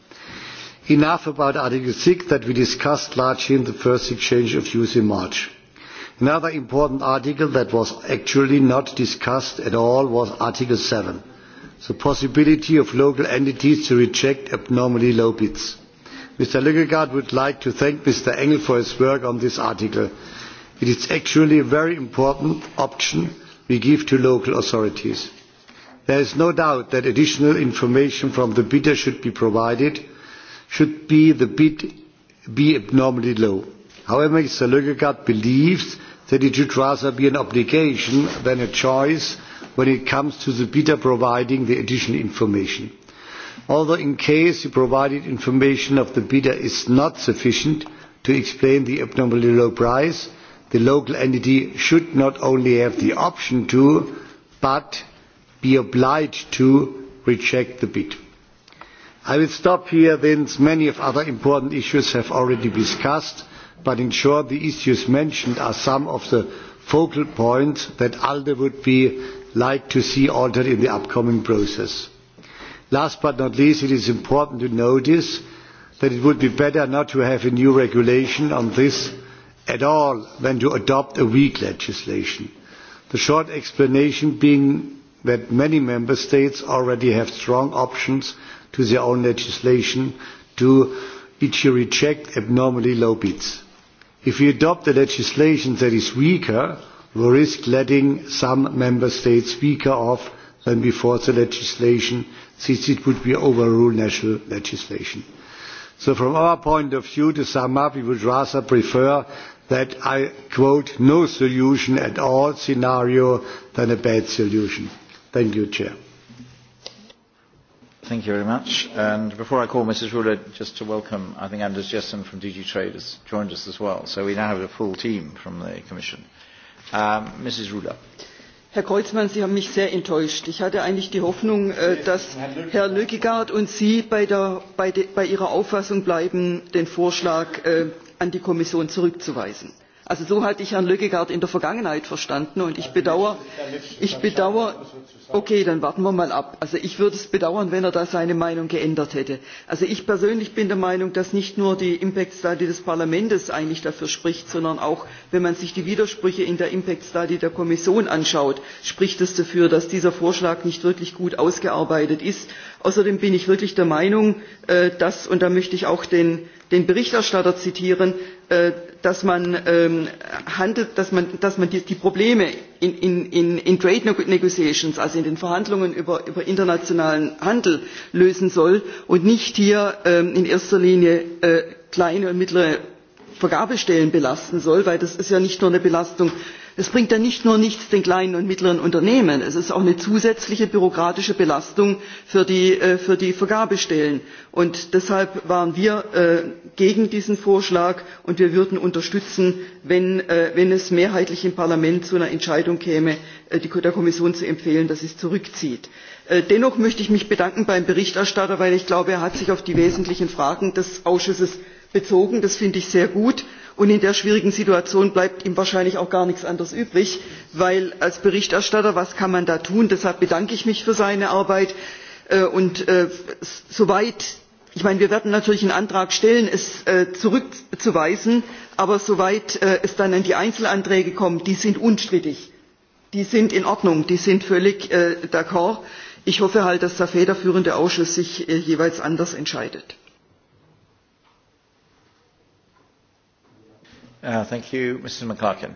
Enough about Article 6 that we discussed largely in the first exchange of views in March. Another important article that was actually not discussed at all was Article 7, the possibility of local entities to reject abnormally low bids. Mr Lückegaard would like to thank Mr Engel for his work on this article. It is actually a very important option we give to local authorities there is no doubt that additional information from the bidder should be provided should the bid be abnormally low. however mr lkkegaard believes that it should rather be an obligation than a choice when it comes to the bidder providing the additional information. although in case the provided information of the bidder is not sufficient to explain the abnormally low price the local entity should not only have the option to but be obliged to reject the bid. I will stop here since many of other important issues have already been discussed, but in short the issues mentioned are some of the focal points that ALDE would be like to see altered in the upcoming process. Last but not least, it is important to notice that it would be better not to have a new regulation on this at all than to adopt a weak legislation. The short explanation being that many member states already have strong options to their own legislation to reject abnormally low bids. If we adopt a legislation that is weaker, we risk letting some member states weaker off than before the legislation, since it would be overrule national legislation. So from our point of view, to sum up, we would rather prefer that I quote no solution at all scenario than a bad solution. Thank you, Chair.
Thank you very much. And before I call Mrs. Ruler, just to welcome, I think Anders Jessen from DG Trade has joined us as well. So we now have a full team from the Commission. Um, Mrs.
Ruler. Herr Kreuzmann, Sie haben mich sehr enttäuscht. Ich hatte eigentlich die Hoffnung, äh, dass Herr Lökegaard und Sie bei, der, bei, de, bei Ihrer Auffassung bleiben, den Vorschlag äh, an die Kommission zurückzuweisen. Also so hatte ich Herrn Lökegaard in der Vergangenheit verstanden und ich bedauere, ich bedauere, Okay, dann warten wir mal ab. Also ich würde es bedauern, wenn er da seine Meinung geändert hätte. Also ich persönlich bin der Meinung, dass nicht nur die Impact Study des Parlaments eigentlich dafür spricht, sondern auch, wenn man sich die Widersprüche in der Impact Study der Kommission anschaut, spricht es dafür, dass dieser Vorschlag nicht wirklich gut ausgearbeitet ist. Außerdem bin ich wirklich der Meinung, äh, dass, und da möchte ich auch den den berichterstatter zitieren äh, dass man ähm, handelt dass man, die, probleme in, trade negotiations also in den verhandlungen über internationalen handel lösen soll und nicht hier ähm, in erster linie äh, kleine und mittlere vergabestellen belasten soll denn das ist ja nicht nur eine belastung es bringt ja nicht nur nichts den kleinen und mittleren unternehmen es ist auch eine zusätzliche bürokratische belastung für die, äh, vergabestellen. deshalb waren wir äh, gegen diesen vorschlag und wir würden unterstützen äh, wenn, es mehrheitlich im parlament zu einer entscheidung käme der kommission zu empfehlen dass sie es zurückzieht dennoch möchte ich mich beim berichterstatter bedanken weil ich glaube er hat sich auf die wesentlichen fragen des ausschusses bezogen das finde ich sehr gut und in der schwierigen situation bleibt ihm wahrscheinlich auch gar nichts anderes übrig denn als berichterstatter was kann man da tun? deshalb bedanke ich mich für seine arbeit äh, äh, wir werden natürlich einen antrag stellen es äh, zurückzuweisen aber soweit es dann an die einzelanträge kommt die sind unstrittig die sind in ordnung die sind völlig d'accord. ich hoffe halt dass der federführende ausschuss sich jeweils anders entscheidet.
Uh, thank you, Mrs. McClarkin.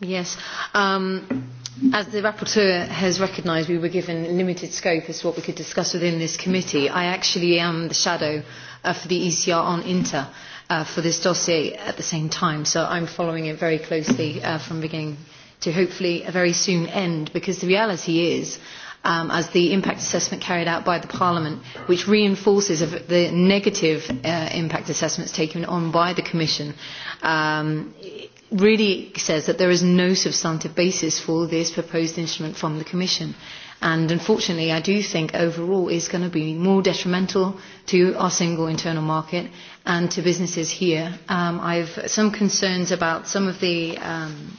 Yes.
Um, as the rapporteur has recognised, we were given limited scope as to what we could discuss within this committee. I actually am the shadow uh, for the ECR on Inter uh, for this dossier at the same time, so I'm following it very closely uh, from beginning to hopefully a very soon end, because the reality is um, as the impact assessment carried out by the Parliament, which reinforces the negative uh, impact assessments taken on by the Commission, um, really says that there is no substantive basis for this proposed instrument from the Commission. And unfortunately, I do think overall is going to be more detrimental to our single internal market and to businesses here. Um, I have some concerns about some of the um,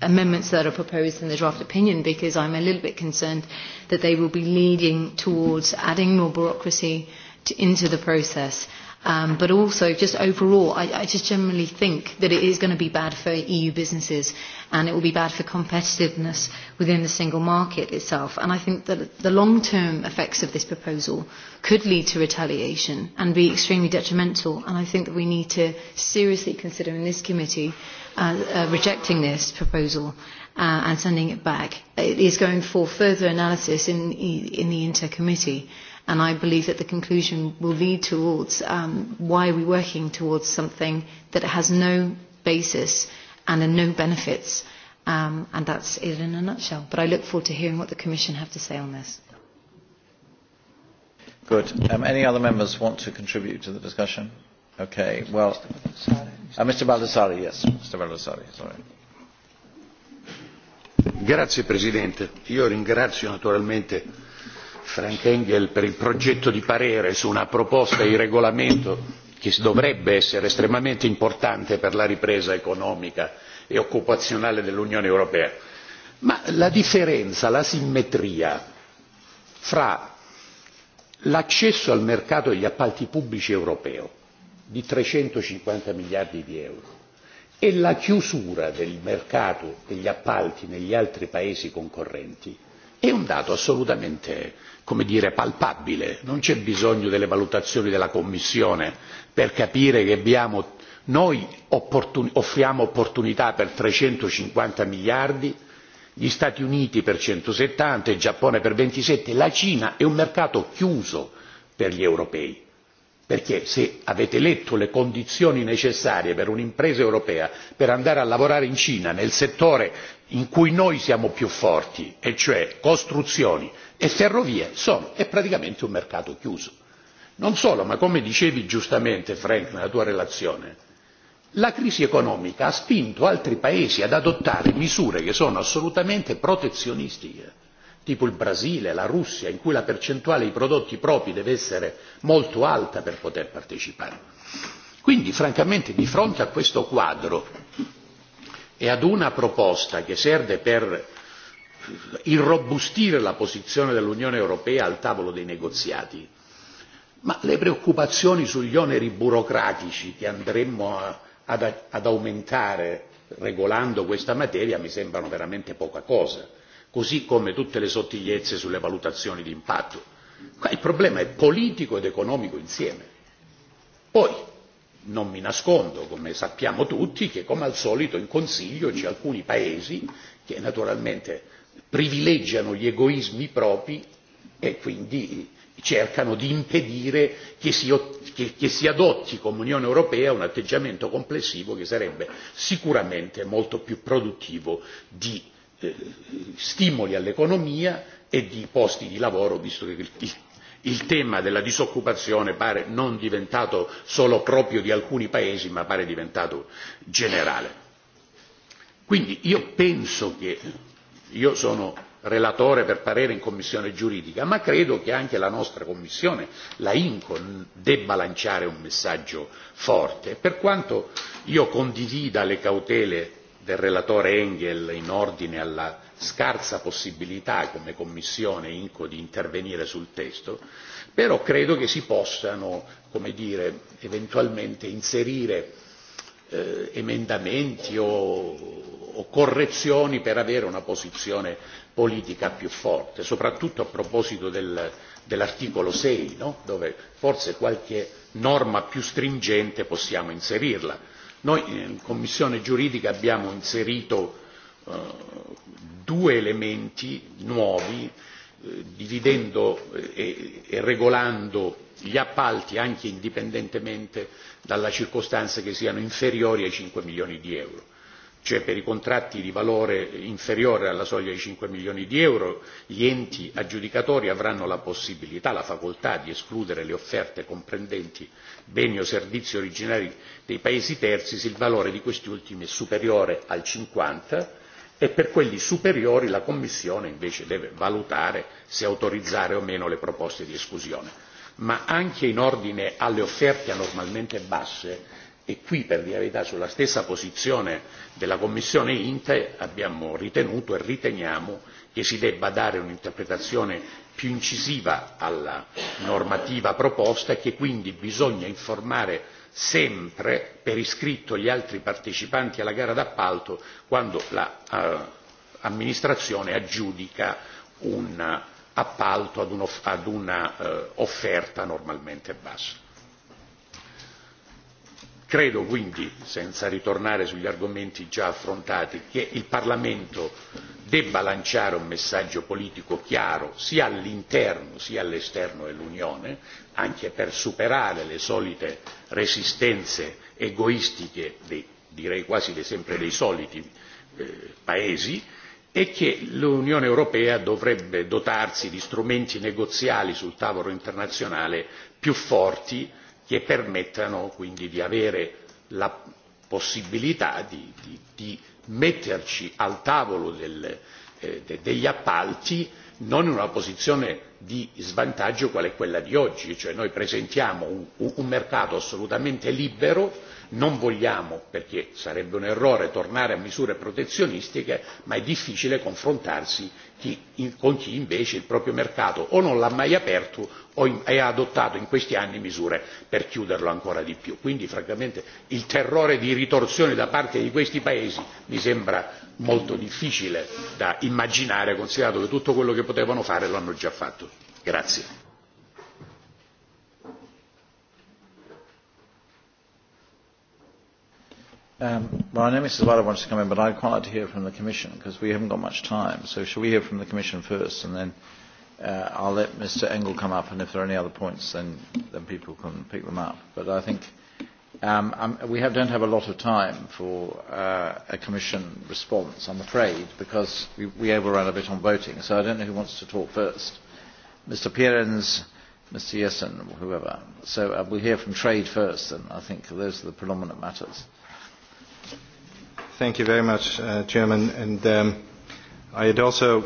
amendments that are proposed in the draft opinion because I'm a little bit concerned that they will be leading towards adding more bureaucracy to, into the process Um, but also, just overall, I, I just generally think that it is going to be bad for EU businesses and it will be bad for competitiveness within the single market itself. And I think that the long-term effects of this proposal could lead to retaliation and be extremely detrimental. And I think that we need to seriously consider in this committee uh, uh, rejecting this proposal uh, and sending it back. It is going for further analysis in, in the intercommittee. committee and I believe that the conclusion will lead towards um, why are we working towards something that has no basis and no benefits. Um, and that's it in a nutshell. But I look forward to hearing what the Commission have to say on this.
Good. Um, any other members want to contribute to the discussion? Okay. Well, uh, Mr. Baldassari, yes. Mr. Baldassari, sorry. Grazie Presidente. Io ringrazio naturalmente
Frank Engel per il progetto di parere su una proposta di regolamento che dovrebbe essere estremamente importante per la ripresa economica e occupazionale dell'Unione Europea. Ma la differenza, la simmetria fra l'accesso al mercato degli appalti pubblici europeo di 350 miliardi di euro e la chiusura del mercato degli appalti negli altri paesi concorrenti è un dato assolutamente come dire, palpabile, non c'è bisogno delle valutazioni della Commissione per capire che abbiamo, noi opportun, offriamo opportunità per 350 miliardi, gli Stati Uniti per 170, il Giappone per 27, la Cina è un mercato chiuso per gli europei perché se avete letto le condizioni necessarie per un'impresa europea per andare a lavorare in Cina nel settore in cui noi siamo più forti, e cioè costruzioni, e ferrovie sono è praticamente un mercato chiuso. non solo ma come dicevi giustamente frank nella tua relazione la crisi economica ha spinto altri paesi ad adottare misure che sono assolutamente protezionistiche tipo il brasile la russia in cui la percentuale di prodotti propri deve essere molto alta per poter partecipare. quindi francamente di fronte a questo quadro e ad una proposta che serve per irrobustire la posizione dell'Unione Europea al tavolo dei negoziati, ma le preoccupazioni sugli oneri burocratici che andremmo a, ad, ad aumentare regolando questa materia mi sembrano veramente poca cosa, così come tutte le sottigliezze sulle valutazioni di impatto. Qua il problema è politico ed economico insieme. Poi non mi nascondo, come sappiamo tutti, che come al solito in Consiglio ci sono alcuni paesi che naturalmente privilegiano gli egoismi propri e quindi cercano di impedire che si, che, che si adotti come Unione Europea un atteggiamento complessivo che sarebbe sicuramente molto più produttivo di eh, stimoli all'economia e di posti di lavoro, visto che il, il, il tema della disoccupazione pare non diventato solo proprio di alcuni paesi, ma pare diventato generale. Quindi io penso che io sono relatore per parere in commissione giuridica ma credo che anche la nostra commissione la Inco, debba lanciare un messaggio forte per quanto io condivida le cautele del relatore engel in ordine alla scarsa possibilità come commissione imco di intervenire sul testo però credo che si possano come dire eventualmente inserire eh, emendamenti o, o correzioni per avere una posizione politica più forte, soprattutto a proposito del, dell'articolo 6, no? dove forse qualche norma più stringente possiamo inserirla. Noi in Commissione giuridica abbiamo inserito eh, due elementi nuovi, eh, dividendo eh, e, e regolando gli appalti anche indipendentemente dalla circostanza che siano inferiori ai 5 milioni di euro, cioè per i contratti di valore inferiore alla soglia di 5 milioni di euro gli enti aggiudicatori avranno la possibilità, la facoltà di escludere le offerte comprendenti beni o servizi originari dei paesi terzi se il valore di questi ultimi è superiore al 50 e per quelli superiori la Commissione invece deve valutare se autorizzare o meno le proposte di esclusione ma anche in ordine alle offerte anormalmente basse e qui per dire la verità sulla stessa posizione della commissione inte abbiamo ritenuto e riteniamo che si debba dare un'interpretazione più incisiva alla normativa proposta e che quindi bisogna informare sempre per iscritto gli altri partecipanti alla gara d'appalto quando l'amministrazione la, eh, aggiudica un appalto ad, uno, ad una eh, offerta normalmente bassa. Credo quindi, senza ritornare sugli argomenti già affrontati, che il Parlamento debba lanciare un messaggio politico chiaro sia all'interno sia all'esterno dell'Unione, anche per superare le solite resistenze egoistiche, dei, direi quasi sempre dei soliti eh, paesi, e che l'Unione Europea dovrebbe dotarsi di strumenti negoziali sul tavolo internazionale più forti che permettano quindi di avere la possibilità di, metterci al tavolo eh, degli appalti non in una posizione di svantaggio quale quella di oggi, cioè noi presentiamo un mercato assolutamente libero Non vogliamo, perché sarebbe un errore, tornare a misure protezionistiche, ma è difficile confrontarsi con chi invece il proprio mercato o non l'ha mai aperto o ha adottato in questi anni misure per chiuderlo ancora di più. Quindi francamente il terrore di ritorsioni da parte di questi paesi mi sembra molto difficile da immaginare considerato che tutto quello che potevano fare lo hanno già fatto.
Um, well, I know Mrs. Wilder wants to come in, but I'd quite like to hear from the Commission because we haven't got much time. So shall we hear from the Commission first, and then uh, I'll let Mr. Engel come up, and if there are any other points, then, then people can pick them up. But I think um, um, we have, don't have a lot of time for uh, a Commission response, I'm afraid, because we, we overran a bit on voting. So I don't know who wants to talk first. Mr. Pierens. Mr. Yesen, whoever. So uh, we'll hear from trade first, and I
think those are the predominant matters. Thank you very much, uh, Chairman. And um, I'd also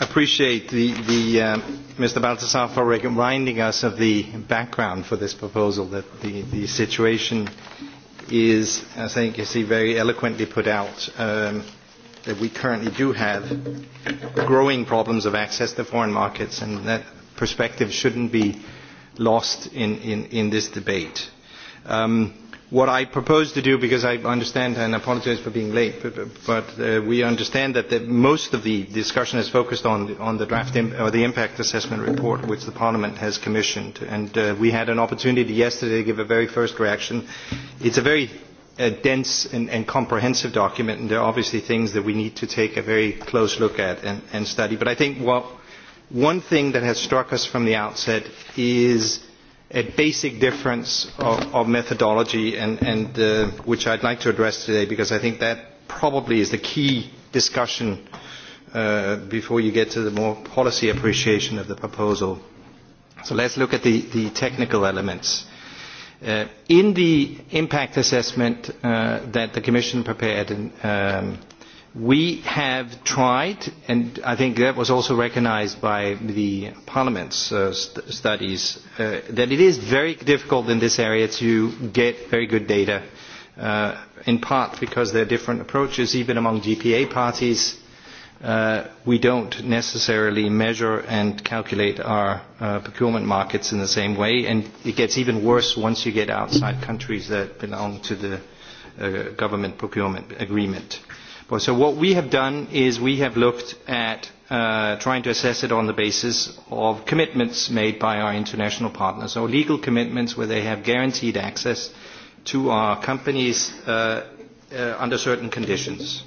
appreciate the, the, um, Mr. Baltasar for reminding us of the background for this proposal, that the, the situation is, as I think you see very eloquently put out, um, that we currently do have growing problems of access to foreign markets, and that perspective shouldn't be lost in, in, in this debate. Um, what I propose to do, because I understand and apologise for being late, but, but uh, we understand that the, most of the discussion is focused on, on the draft or the impact assessment report, which the Parliament has commissioned. And uh, we had an opportunity yesterday to give a very first reaction. It's a very uh, dense and, and comprehensive document, and there are obviously things that we need to take a very close look at and, and study. But I think what, one thing that has struck us from the outset is a basic difference of, of methodology, and, and, uh, which I'd like to address today because I think that probably is the key discussion uh, before you get to the more policy appreciation of the proposal. So let's look at the, the technical elements. Uh, in the impact assessment uh, that the Commission prepared in, um, we have tried, and I think that was also recognized by the Parliament's uh, st studies, uh, that it is very difficult in this area to get very good data, uh, in part because there are different approaches, even among GPA parties. Uh, we don't necessarily measure and calculate our uh, procurement markets in the same way, and it gets even worse once you get outside countries that belong to the uh, government procurement agreement. Uh, Well, so what we have done is we have looked at uh, trying to assess it on the basis of commitments made by our international partners, or so legal commitments where they have guaranteed access to our companies uh, uh, under certain conditions.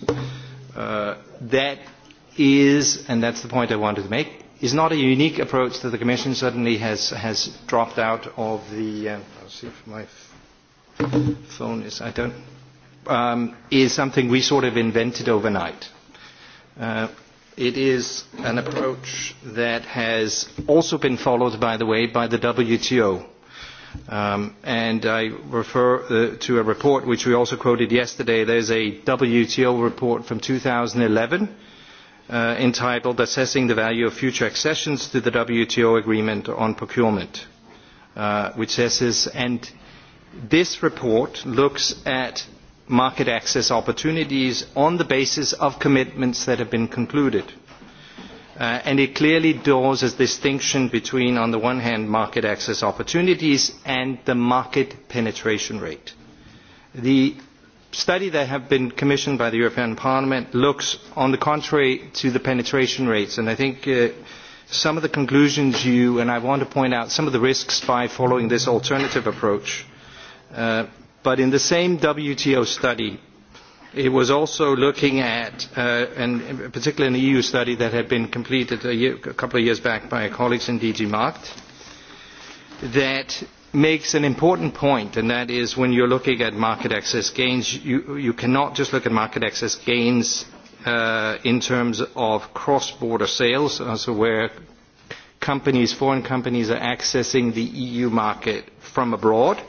Uh, that is, and that's the point I wanted to make, is not a unique approach that the Commission suddenly has, has dropped out of the... Uh, I'll see if my phone is... I don't um, is something we sort of invented overnight. Uh, it is an approach that has also been followed, by the way, by the WTO. Um, and I refer uh, to a report which we also quoted yesterday. There's a WTO report from 2011 uh, entitled Assessing the Value of Future Accessions to the WTO Agreement on Procurement, uh, which says, and this report looks at market access opportunities on the basis of commitments that have been concluded. Uh, and it clearly draws a distinction between, on the one hand, market access opportunities and the market penetration rate. The study that has been commissioned by the European Parliament looks, on the contrary, to the penetration rates. And I think uh, some of the conclusions you, and I want to point out some of the risks by following this alternative approach. Uh, But in the same WTO study, it was also looking at, uh, and particularly an EU study that had been completed a, year, a couple of years back by colleagues in DG Markt, that makes an important point, and that is when you're looking at market access gains, you, you cannot just look at market access gains uh, in terms of cross-border sales, uh, so where companies, foreign companies are accessing the EU market from abroad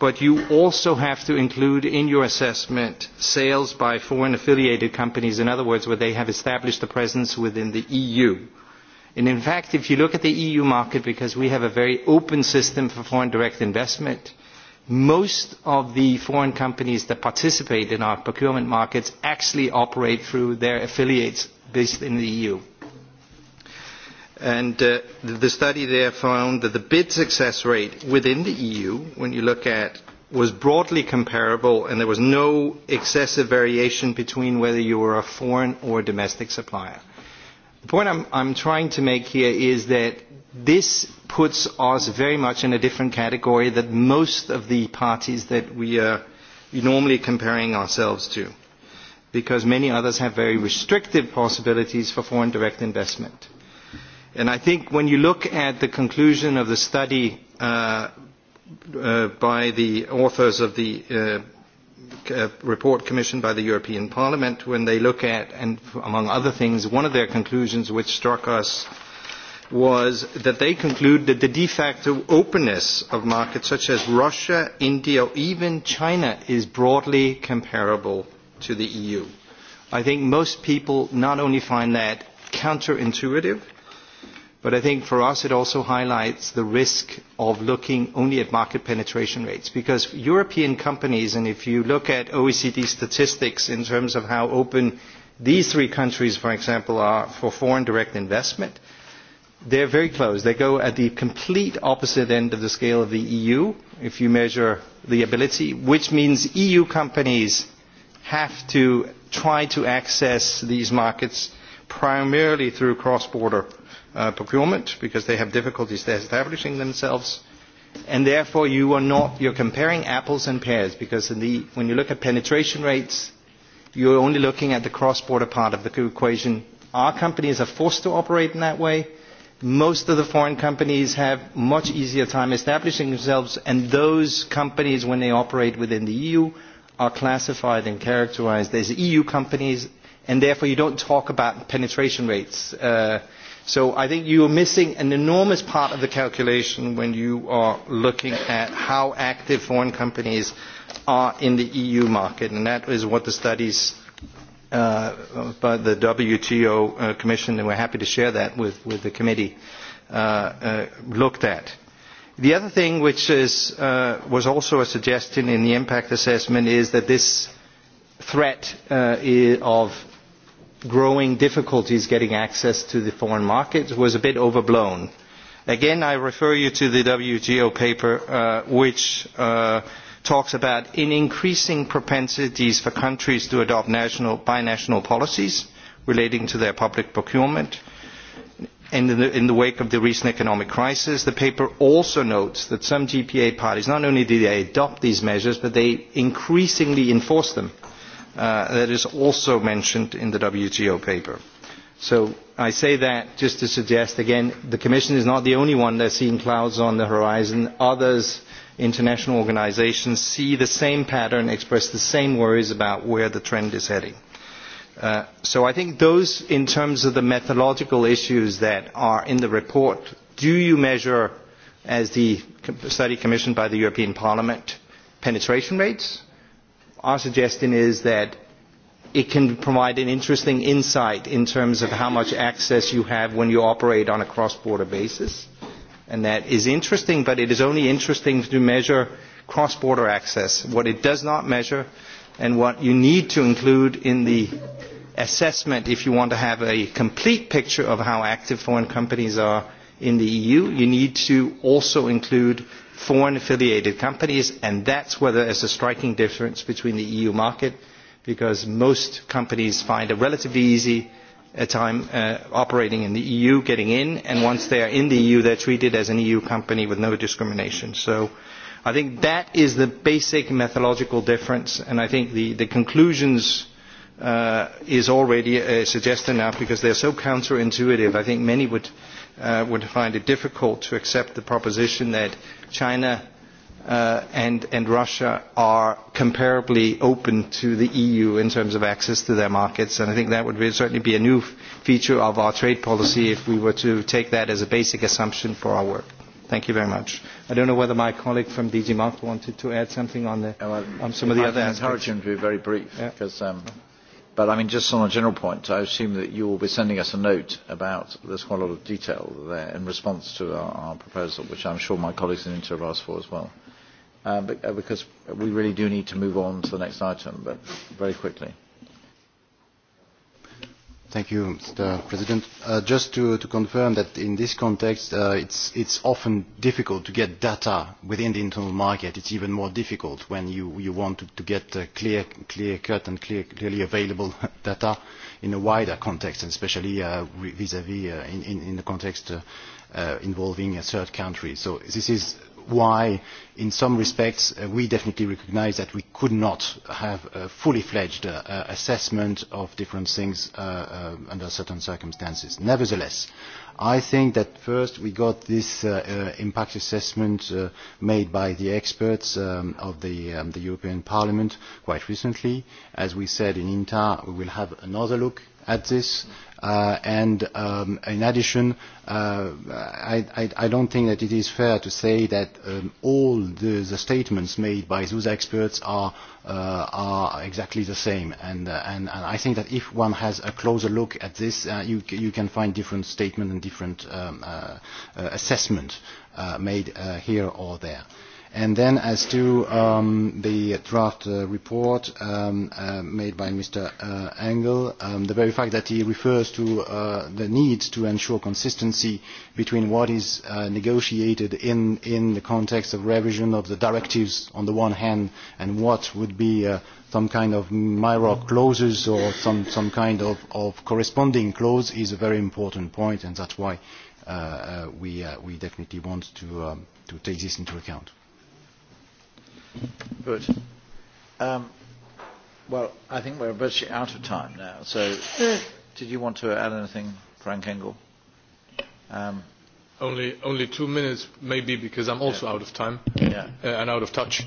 but you also have to include in your assessment sales by foreign affiliated companies, in other words, where they have established a presence within the EU. And in fact, if you look at the EU market, because we have a very open system for foreign direct investment, most of the foreign companies that participate in our procurement markets actually operate through their affiliates based in the EU. And uh, the study there found that the bid success rate within the EU, when you look at, was broadly comparable and there was no excessive variation between whether you were a foreign or a domestic supplier. The point I'm, I'm trying to make here is that this puts us very much in a different category than most of the parties that we are normally comparing ourselves to, because many others have very restrictive possibilities for foreign direct investment. And I think when you look at the conclusion of the study uh, uh, by the authors of the uh, uh, report commissioned by the European Parliament, when they look at, and among other things, one of their conclusions which struck us was that they conclude that the de facto openness of markets such as Russia, India, or even China is broadly comparable to the EU. I think most people not only find that counterintuitive, But I think for us it also highlights the risk of looking only at market penetration rates because European companies, and if you look at OECD statistics in terms of how open these three countries, for example, are for foreign direct investment, they're very close. They go at the complete opposite end of the scale of the EU if you measure the ability, which means EU companies have to try to access these markets primarily through cross-border uh, procurement because they have difficulties establishing themselves. And therefore, you are not, you're comparing apples and pears because in the, when you look at penetration rates, you're only looking at the cross-border part of the equation. Our companies are forced to operate in that way. Most of the foreign companies have much easier time establishing themselves, and those companies, when they operate within the EU, are classified and characterized as EU companies, and therefore you don't talk about penetration rates. Uh, so i think you are missing an enormous part of the calculation when you are looking at how active foreign companies are in the eu market and that is what the studies uh, by the WTO uh, Commission, and we're happy to share that with, with the committee, uh, uh looked at. The other thing which is, uh, was also a suggestion in the impact assessment is that this threat uh, of growing difficulties getting access to the foreign market was a bit overblown. Again, I refer you to the WGO paper, uh, which uh, talks about in increasing propensities for countries to adopt national, binational policies relating to their public procurement. And in the, in the wake of the recent economic crisis, the paper also notes that some GPA parties not only do they adopt these measures, but they increasingly enforce them. Uh, Uh, that is also mentioned in the WTO paper. So I say that just to suggest again, the Commission is not the only one is seeing clouds on the horizon. Others, international organisations, see the same pattern, express the same worries about where the trend is heading. Uh, so I think those, in terms of the methodological issues that are in the report, do you measure, as the study commissioned by the European Parliament, penetration rates? our suggestion is that it can provide an interesting insight in terms of how much access you have when you operate on a cross-border basis. And that is interesting, but it is only interesting to measure cross-border access. What it does not measure and what you need to include in the assessment if you want to have a complete picture of how active foreign companies are in the EU, you need to also include foreign affiliated companies and that's where there is a striking difference between the EU market because most companies find a relatively easy uh, time uh, operating in the EU, getting in, and once they are in the EU, they are treated as an EU company with no discrimination. So I think that is the basic methodological difference, and I think the, conclusions uh, is already suggested now because they are so counterintuitive. I think many would uh, would find it difficult to accept the proposition that China uh, and, and Russia are comparably open to the EU in terms of access to their markets. And I think that would be, certainly be a new feature of our trade policy if we were to take that as a basic assumption for our work. Thank you very much. I don't know whether my colleague from DG Mark wanted to add something on, the, well, on some of the other aspects. I encourage
him to be very brief, because um, But I mean, just on a general point, I assume that you will be sending us a note about quite a lot of detail there in response to our, our proposal, which I'm sure my colleagues in Inter have asked for as well. Uh, uh, because we really do need to move on to the next item, but very quickly.
Thank you, Mr. President. Uh, just to, to confirm that in this context, uh, it's, it's often difficult to get data within the internal market. It's even more difficult when you, you want to, to get uh, clear, clear cut and clear, clearly available [laughs] data in a wider context, and especially vis-à-vis uh, -vis uh, in, in, in the context uh, uh, involving a third country. So this is why in some respects uh, we definitely recognise that we could not have a fully fledged uh, uh assessment of different things uh, uh, under certain circumstances. Nevertheless, I think that first we got this impact assessment made by the experts um, of the, um, the European Parliament quite recently. As we said in INTA, we will have another look at this. Uh, and um, in addition, uh, I, I, I don't think that it is fair to say that um, all the, the statements made by those experts are, uh, are exactly the same. And, uh, and, and I think that if one has a closer look at this, uh, you, you can find different statements and different um, uh, uh, assessments uh, made uh, here or there. Uh, And then as to um, the draft uh, report um, uh, made by Mr. Uh, Engel, um, the very fact that he refers to uh, the need to ensure consistency between what is uh, negotiated in, in the context of revision of the directives on the one hand and what would be uh, some kind of MIROC clauses or some, some kind of, of corresponding clause is a very important point and that's why uh, uh, we, uh, we definitely want to, um, to take this into account.
Good. Um, well, I think we're virtually out of time now. So, did you want to add anything, Frank Engel? Um,
only, only two minutes, maybe, because I'm also yeah. out of time yeah. uh, and out of touch.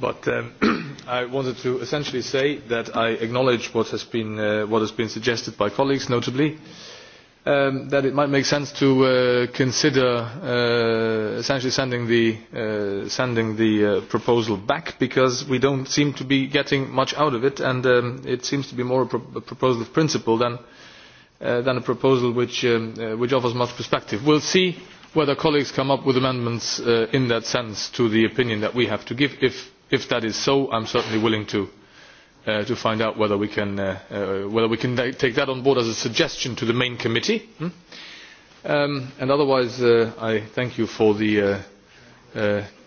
But um, [clears throat] I wanted to essentially say that I acknowledge what has been, uh, what has been suggested by colleagues, notably. Um, that it might make sense to uh, consider uh, essentially sending the, uh, sending the uh, proposal back because we don't seem to be getting much out of it and um, it seems to be more a, pro a proposal of principle than, uh, than a proposal which, um, uh, which offers much perspective. we will see whether colleagues come up with amendments in that sense to the opinion that we have to give. if, if that is so i am certainly willing to Uh, to find out whether we can, uh, uh whether we can da- take that on board as a suggestion to the main committee. Hmm? Um, and otherwise, uh, I thank you for the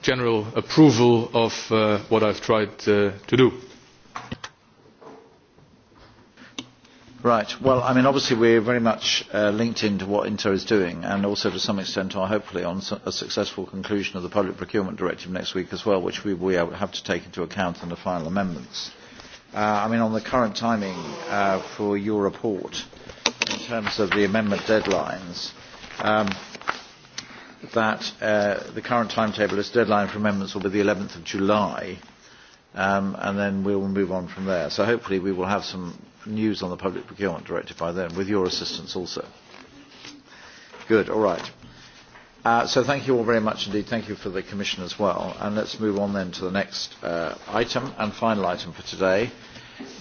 general approval of what I've
tried to do. Right. Well, I mean, obviously, we're very much linked into what Inter is doing, and also to some extent, are hopefully, on a successful conclusion of the Public Procurement Directive next week as well, which we will have to take into account in the final amendments uh, I mean, on the current timing uh, for your report in terms of the amendment deadlines, um, that uh, the current timetable is deadline for amendments will be the 11th of July, um, and then we will move on from there. So hopefully we will have some news on the Public Procurement Directive by then, with your assistance also. Good, all right. Uh, so thank you all very much indeed. Thank you for the Commission as well. And let's move on then to the next uh, item and final item for today,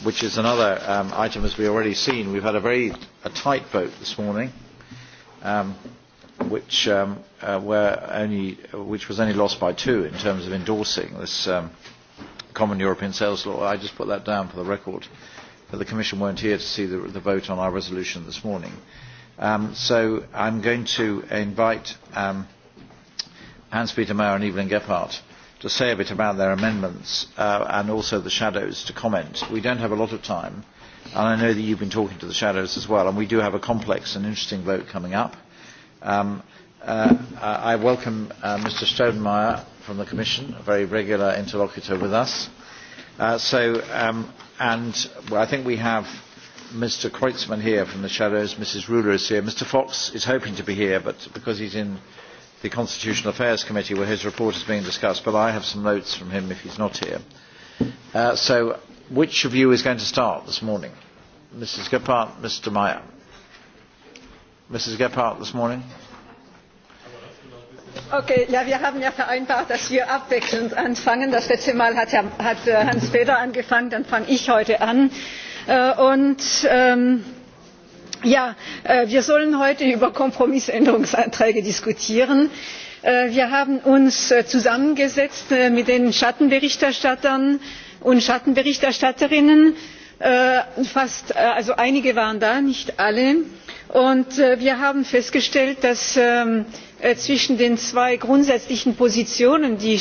which is another um, item, as we already seen. We've had a very a tight vote this morning, um, which, um, uh, were only, which was only lost by two in terms of endorsing this um, common European sales law. I just put that down for the record, but the Commission weren't here to see the, the vote on our resolution this morning. Um, so I'm going to invite um, Hans-Peter Mayer and Evelyn Gephardt to say a bit about their amendments uh, and also the shadows to comment. We don't have a lot of time, and I know that you've been talking to the shadows as well, and we do have a complex and interesting vote coming up. Um, uh, I welcome uh, Mr. Stonemeyer from the Commission, a very regular interlocutor with us. Uh, so, um, and well, I think we have Mr. Kreutzmann here from the shadows, Mrs. Ruler is here. Mr. Fox is hoping to be here, but because he's in the Constitutional Affairs Committee where his report is being discussed, but I have some notes from him if he's not here. Uh, so which of you is going to start this morning? Mrs. Gephardt, Mr. Meyer. Mrs. Gephardt this morning.
Okay, ja, wir haben ja vereinbart, dass wir abwechselnd anfangen. Das letzte Mal hat, Herr, hat äh, Hans Peter angefangen, dann fange ich heute an. Äh, und ähm, Ja, äh, wir sollen heute über kompromissänderungsanträge diskutieren. Äh, wir haben uns äh, zusammengesetzt mit den schattenberichterstattern und schattenberichterstatterinnen also einige waren da nicht alle und wir haben festgestellt dass ähm, zwischen den zwei grundsätzlichen positionen die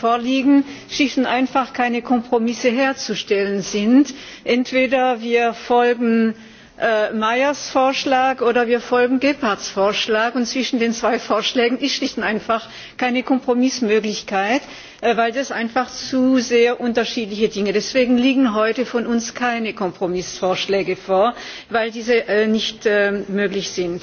vorliegen schlicht und einfach keine kompromisse herzustellen sind. entweder wir folgen Äh, meyers vorschlag oder wir folgen gebhardts vorschlag und zwischen den zwei vorschlägen ist schlicht und einfach keine kompromissmöglichkeit äh, weil das einfach zu sehr unterschiedliche dinge sind. deswegen liegen heute von uns keine kompromissvorschläge vor weil diese äh, nicht möglich sind.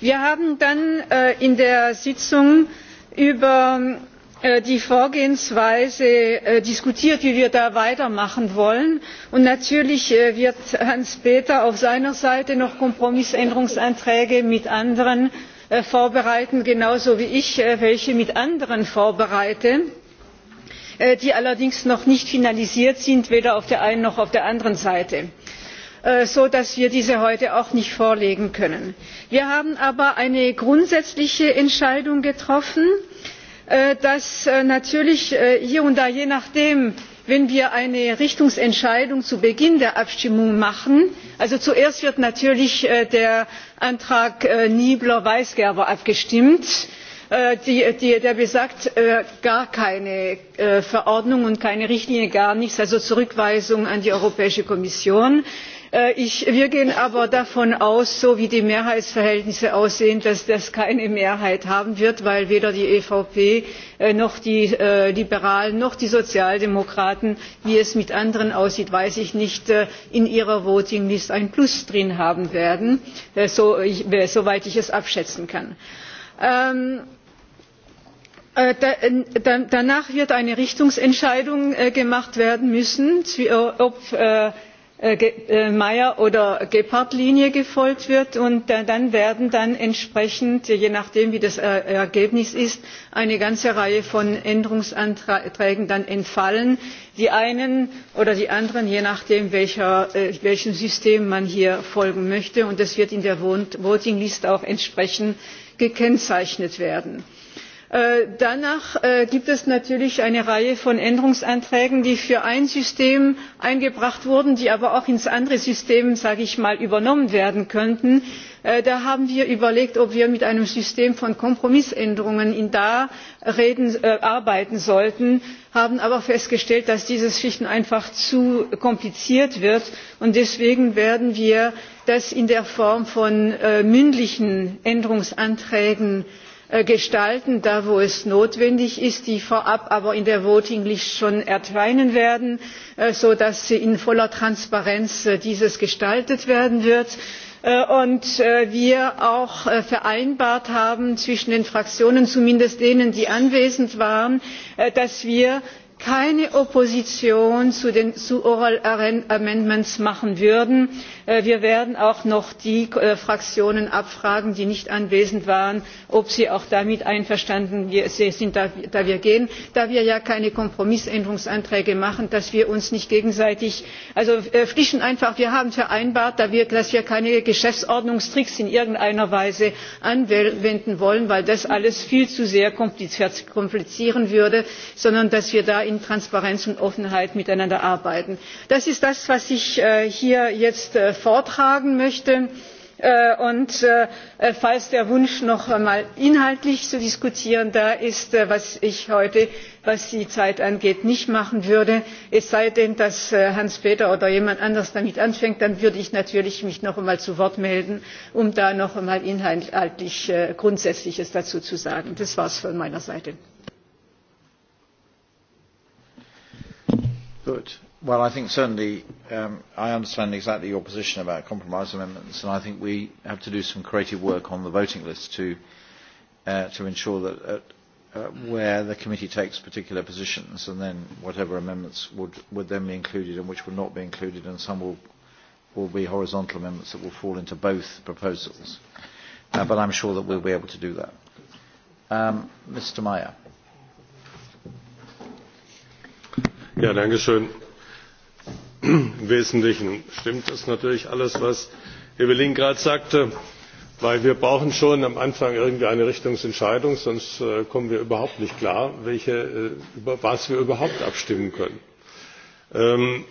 wir haben dann in der sitzung über Äh, die vorgehensweise äh, diskutiert wie wir da weitermachen wollen und natürlich äh, wird hans peter auf seiner seite noch kompromissänderungsanträge mit anderen vorbereiten genauso wie ich welche mit anderen vorbereite die allerdings noch nicht finalisiert sind weder auf der einen noch auf der anderen seite sodass wir diese heute auch nicht vorlegen können. wir haben aber eine grundsätzliche entscheidung getroffen Äh, dass äh, natürlich äh, hier und da je nachdem wenn wir eine richtungsentscheidung zu beginn der abstimmung machen also zuerst wird natürlich über den antrag niebler weisgerber abgestimmt der besagt gar keine verordnung und keine richtlinie gar nichts also zurückweisung an die europäische kommission. Äh, wir gehen aber davon aus so wie die mehrheitsverhältnisse aussehen dass das keine mehrheit haben wird weil weder die evp äh, noch die äh, liberalen noch die sozialdemokraten wie es mit anderen aussieht weiß ich nicht in ihrer voting list ein plus drin haben werden soweit ich es abschätzen kann. Ähm, da, da, danach wird eine richtungsentscheidung gemacht werden müssen ob Äh, äh, meyer oder gebhardt linie gefolgt wird und da, dann werden dann entsprechend je nachdem wie das äh, ergebnis ist eine ganze reihe von änderungsanträgen entfallen die einen oder die anderen je nachdem welchem system man hier folgen möchte und das wird in der voting list auch entsprechend gekennzeichnet werden. Äh, danach äh, gibt es natürlich eine reihe von änderungsanträgen die für ein system eingebracht wurden die aber auch ins andere system sage ich mal übernommen werden könnten. Äh, da haben wir überlegt ob wir mit einem system von kompromissänderungen in da arbeiten sollten haben aber festgestellt dass dieses schlicht und einfach zu kompliziert wird und deswegen werden wir das in der form von mündlichen änderungsanträgen Äh, gestalten da wo es notwendig ist die vorab aber in der voting schon erscheinen werden äh, sodass in voller transparenz äh, dies gestaltet werden wird und wir auch vereinbart haben zwischen den fraktionen zumindest denen die anwesend waren dass wir keine opposition zu den oral amendments machen würden Äh, wir werden auch noch die äh, fraktionen abfragen die nicht anwesend waren ob sie auch damit einverstanden sind da, da wir gehen da wir ja keine kompromissänderungsanträge machen dass wir uns nicht gegenseitig äh, schlicht und einfach wir haben vereinbart da dass wir keine geschäftsordnungstricks in irgendeiner weise anwenden wollen weil das alles viel zu sehr verkomplizieren würde sondern dass wir da in transparenz und offenheit miteinander arbeiten. das ist das was ich hier jetzt vortragen möchte äh, und äh, falls der wunsch noch einmal inhaltlich zu diskutieren da ist äh, was ich heute was die zeit angeht nicht machen würde es sei denn dass hans peter oder jemand anders damit anfängt dann würde ich mich natürlich noch einmal zu wort melden um da noch einmal inhaltlich grundsätzliches dazu zu sagen. das war es von meiner seite.
Good. Well, I think certainly um, I understand exactly your position about compromise amendments, and I think we have to do some creative work on the voting list to uh, to ensure that at, uh, where the committee takes particular positions, and then whatever amendments would would then be included and which would not be included, and some will will be horizontal amendments that will fall into both proposals. Uh, but I'm sure that we'll be able to do that. Um, Mr. Meyer.
Im Wesentlichen stimmt das natürlich alles, was Evelyn gerade sagte, denn wir brauchen schon am Anfang irgendwie eine Richtungsentscheidung, sonst äh, kommen wir überhaupt nicht klar, äh, über was wir überhaupt abstimmen können. Ähm,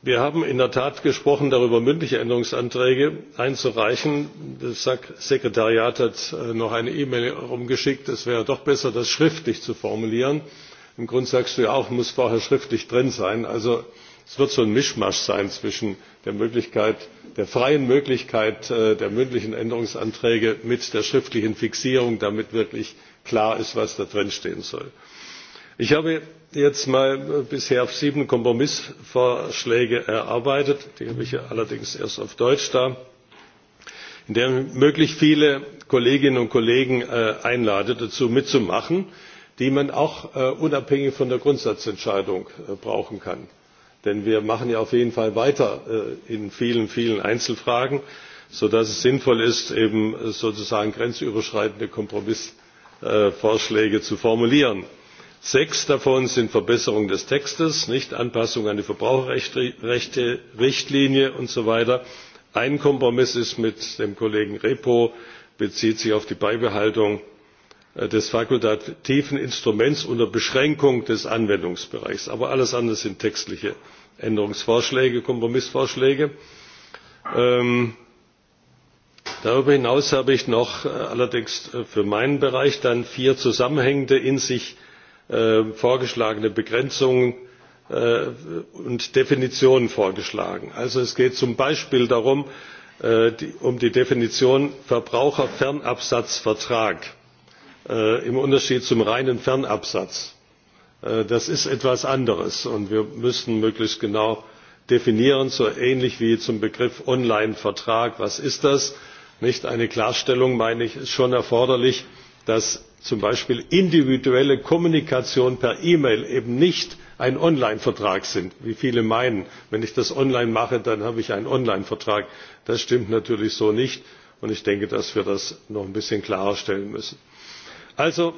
wir haben in der tat gesprochen darüber mündliche änderungsanträge einzureichen. das sekretariat hat äh, noch eine e mail herumgeschickt es wäre doch besser das schriftlich zu formulieren im Grunde sagst du ja auch muss vorher schriftlich drin sein. also es wird so ein mischmasch sein zwischen der möglichkeit der freien möglichkeit äh, der mündlichen änderungsanträge mit der schriftlichen fixierung damit wirklich klar ist was da drin stehen soll. ich habe jetzt mal äh, bisher sieben kompromissvorschläge erarbeitet die habe ich ja allerdings erst auf deutsch da in der möglichst viele kolleginnen und kollegen äh, einlade dazu mitzumachen die man auch äh, unabhängig von der grundsatzentscheidung äh, brauchen kann. denn wir machen ja auf jeden fall weiter äh, in vielen vielen einzelfragen sodass es sinnvoll ist eben sozusagen grenzüberschreitende kompromissvorschläge zu formulieren. sechs davon sind verbesserung des textes nicht anpassung an die verbraucherrechterichtlinie richtlinie und so weiter. ein kompromiss ist mit dem kollegen repo bezieht sich auf die beibehaltung Äh, des fakultativen instruments unter beschränkung des anwendungsbereichs. aber alles andere sind textliche änderungsvorschläge kompromissvorschläge. Ähm, darüber hinaus habe ich noch äh, allerdings äh, für meinen bereich dann vier zusammenhängende in sich vorgeschlagene begrenzungen und definitionen vorgeschlagen. also es geht zum beispiel um die definition verbraucherfernabsatzvertrag Äh, im unterschied zum reinen fernabsatz. Äh, das ist etwas anderes und wir müssen möglichst genau definieren so ähnlich wie zum begriff online vertrag was ist das? eine klarstellung ist schon erforderlich dass zum beispiel individuelle kommunikation per e mail eben nicht ein online vertrag ist wie viele meinen wenn ich das online mache dann habe ich einen online vertrag. das stimmt natürlich so nicht und ich denke dass wir das noch ein bisschen klarer stellen müssen also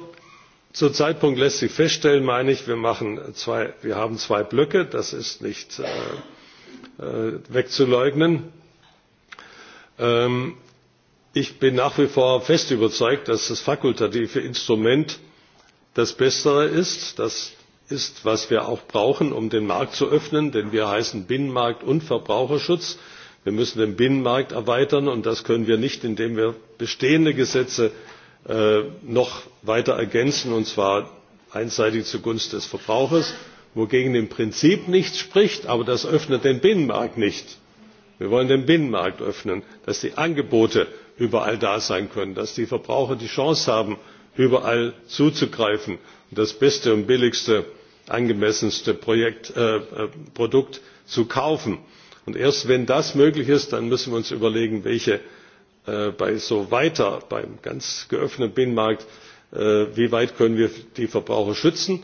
zum zeitpunkt lässt sich feststellen meine ich wir, haben zwei blöcke das ist nicht äh, äh, wegzuleugnen. Ähm, ich bin nach wie vor fest überzeugt dass das fakultative instrument das bessere ist. das ist was wir auch brauchen um den markt zu öffnen denn wir heißen binnenmarkt und verbraucherschutz. wir müssen den binnenmarkt erweitern und das können wir nicht indem wir bestehende gesetze Äh, noch weiter ergänzen und zwar einseitig zugunsten des verbrauchers wogegen im prinzip nichts spricht aber das öffnet den binnenmarkt nicht. wir wollen den binnenmarkt öffnen dass die angebote überall da sein können dass die verbraucher die chance haben überall zuzugreifen und das beste und billigste angemessenste äh, äh, produkt zu kaufen. erst wenn das möglich ist dann müssen wir uns überlegen welche Äh, bei so weiter beim ganz geöffneten binnenmarkt äh, wie weit können wir die verbraucher schützen?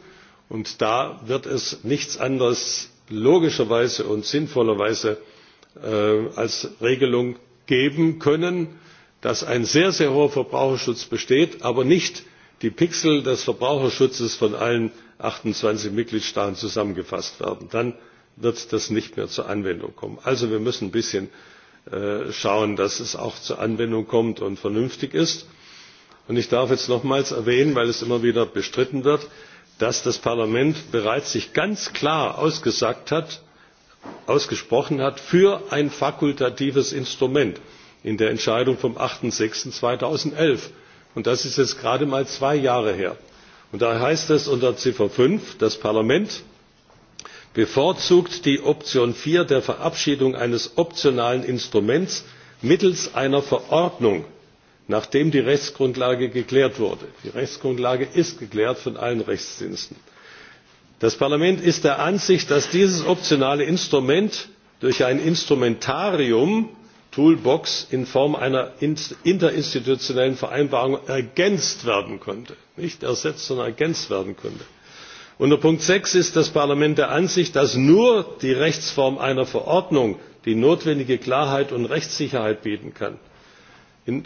und da wird es nichts anderes logischerweise und sinnvollerweise äh, als regelung geben können dass ein sehr sehr hoher verbraucherschutz besteht aber nicht die pixel des verbraucherschutzes von allen achtundzwanzig mitgliedstaaten zusammengefasst werden. dann wird das nicht mehr zur anwendung kommen. also wir müssen ein bisschen Äh, schauen dass es auch zur anwendung kommt und vernünftig ist. ich darf jetzt nochmals erwähnen weil es immer wieder bestritten wird dass das parlament bereits ganz klar ausgesprochen hat für ein fakultatives instrument in der entscheidung vom. acht. sechs zweitausendelf und das ist jetzt gerade mal zwei jahre her. da heißt es unter ziffer fünf das parlament bevorzugt die option vier der verabschiedung eines optionalen instruments mittels einer verordnung nachdem die rechtsgrundlage geklärt wurde. die rechtsgrundlage ist geklärt von allen rechtsdiensten. das parlament ist der ansicht dass dieses optionale instrument durch ein instrumentarium toolbox in form einer interinstitutionellen vereinbarung ergänzt werden könnte nicht ersetzt sondern ergänzt werden könnte unter ziffer sechs ist das parlament der ansicht dass nur die rechtsform einer verordnung die notwendige klarheit und rechtssicherheit bieten kann. in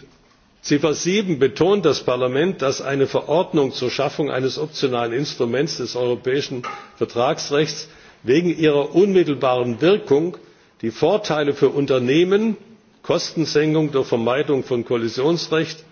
ziffer sieben betont das parlament dass eine verordnung zur schaffung eines optionalen instruments des europäischen vertragsrechts wegen ihrer unmittelbaren wirkung die vorteile für unternehmen kostensenkung durch vermeidung von kollisionsrecht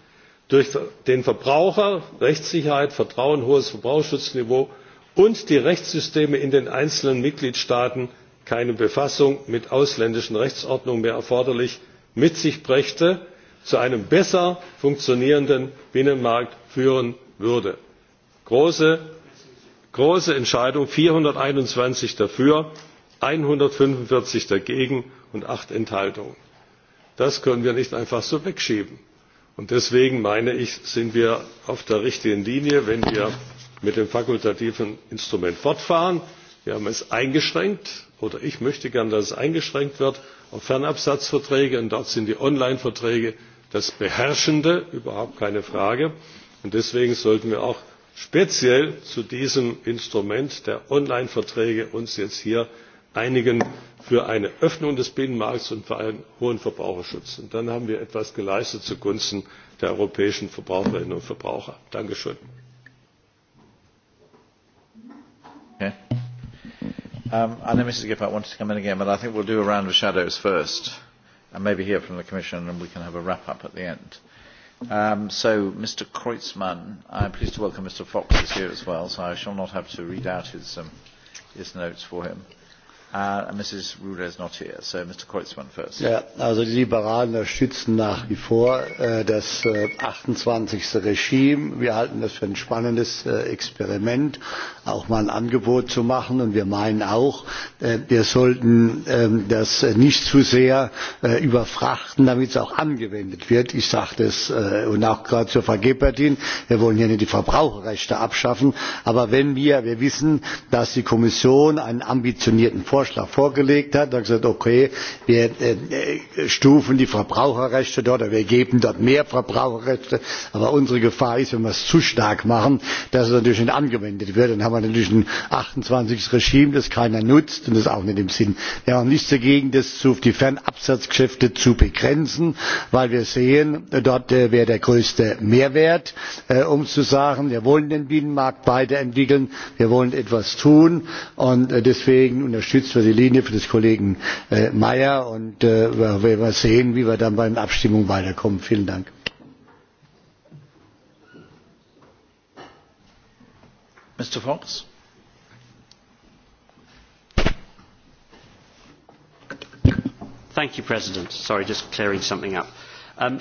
durch den verbraucher rechtssicherheit vertrauen hohes verbraucherschutzniveau und die rechtssysteme in den einzelnen mitgliedstaaten keine befassung mit ausländischen rechtsordnungen mehr erforderlich mit sich brächte zu einem besser funktionierenden binnenmarkt führen würde. große entscheidung vierhunderteinundzwanzig dafür einhundertfünfundvierzig dagegen und acht enthaltungen. das können wir nicht einfach so wegschieben. deswegen meine ich sind wir auf der richtigen linie wenn mit dem fakultativen instrument fortfahren. wir haben es eingeschränkt oder ich möchte gern dass es eingeschränkt wird auf fernabsatzverträge und dort sind die online verträge das beherrschende überhaupt keine frage. deswegen sollten wir uns auch speziell zu diesem instrument der online verträge jetzt hier einigen für eine öffnung des binnenmarkts und für einen hohen verbraucherschutz. dann haben wir etwas geleistet zugunsten der europäischen verbraucherinnen und verbraucher. danke schön!
I know Mr Gippert wanted to come in again, but I think we'll do a round of shadows first, and maybe hear from the Commission, and we can have a wrap-up at the end. Um, so, Mr. Kreutzmann, I'm pleased to welcome Mr. Fox is here as well, so I shall not have to read out his, um, his notes for him. Uh, Mrs. Rula is not here, so Mr. Kreutzmann first. Ja,
also die Liberalen unterstützen nach wie vor äh, das äh, 28. Regime. Wir halten das für ein spannendes äh, Experiment, auch mal ein Angebot zu machen. Und wir meinen auch, äh, wir sollten äh, das nicht zu sehr äh, überfrachten, damit es auch angewendet wird. Ich sage das äh, und auch gerade zur Frau Gebhardin, wir wollen hier nicht die Verbraucherrechte abschaffen. Aber wenn wir, wir wissen, dass die Kommission einen ambitionierten Vorschlag vorschlag vorgelegt hat und gesagt okay wir äh, stufen die verbraucherrechte dort oder wir geben dort mehr verbraucherrechte aber unsere gefahr ist wenn wir es zu stark machen dass es natürlich nicht angewendet wird. dann haben wir natürlich ein 28. regime das keiner nutzt und das auch nicht im sinn. wir haben nichts dagegen das zu, die fernabsatzgeschäfte zu begrenzen weil wir sehen dort äh, wäre der größte mehrwert äh, um zu sagen wir wollen den binnenmarkt weiterentwickeln wir wollen etwas tun und deswegen unterstützen unterstützen wir die linie des kollegen äh, Meyer und äh, werden sehen, wie wir dann bei den Abstimmungen weiterkommen. Vielen Dank.
Fox?
Thank you, President. Sorry, just clearing something up. Um,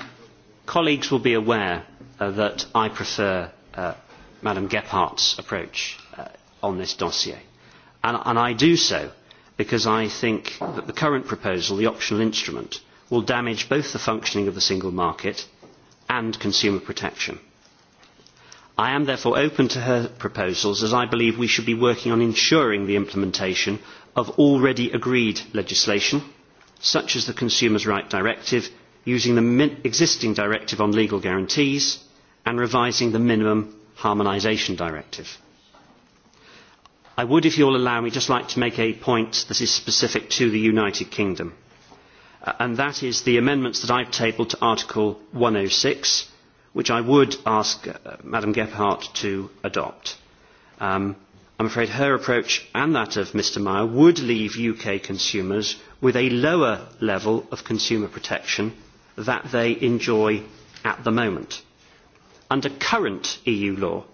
colleagues will be aware uh, that I prefer uh, Madam approach uh, on this dossier, and, I do so because I think that the current proposal, the optional instrument, will damage both the functioning of the single market and consumer protection. I am therefore open to her proposals as I believe we should be working on ensuring the implementation of already agreed legislation, such as the Consumers' Right Directive, using the existing directive on legal guarantees and revising the Minimum Harmonisation Directive. I would, if you will allow me, just like to make a point that is specific to the United Kingdom, uh, and that is the amendments that I've tabled to Article 106, which I would ask uh, Madam Gebhardt to adopt. Um, I'm afraid her approach and that of Mr Meyer would leave UK consumers with a lower level of consumer protection that they enjoy at the moment. Under current EU law,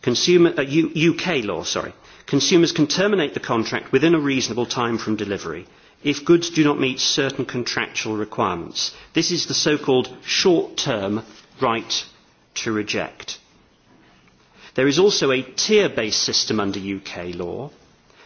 consumer, uh, U, UK law, sorry, consumers can terminate the contract within a reasonable time from delivery if goods do not meet certain contractual requirements. This is the so-called short-term right to reject. There is also a tier-based system under UK law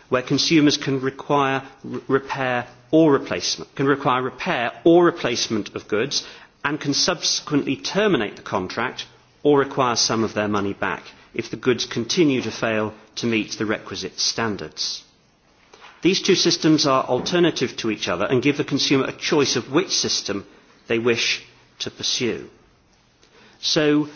where consumers can require repair or replacement can require repair or replacement of goods and can subsequently terminate the contract or require some of their money back if the goods continue to fail to meet the requisite standards. These two systems are alternative to each other and give the consumer a choice of which system they wish to pursue. So,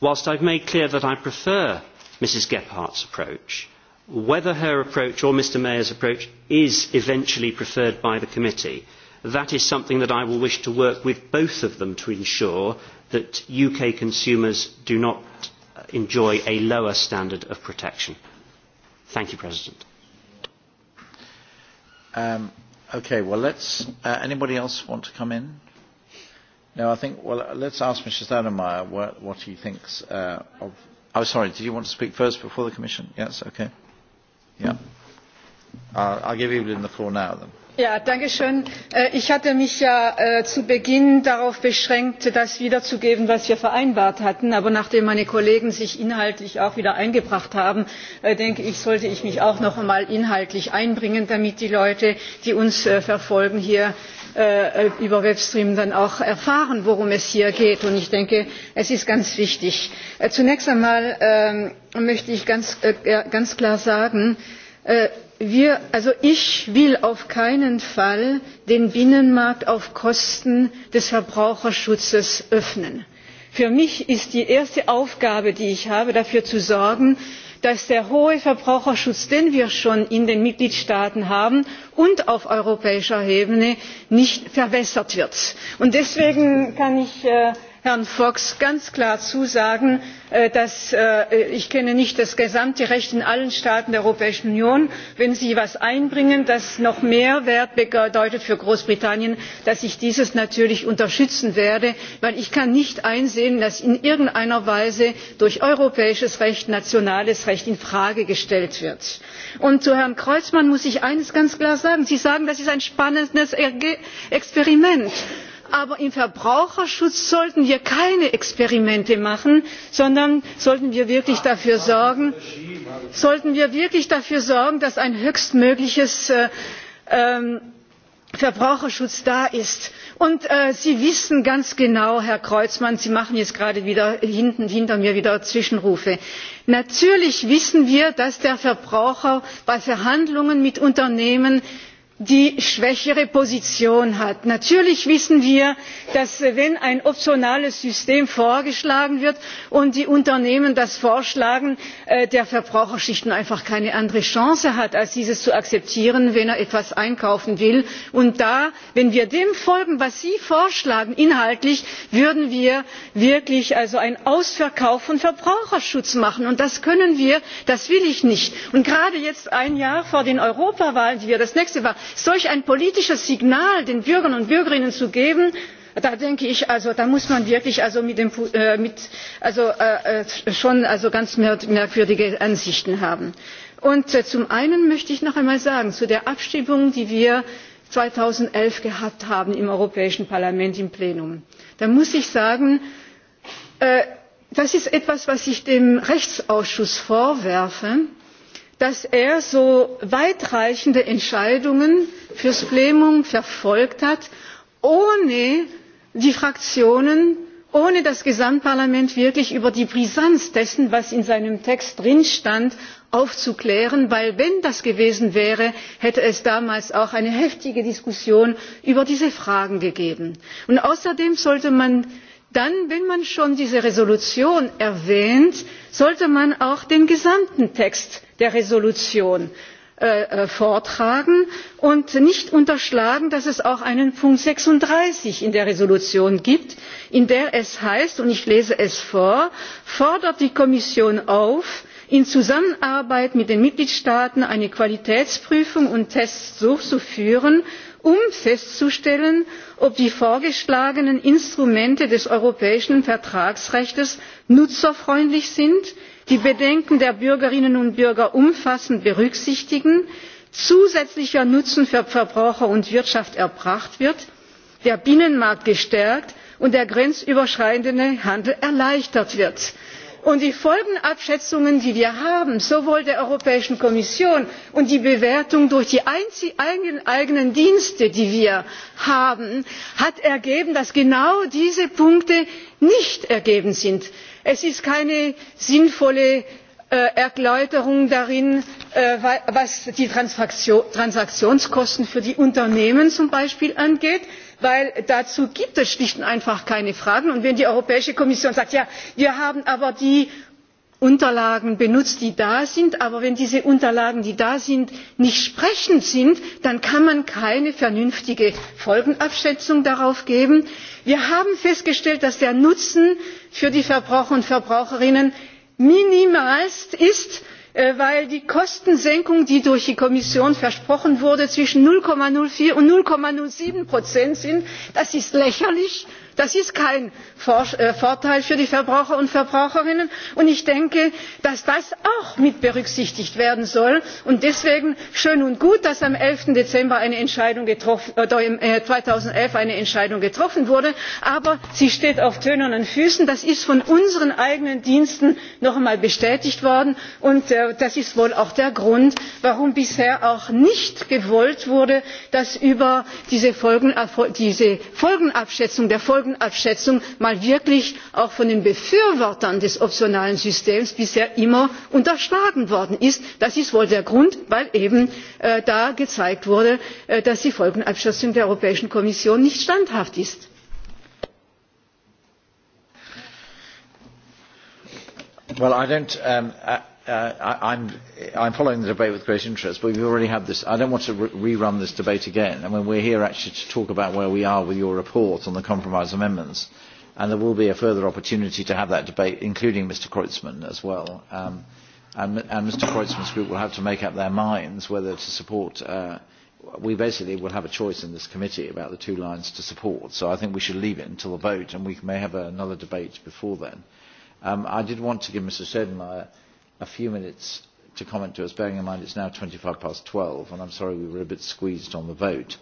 whilst I've made clear that I prefer Mrs Gephardt's approach, whether her approach or Mr Mayer's approach is eventually preferred by the committee, that is something that I will wish to work with both of them to ensure that UK consumers do not enjoy a lower standard of protection. Thank you, President.
Um, okay, well, let's. Uh, anybody else want to come in? No, I think. Well, let's ask Mr. Stoudemeyer what, what he thinks uh, of. Oh, sorry. Did you want to speak first before the Commission? Yes. Okay. Yeah. Uh, I'll give Evelyn the floor now then.
Äh, ich hatte mich ja äh, zu beginn darauf beschränkt das wiederzugeben was wir vereinbart hatten aber nachdem meine kollegen sich inhaltlich auch wieder eingebracht haben äh, denke ich sollte ich mich auch noch einmal inhaltlich einbringen damit die leute die uns verfolgen hier über webstream dann auch erfahren worum es hier geht und ich denke es ist ganz wichtig. zunächst einmal ähm, möchte ich ganz klar sagen ich will auf keinen fall den binnenmarkt auf kosten des verbraucherschutzes öffnen. für mich ist die erste aufgabe die ich habe dafür zu sorgen dass der hohe verbraucherschutz den wir schon in den mitgliedstaaten haben und auf europäischer ebene nicht verwässert wird. deswegen kann ich äh, herrn fox ganz klar zusagen äh, dass äh, ich nicht das gesamte recht in allen staaten der europäischen union kenne. wenn sie etwas einbringen das noch mehr wert bedeutet für großbritannien dass ich dies natürlich unterstützen werde denn ich kann nicht einsehen dass in irgendeiner weise durch europäisches recht nationales recht in frage gestellt wird. zu herrn creutzmann muss ich eines ganz klar sagen sie sagen das ist ein spannendes experiment aber im verbraucherschutz sollten wir keine experimente machen sondern sollten wir wirklich dafür sorgen, sollten wir wirklich dafür sorgen dass ein höchstmöglicher äh, ähm, verbraucherschutz da ist. und äh, sie wissen ganz genau herr creutzmann sie machen jetzt gerade wieder hinter mir wieder zwischenrufe natürlich wissen wir dass der verbraucher bei verhandlungen mit unternehmen die schwächere position hat. natürlich wissen wir dass äh, wenn ein optionales system vorgeschlagen wird und die unternehmen das vorschlagen äh, der verbraucherschicht nun einfach keine andere chance hat als dieses zu akzeptieren wenn er etwas einkaufen will. und da wenn wir dem folgen was sie inhaltlich vorschlagen würden wir wirklich einen ausverkauf von verbraucherschutz machen und das können wir das will ich nicht. und gerade jetzt ein jahr vor den europawahlen die ja das nächste solch ein politisches signal den bürgern und bürgerinnen zu geben da denke ich also da muss man wirklich äh, äh, äh, schon ganz merkwürdige ansichten haben. Und zum einen möchte ich noch einmal sagen zu der abstimmung die wir zweitausendelf gehabt haben im europäischen parlament im plenum da muss ich sagen das ist etwas was ich dem rechtsausschuss vorwerfe dass er so weitreichende entscheidungen fürs plenum verfolgt hat ohne die fraktionen ohne das gesamtparlament wirklich über die brisanz dessen was in seinem text stand aufzuklären denn wenn das gewesen wäre hätte es damals auch eine heftige diskussion über diese fragen gegeben. außerdem sollte man dann wenn man schon diese entschließung erwähnt sollte man auch den gesamten text der entschließung äh, äh, vortragen und nicht unterschlagen dass es auch einen punkt sechsunddreißig in der entschließung gibt in dem es heißt und ich lese es vor fordert die kommission auf in zusammenarbeit mit den mitgliedstaaten eine qualitätsprüfung und tests durchzuführen um festzustellen ob die vorgeschlagenen instrumente des europäischen vertragsrechts nutzerfreundlich sind die bedenken der bürgerinnen und bürger umfassend berücksichtigen zusätzlicher nutzen für verbraucher und wirtschaft erbracht wird der binnenmarkt gestärkt und der grenzüberschreitende handel erleichtert wird und die folgenabschätzungen die wir haben sowohl der europäischen kommission und die bewertung durch die eigenen dienste die wir haben haben ergeben dass genau diese punkte nicht gegeben sind. es ist keine sinnvolle äh, erläuterung darin äh, was die transaktionskosten für die unternehmen zum beispiel angeht denn dazu gibt es schlicht und einfach keine fragen. und wenn die europäische kommission sagt ja wir haben aber die unterlagen benutzt die da sind aber wenn diese unterlagen die da sind nicht sprechend sind dann kann man keine vernünftige folgenabschätzung darauf geben. wir haben festgestellt dass der nutzen für die verbraucher und verbraucherinnen minimalst ist. Äh, weil die kostensenkung die durch die kommission versprochen wurde zwischen null vier und null sieben sind das ist lächerlich das ist kein Äh, vorteil für die verbraucher und verbraucherinnen und ich denke dass das auch mit berücksichtigt werden soll und deswegen schön und gut dass am. elf dezember äh, äh, zweitausendelf eine entscheidung getroffen wurde aber sie steht auf tönernen füßen das ist von unseren eigenen diensten noch einmal bestätigt worden und das ist wohl auch der grund warum bisher auch nicht gewollt wurde dass über diese folgenabschätzung der folgenabschätzung mal wirklich auch von den befürwortern des optionalen systems bisher immer unterschlagen worden ist. das ist wohl der grund weil eben äh, da gezeigt wurde äh, dass die folgenabschätzung der europäischen kommission nicht standhaft ist.
i
am um, uh, uh, following the debate with great interest, but we have already had this. I do not want to re rerun this debate again. we are here actually to talk about where we are with your report on the compromise amendments and there will be a further opportunity to have that debate, including Mr Kreutzmann as well. Um, and, and Mr Kreutzmann's group will have to make up their minds whether to support. Uh, we basically will have a choice in this committee about the two lines to support, so I think we should leave it until the vote, and we may have another debate before then. Um, I did want to give Mr Schroedemeyer a few minutes to comment to us, bearing in mind it's now 25 past 12, and I'm sorry we were a bit squeezed on the vote.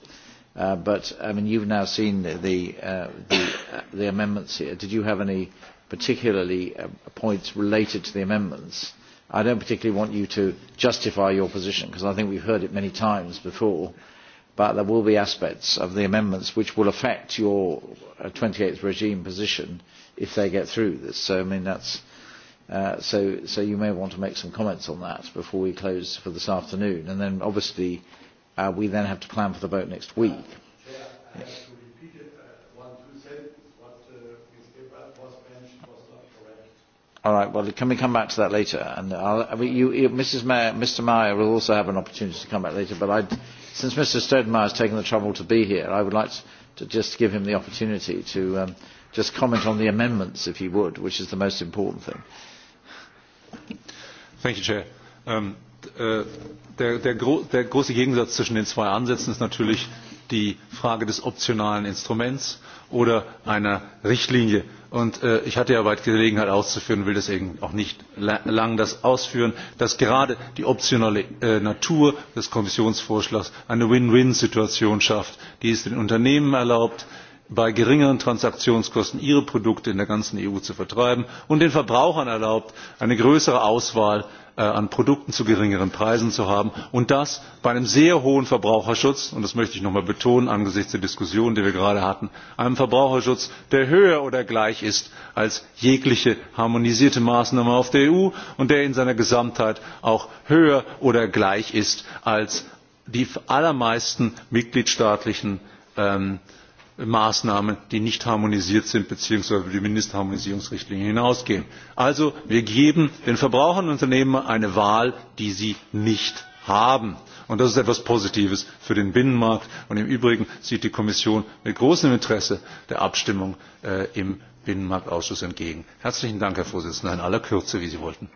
Uh, but I mean, you've now seen the the, uh, the, uh, the amendments here. Did you have any particularly points related to the amendments? I don't particularly want you to justify your position because I think we've heard it many times before. But there will be aspects of the amendments which will affect your 28th regime position if they get through this. So I mean that's. Uh, so, so you may want to make some comments on that before we close for this afternoon. And then obviously uh, we then have to plan for the vote next week. Yes. All right. Well, can we come back to that later? And I'll, you, you, Mrs. Mayor, Mr. Meyer will also have an opportunity to come back later. But I'd, since Mr. Stoudemire has taken the trouble to be here, I would like to, to just give him the opportunity to um, just comment on the amendments, if he would, which is the most important thing.
Thank you, Chair. Um, Äh, äh, der, große Gegensatz zwischen den zwei Ansätzen ist natürlich die Frage des optionalen Instruments oder einer Richtlinie. Äh, ich hatte ja weit Gelegenheit auszuführen, und will deswegen auch nicht la lang das ausführen, dass gerade die optionale Natur des Kommissionsvorschlags eine Win-Win-Situation schafft, die es den Unternehmen erlaubt, bei geringeren Transaktionskosten ihre Produkte in der ganzen EU zu vertreiben und den Verbrauchern erlaubt, eine größere Auswahl Äh, an Produkten zu geringeren Preisen zu haben und das bei einem sehr hohen Verbraucherschutz und das möchte ich noch einmal betonen angesichts der Diskussion, die wir gerade hatten, einem Verbraucherschutz, der höher oder gleich ist als jegliche harmonisierte Maßnahme auf der EU und der in seiner Gesamtheit auch höher oder gleich ist als die allermeisten mitgliedstaatlichen ähm, Maßnahmen, die nicht harmonisiert sind beziehungsweise über die Mindestharmonisierungsrichtlinie hinausgehen. Also wir geben den Verbrauchern und Unternehmen eine Wahl, die sie nicht haben. Und das ist etwas Positives für den Binnenmarkt. Und im Übrigen sieht die Kommission mit großem Interesse der Abstimmung äh, im Binnenmarktausschuss entgegen. Herzlichen Dank, Herr präsident in aller Kürze, wie Sie wollten.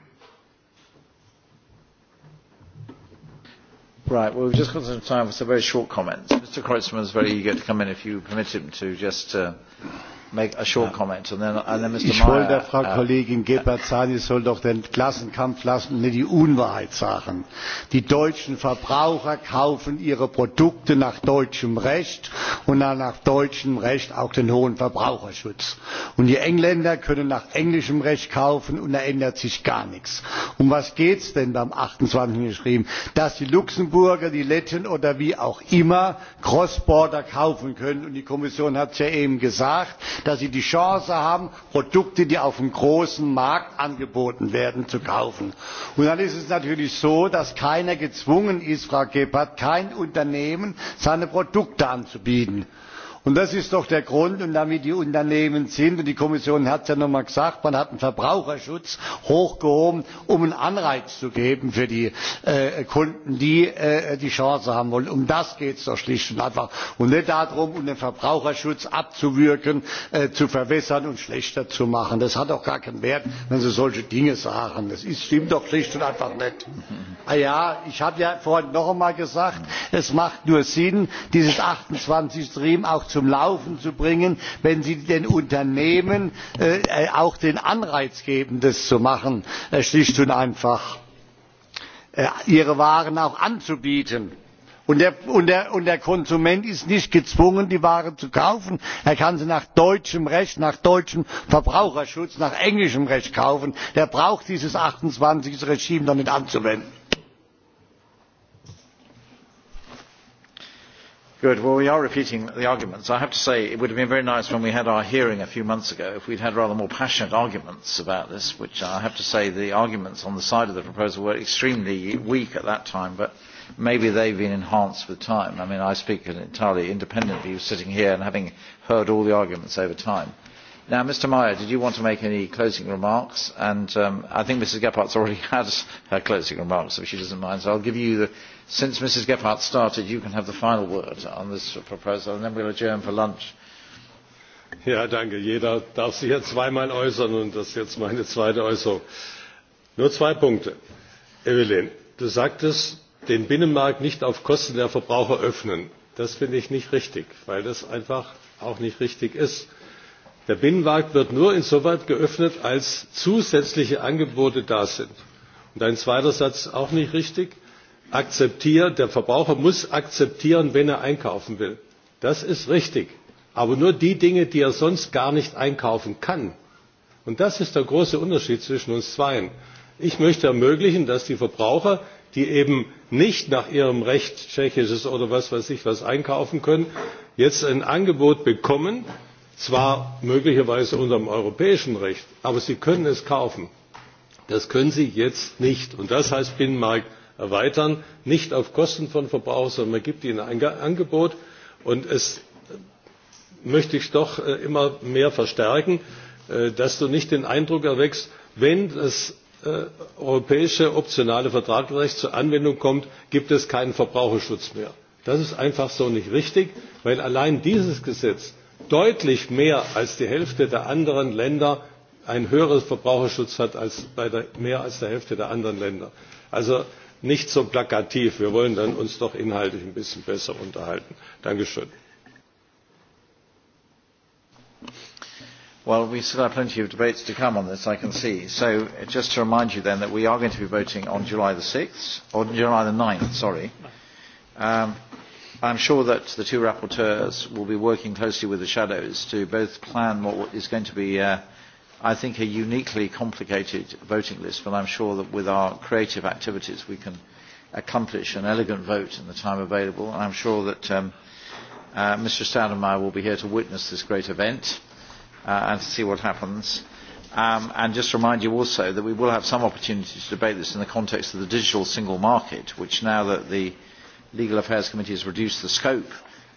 Right, well, we've just got some time for some very short comments. Mr. Kreutzmann is very eager to come in if you permit him to just uh, make a short ja. comment and then, and then Mr. Ich wollte der Frau uh,
Kollegin sie soll doch den Klassenkampf lassen und nicht die Unwahrheit sagen. Die deutschen Verbraucher kaufen ihre Produkte nach deutschem Recht und nach deutschem Recht auch den hohen Verbraucherschutz. Und die Engländer können nach englischem Recht kaufen und da ändert sich gar nichts. Um was geht es denn beim 28 geschrieben? Dass die Luxemburger, die Letten oder wie auch immer Cross-Border kaufen können und die Kommission hat es ja eben gesagt dass sie die chance haben produkte die auf dem großen markt angeboten werden zu kaufen. und dann ist es natürlich so dass keiner gezwungen ist frau gebhardt kein unternehmen seine produkte anzubieten und das ist doch der grund und damit die unternehmen sind und die kommission hat es ja noch einmal gesagt man hat den verbraucherschutz hochgehoben um einen anreiz zu geben für die äh, kunden die äh, die chance haben wollen. um das geht es doch schlicht und einfach und nicht darum um den verbraucherschutz abzuwürgen äh, zu verwässern und schlechter zu machen. das hat doch gar keinen wert wenn sie solche dinge sagen. das stimmt doch schlicht und einfach nicht. ah ja ich habe ja vorhin noch einmal gesagt es macht nur sinn dieses achtundzwanzig stream auch zum laufen zu bringen wenn sie den unternehmen äh, äh, auch den anreiz geben das zu machen äh, schlicht und einfach ihre waren auch anzubieten. Und der, der konsument ist nicht gezwungen die ware zu kaufen er kann sie nach deutschem recht nach deutschem verbraucherschutz nach englischem recht kaufen. er braucht dieses
achtundzwanzig regime doch nicht anzuwenden. Good. Well, we are repeating the arguments. I have to say, it would have been very nice when we had our hearing a few months ago if we'd had rather more passionate arguments about this, which I have to say the arguments on the side of the proposal were extremely weak at that time, but maybe they've been enhanced with time. I mean, I speak entirely independently of sitting here and having heard all the arguments over time. Now, Mr. Meyer, did you want to make any closing remarks? And um, I think Mrs. Gephardt's already [laughs] had her closing remarks, if she doesn't mind. So I'll give you the, since Mrs. Gephardt
started, you can have the final word on this proposal, and then we'll adjourn for lunch. Ja, danke. Jeder darf sich ja zweimal äußern, und das ist jetzt meine zweite Äußerung. Nur zwei Punkte. Evelyn, du sagtest, den Binnenmarkt nicht auf Kosten der Verbraucher öffnen. Das finde ich nicht richtig, weil das einfach auch nicht richtig ist der binnenmarkt wird nur insoweit geöffnet als zusätzliche angebote da sind. und ein zweiter satz auch nicht richtig der verbraucher muss akzeptieren wenn er einkaufen will. das ist richtig aber nur die dinge die er sonst gar nicht einkaufen kann. und das ist der große unterschied zwischen uns zweien. ich möchte ermöglichen dass die verbraucher die eben nicht nach ihrem recht tschechisches oder was weiß ich was einkaufen können jetzt ein angebot bekommen zwar möglicherweise unter dem europäischen recht aber sie können es kaufen. das können sie jetzt nicht und das heißt binnenmarkt erweitern nicht auf kosten von Verbrauchern, sondern man gibt ihnen ein angebot und es möchte ich doch äh, immer mehr verstärken äh, dass du nicht den eindruck erweckst wenn das äh, europäische optionale vertragsrecht zur anwendung kommt gibt es keinen verbraucherschutz mehr. das ist einfach so nicht richtig weil allein dieses gesetz deutlich mehr als die hälfte der anderen länder einen höheren verbraucherschutz hat als mehr als die hälfte der anderen länder. also nicht so plakativ wir wollen dann doch inhaltlich ein bisschen besser unterhalten. dankeschön.
Well, we still have plenty of debates to come on this, I can see. So just to remind you then that we are going to be voting on July the 6th, or July the 9th, sorry. Um, I am sure that the two rapporteurs will be working closely with the shadows to both plan what is going to be, uh, I think, a uniquely complicated voting list, but I am sure that with our creative activities we can accomplish an elegant vote in the time available. And I am sure that um, uh, Mr. Stoudemeyer will be here to witness this great event uh, and to see what happens. Um, and just remind you also that we will have some opportunity to debate this in the context of the digital single market, which now that the Legal Affairs Committee has reduced the scope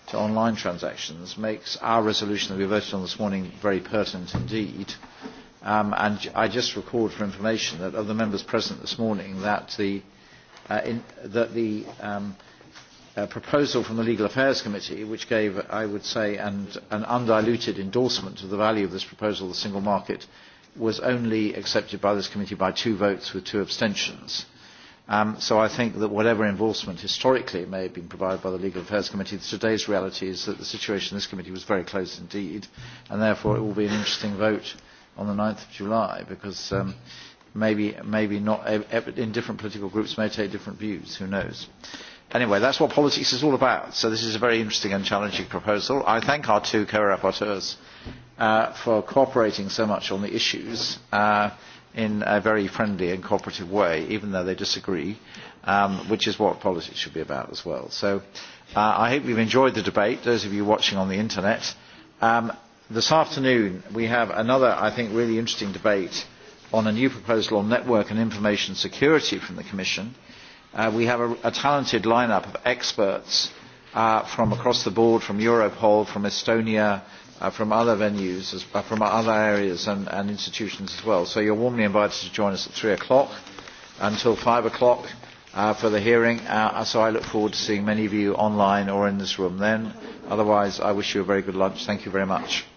to online transactions makes our resolution that we voted on this morning very pertinent indeed. Um, and I just record for information that of the members present this morning that the, uh, in, that the um, uh, proposal from the Legal Affairs Committee, which gave, I would say, an, an undiluted endorsement of the value of this proposal, the single market, was only accepted by this committee by two votes with two abstentions. Uh, Um, so I think that whatever involvement historically may have been provided by the Legal Affairs Committee, today's reality is that the situation in this committee was very close indeed, and therefore it will be an interesting vote on the 9th of July, because um, maybe, maybe not, in different political groups may take different views, who knows. Anyway, that's what politics is all about, so this is a very interesting and challenging proposal. I thank our two co-rapporteurs uh, for cooperating so much on the issues. Uh, in a very friendly and cooperative way, even though they disagree, um, which is what politics should be about as well. So uh, I hope you've enjoyed the debate, those of you watching on the internet. Um, this afternoon we have another, I think, really interesting debate on a new proposal on network and information security from the Commission. Uh, we have a, a talented lineup of experts uh, from across the board, from Europol, from Estonia, uh, from other venues, as, uh, from other areas and, and institutions as well. So you're warmly invited to join us at 3 o'clock until 5 o'clock uh, for the hearing. Uh, so I look forward to seeing many of you online or in this room then. Otherwise, I wish you a very good lunch. Thank you very much.